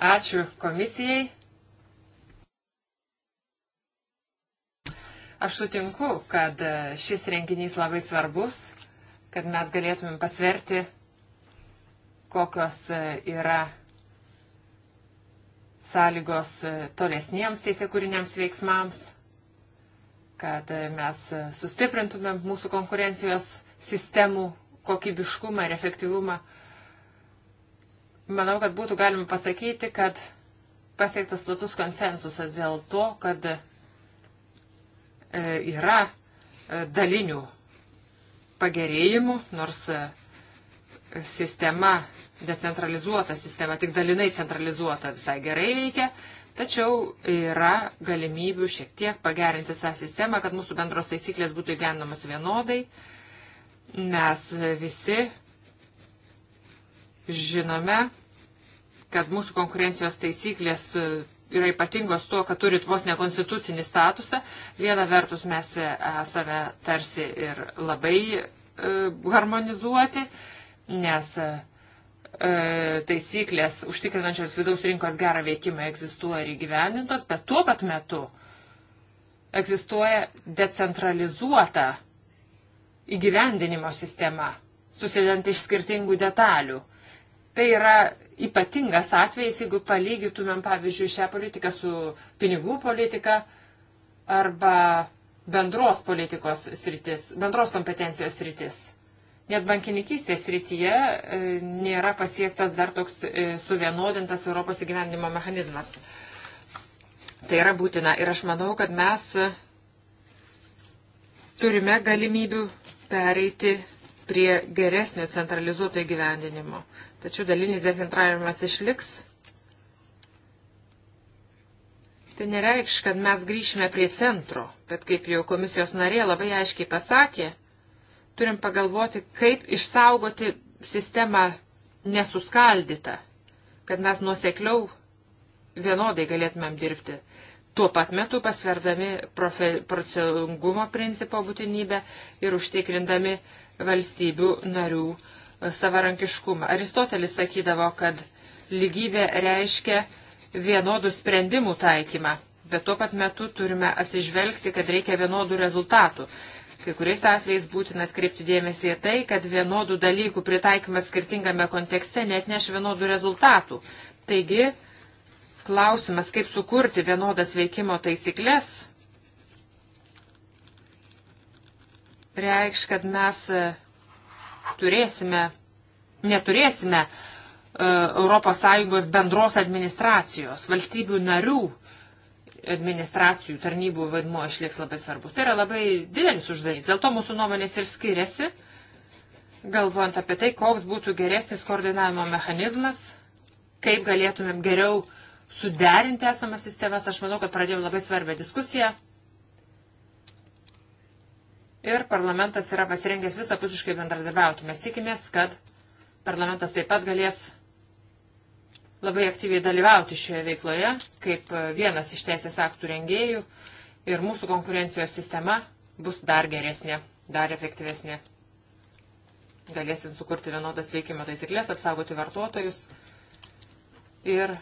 Ačiū komisijai. Aš sutinku, kad e, šis renginys labai svarbus, kad mes galėtumėm pasverti, kokios e, yra sąlygos tolesniems teisėkūriniams veiksmams kad e, mes sustiprintumėm mūsų konkurencijos sistemų kokybiškumą ir efektyvumą. Manau, kad būtų galima pasakyti, kad pasiektas platus konsensusas dėl to, kad e, yra e, dalinių pagerėjimų, nors sistema, decentralizuota sistema, tik dalinai centralizuota visai gerai veikia, Tačiau yra galimybių šiek tiek pagerinti tą sistemą, kad mūsų bendros taisyklės būtų įgyvendamos vienodai. Mes visi žinome, kad mūsų konkurencijos taisyklės e, yra ypatingos tuo, kad turit vos nekonstitucinį statusą. Viena vertus mes e, esame tarsi ir labai e, harmonizuoti, nes e, E, taisyklės užtikrinančios vidaus rinkos gerą veikimą egzistuoja ir įgyvendintos, bet tuo pat metu egzistuoja decentralizuota įgyvendinimo sistema, susidant iš skirtingų detalių. Tai yra ypatingas atvejis, jeigu palygytumėm, pavyzdžiui, šią politiką su pinigų politika arba bendros politikos sritis, bendros kompetencijos sritis. Net bankininkystės rytyje e, nėra pasiektas dar toks e, suvienodintas Europos įgyvendimo mechanizmas. Tai yra būtina ir aš manau, kad mes e, turime galimybių pereiti prie geresnio centralizuoto įgyvendinimo. Tačiau dalinis decentralimas išliks. Tai nereikš, kad mes grįšime prie centro, bet kaip jau komisijos narė labai aiškiai pasakė, turim pagalvoti, kaip išsaugoti sistemą nesuskaldytą, kad mes nuosekliau vienodai galėtumėm dirbti. Tuo pat metu pasverdami procingumo principo būtinybę ir užtikrindami valstybių narių e, savarankiškumą. Aristotelis sakydavo, kad lygybė reiškia vienodų sprendimų taikymą, bet tuo pat metu turime atsižvelgti, kad reikia vienodų rezultatų. Kai kuriais atvejais būtina atkreipti dėmesį į tai, kad vienodų dalykų pritaikymas skirtingame kontekste net neš vienodų rezultatų. Taigi, klausimas, kaip sukurti vienodas veikimo taisyklės, reikš, kad mes e, turėsime, neturėsime ES bendros administracijos, valstybių narių uh, administracijų tarnybų vaidmuo išliks labai svarbus. Tai yra labai didelis uždavinys. Dėl to mūsų nuomonės ir skiriasi, galvojant apie tai, koks būtų geresnis koordinavimo mechanizmas, kaip galėtumėm geriau suderinti esamas sistemas. Aš manau, kad pradėjom labai svarbią diskusiją. Ir parlamentas yra pasirengęs visapusiškai bendradarbiauti. Mes tikimės, kad parlamentas taip pat galės labai aktyviai dalyvauti šioje veikloje, kaip vienas iš teisės aktų rengėjų ir mūsų konkurencijos sistema bus dar geresnė, dar efektyvesnė. Galėsim sukurti vienodas veikimo taisyklės, apsaugoti vartotojus ir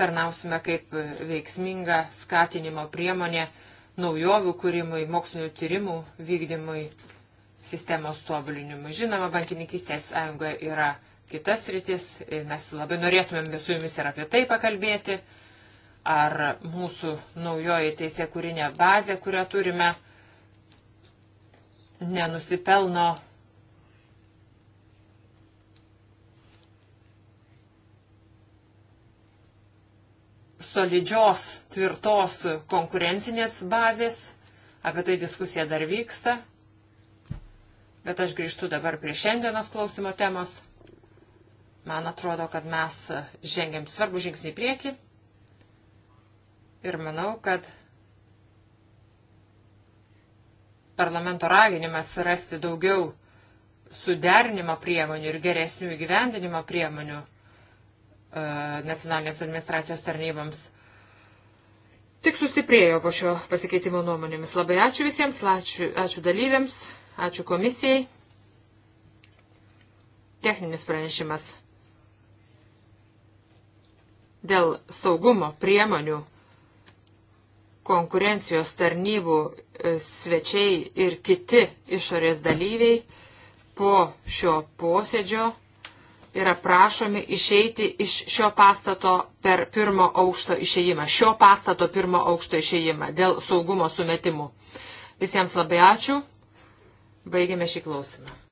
tarnausime kaip veiksminga skatinimo priemonė naujovių kūrimui, mokslinių tyrimų vykdymui, sistemos tobulinimui. Žinoma, bankininkystės sąjungoje yra kitas rytis. Mes labai norėtumėm su jumis ir apie tai pakalbėti. Ar mūsų naujoji teisė kūrinė bazė, kurią turime, nenusipelno solidžios, tvirtos konkurencinės bazės. Apie tai diskusija dar vyksta. Bet aš grįžtu dabar prie šiandienos klausimo temos. Man atrodo, kad mes žengėm svarbų žingsnį į priekį ir manau, kad parlamento raginimas rasti daugiau suderinimo priemonių ir geresnių įgyvendinimo priemonių e, nacionalinės administracijos tarnyboms. Tik susipriejo po šio pasikeitimo nuomonėmis. Labai ačiū visiems, ačiū, ačiū dalyviams, ačiū komisijai. Techninis pranešimas dėl saugumo priemonių konkurencijos tarnybų e, svečiai ir kiti išorės dalyviai po šio posėdžio yra prašomi išeiti iš šio pastato per pirmo aukšto išėjimą, šio pastato pirmo aukšto išėjimą dėl saugumo sumetimų. Visiems labai ačiū. Baigėme šį klausimą.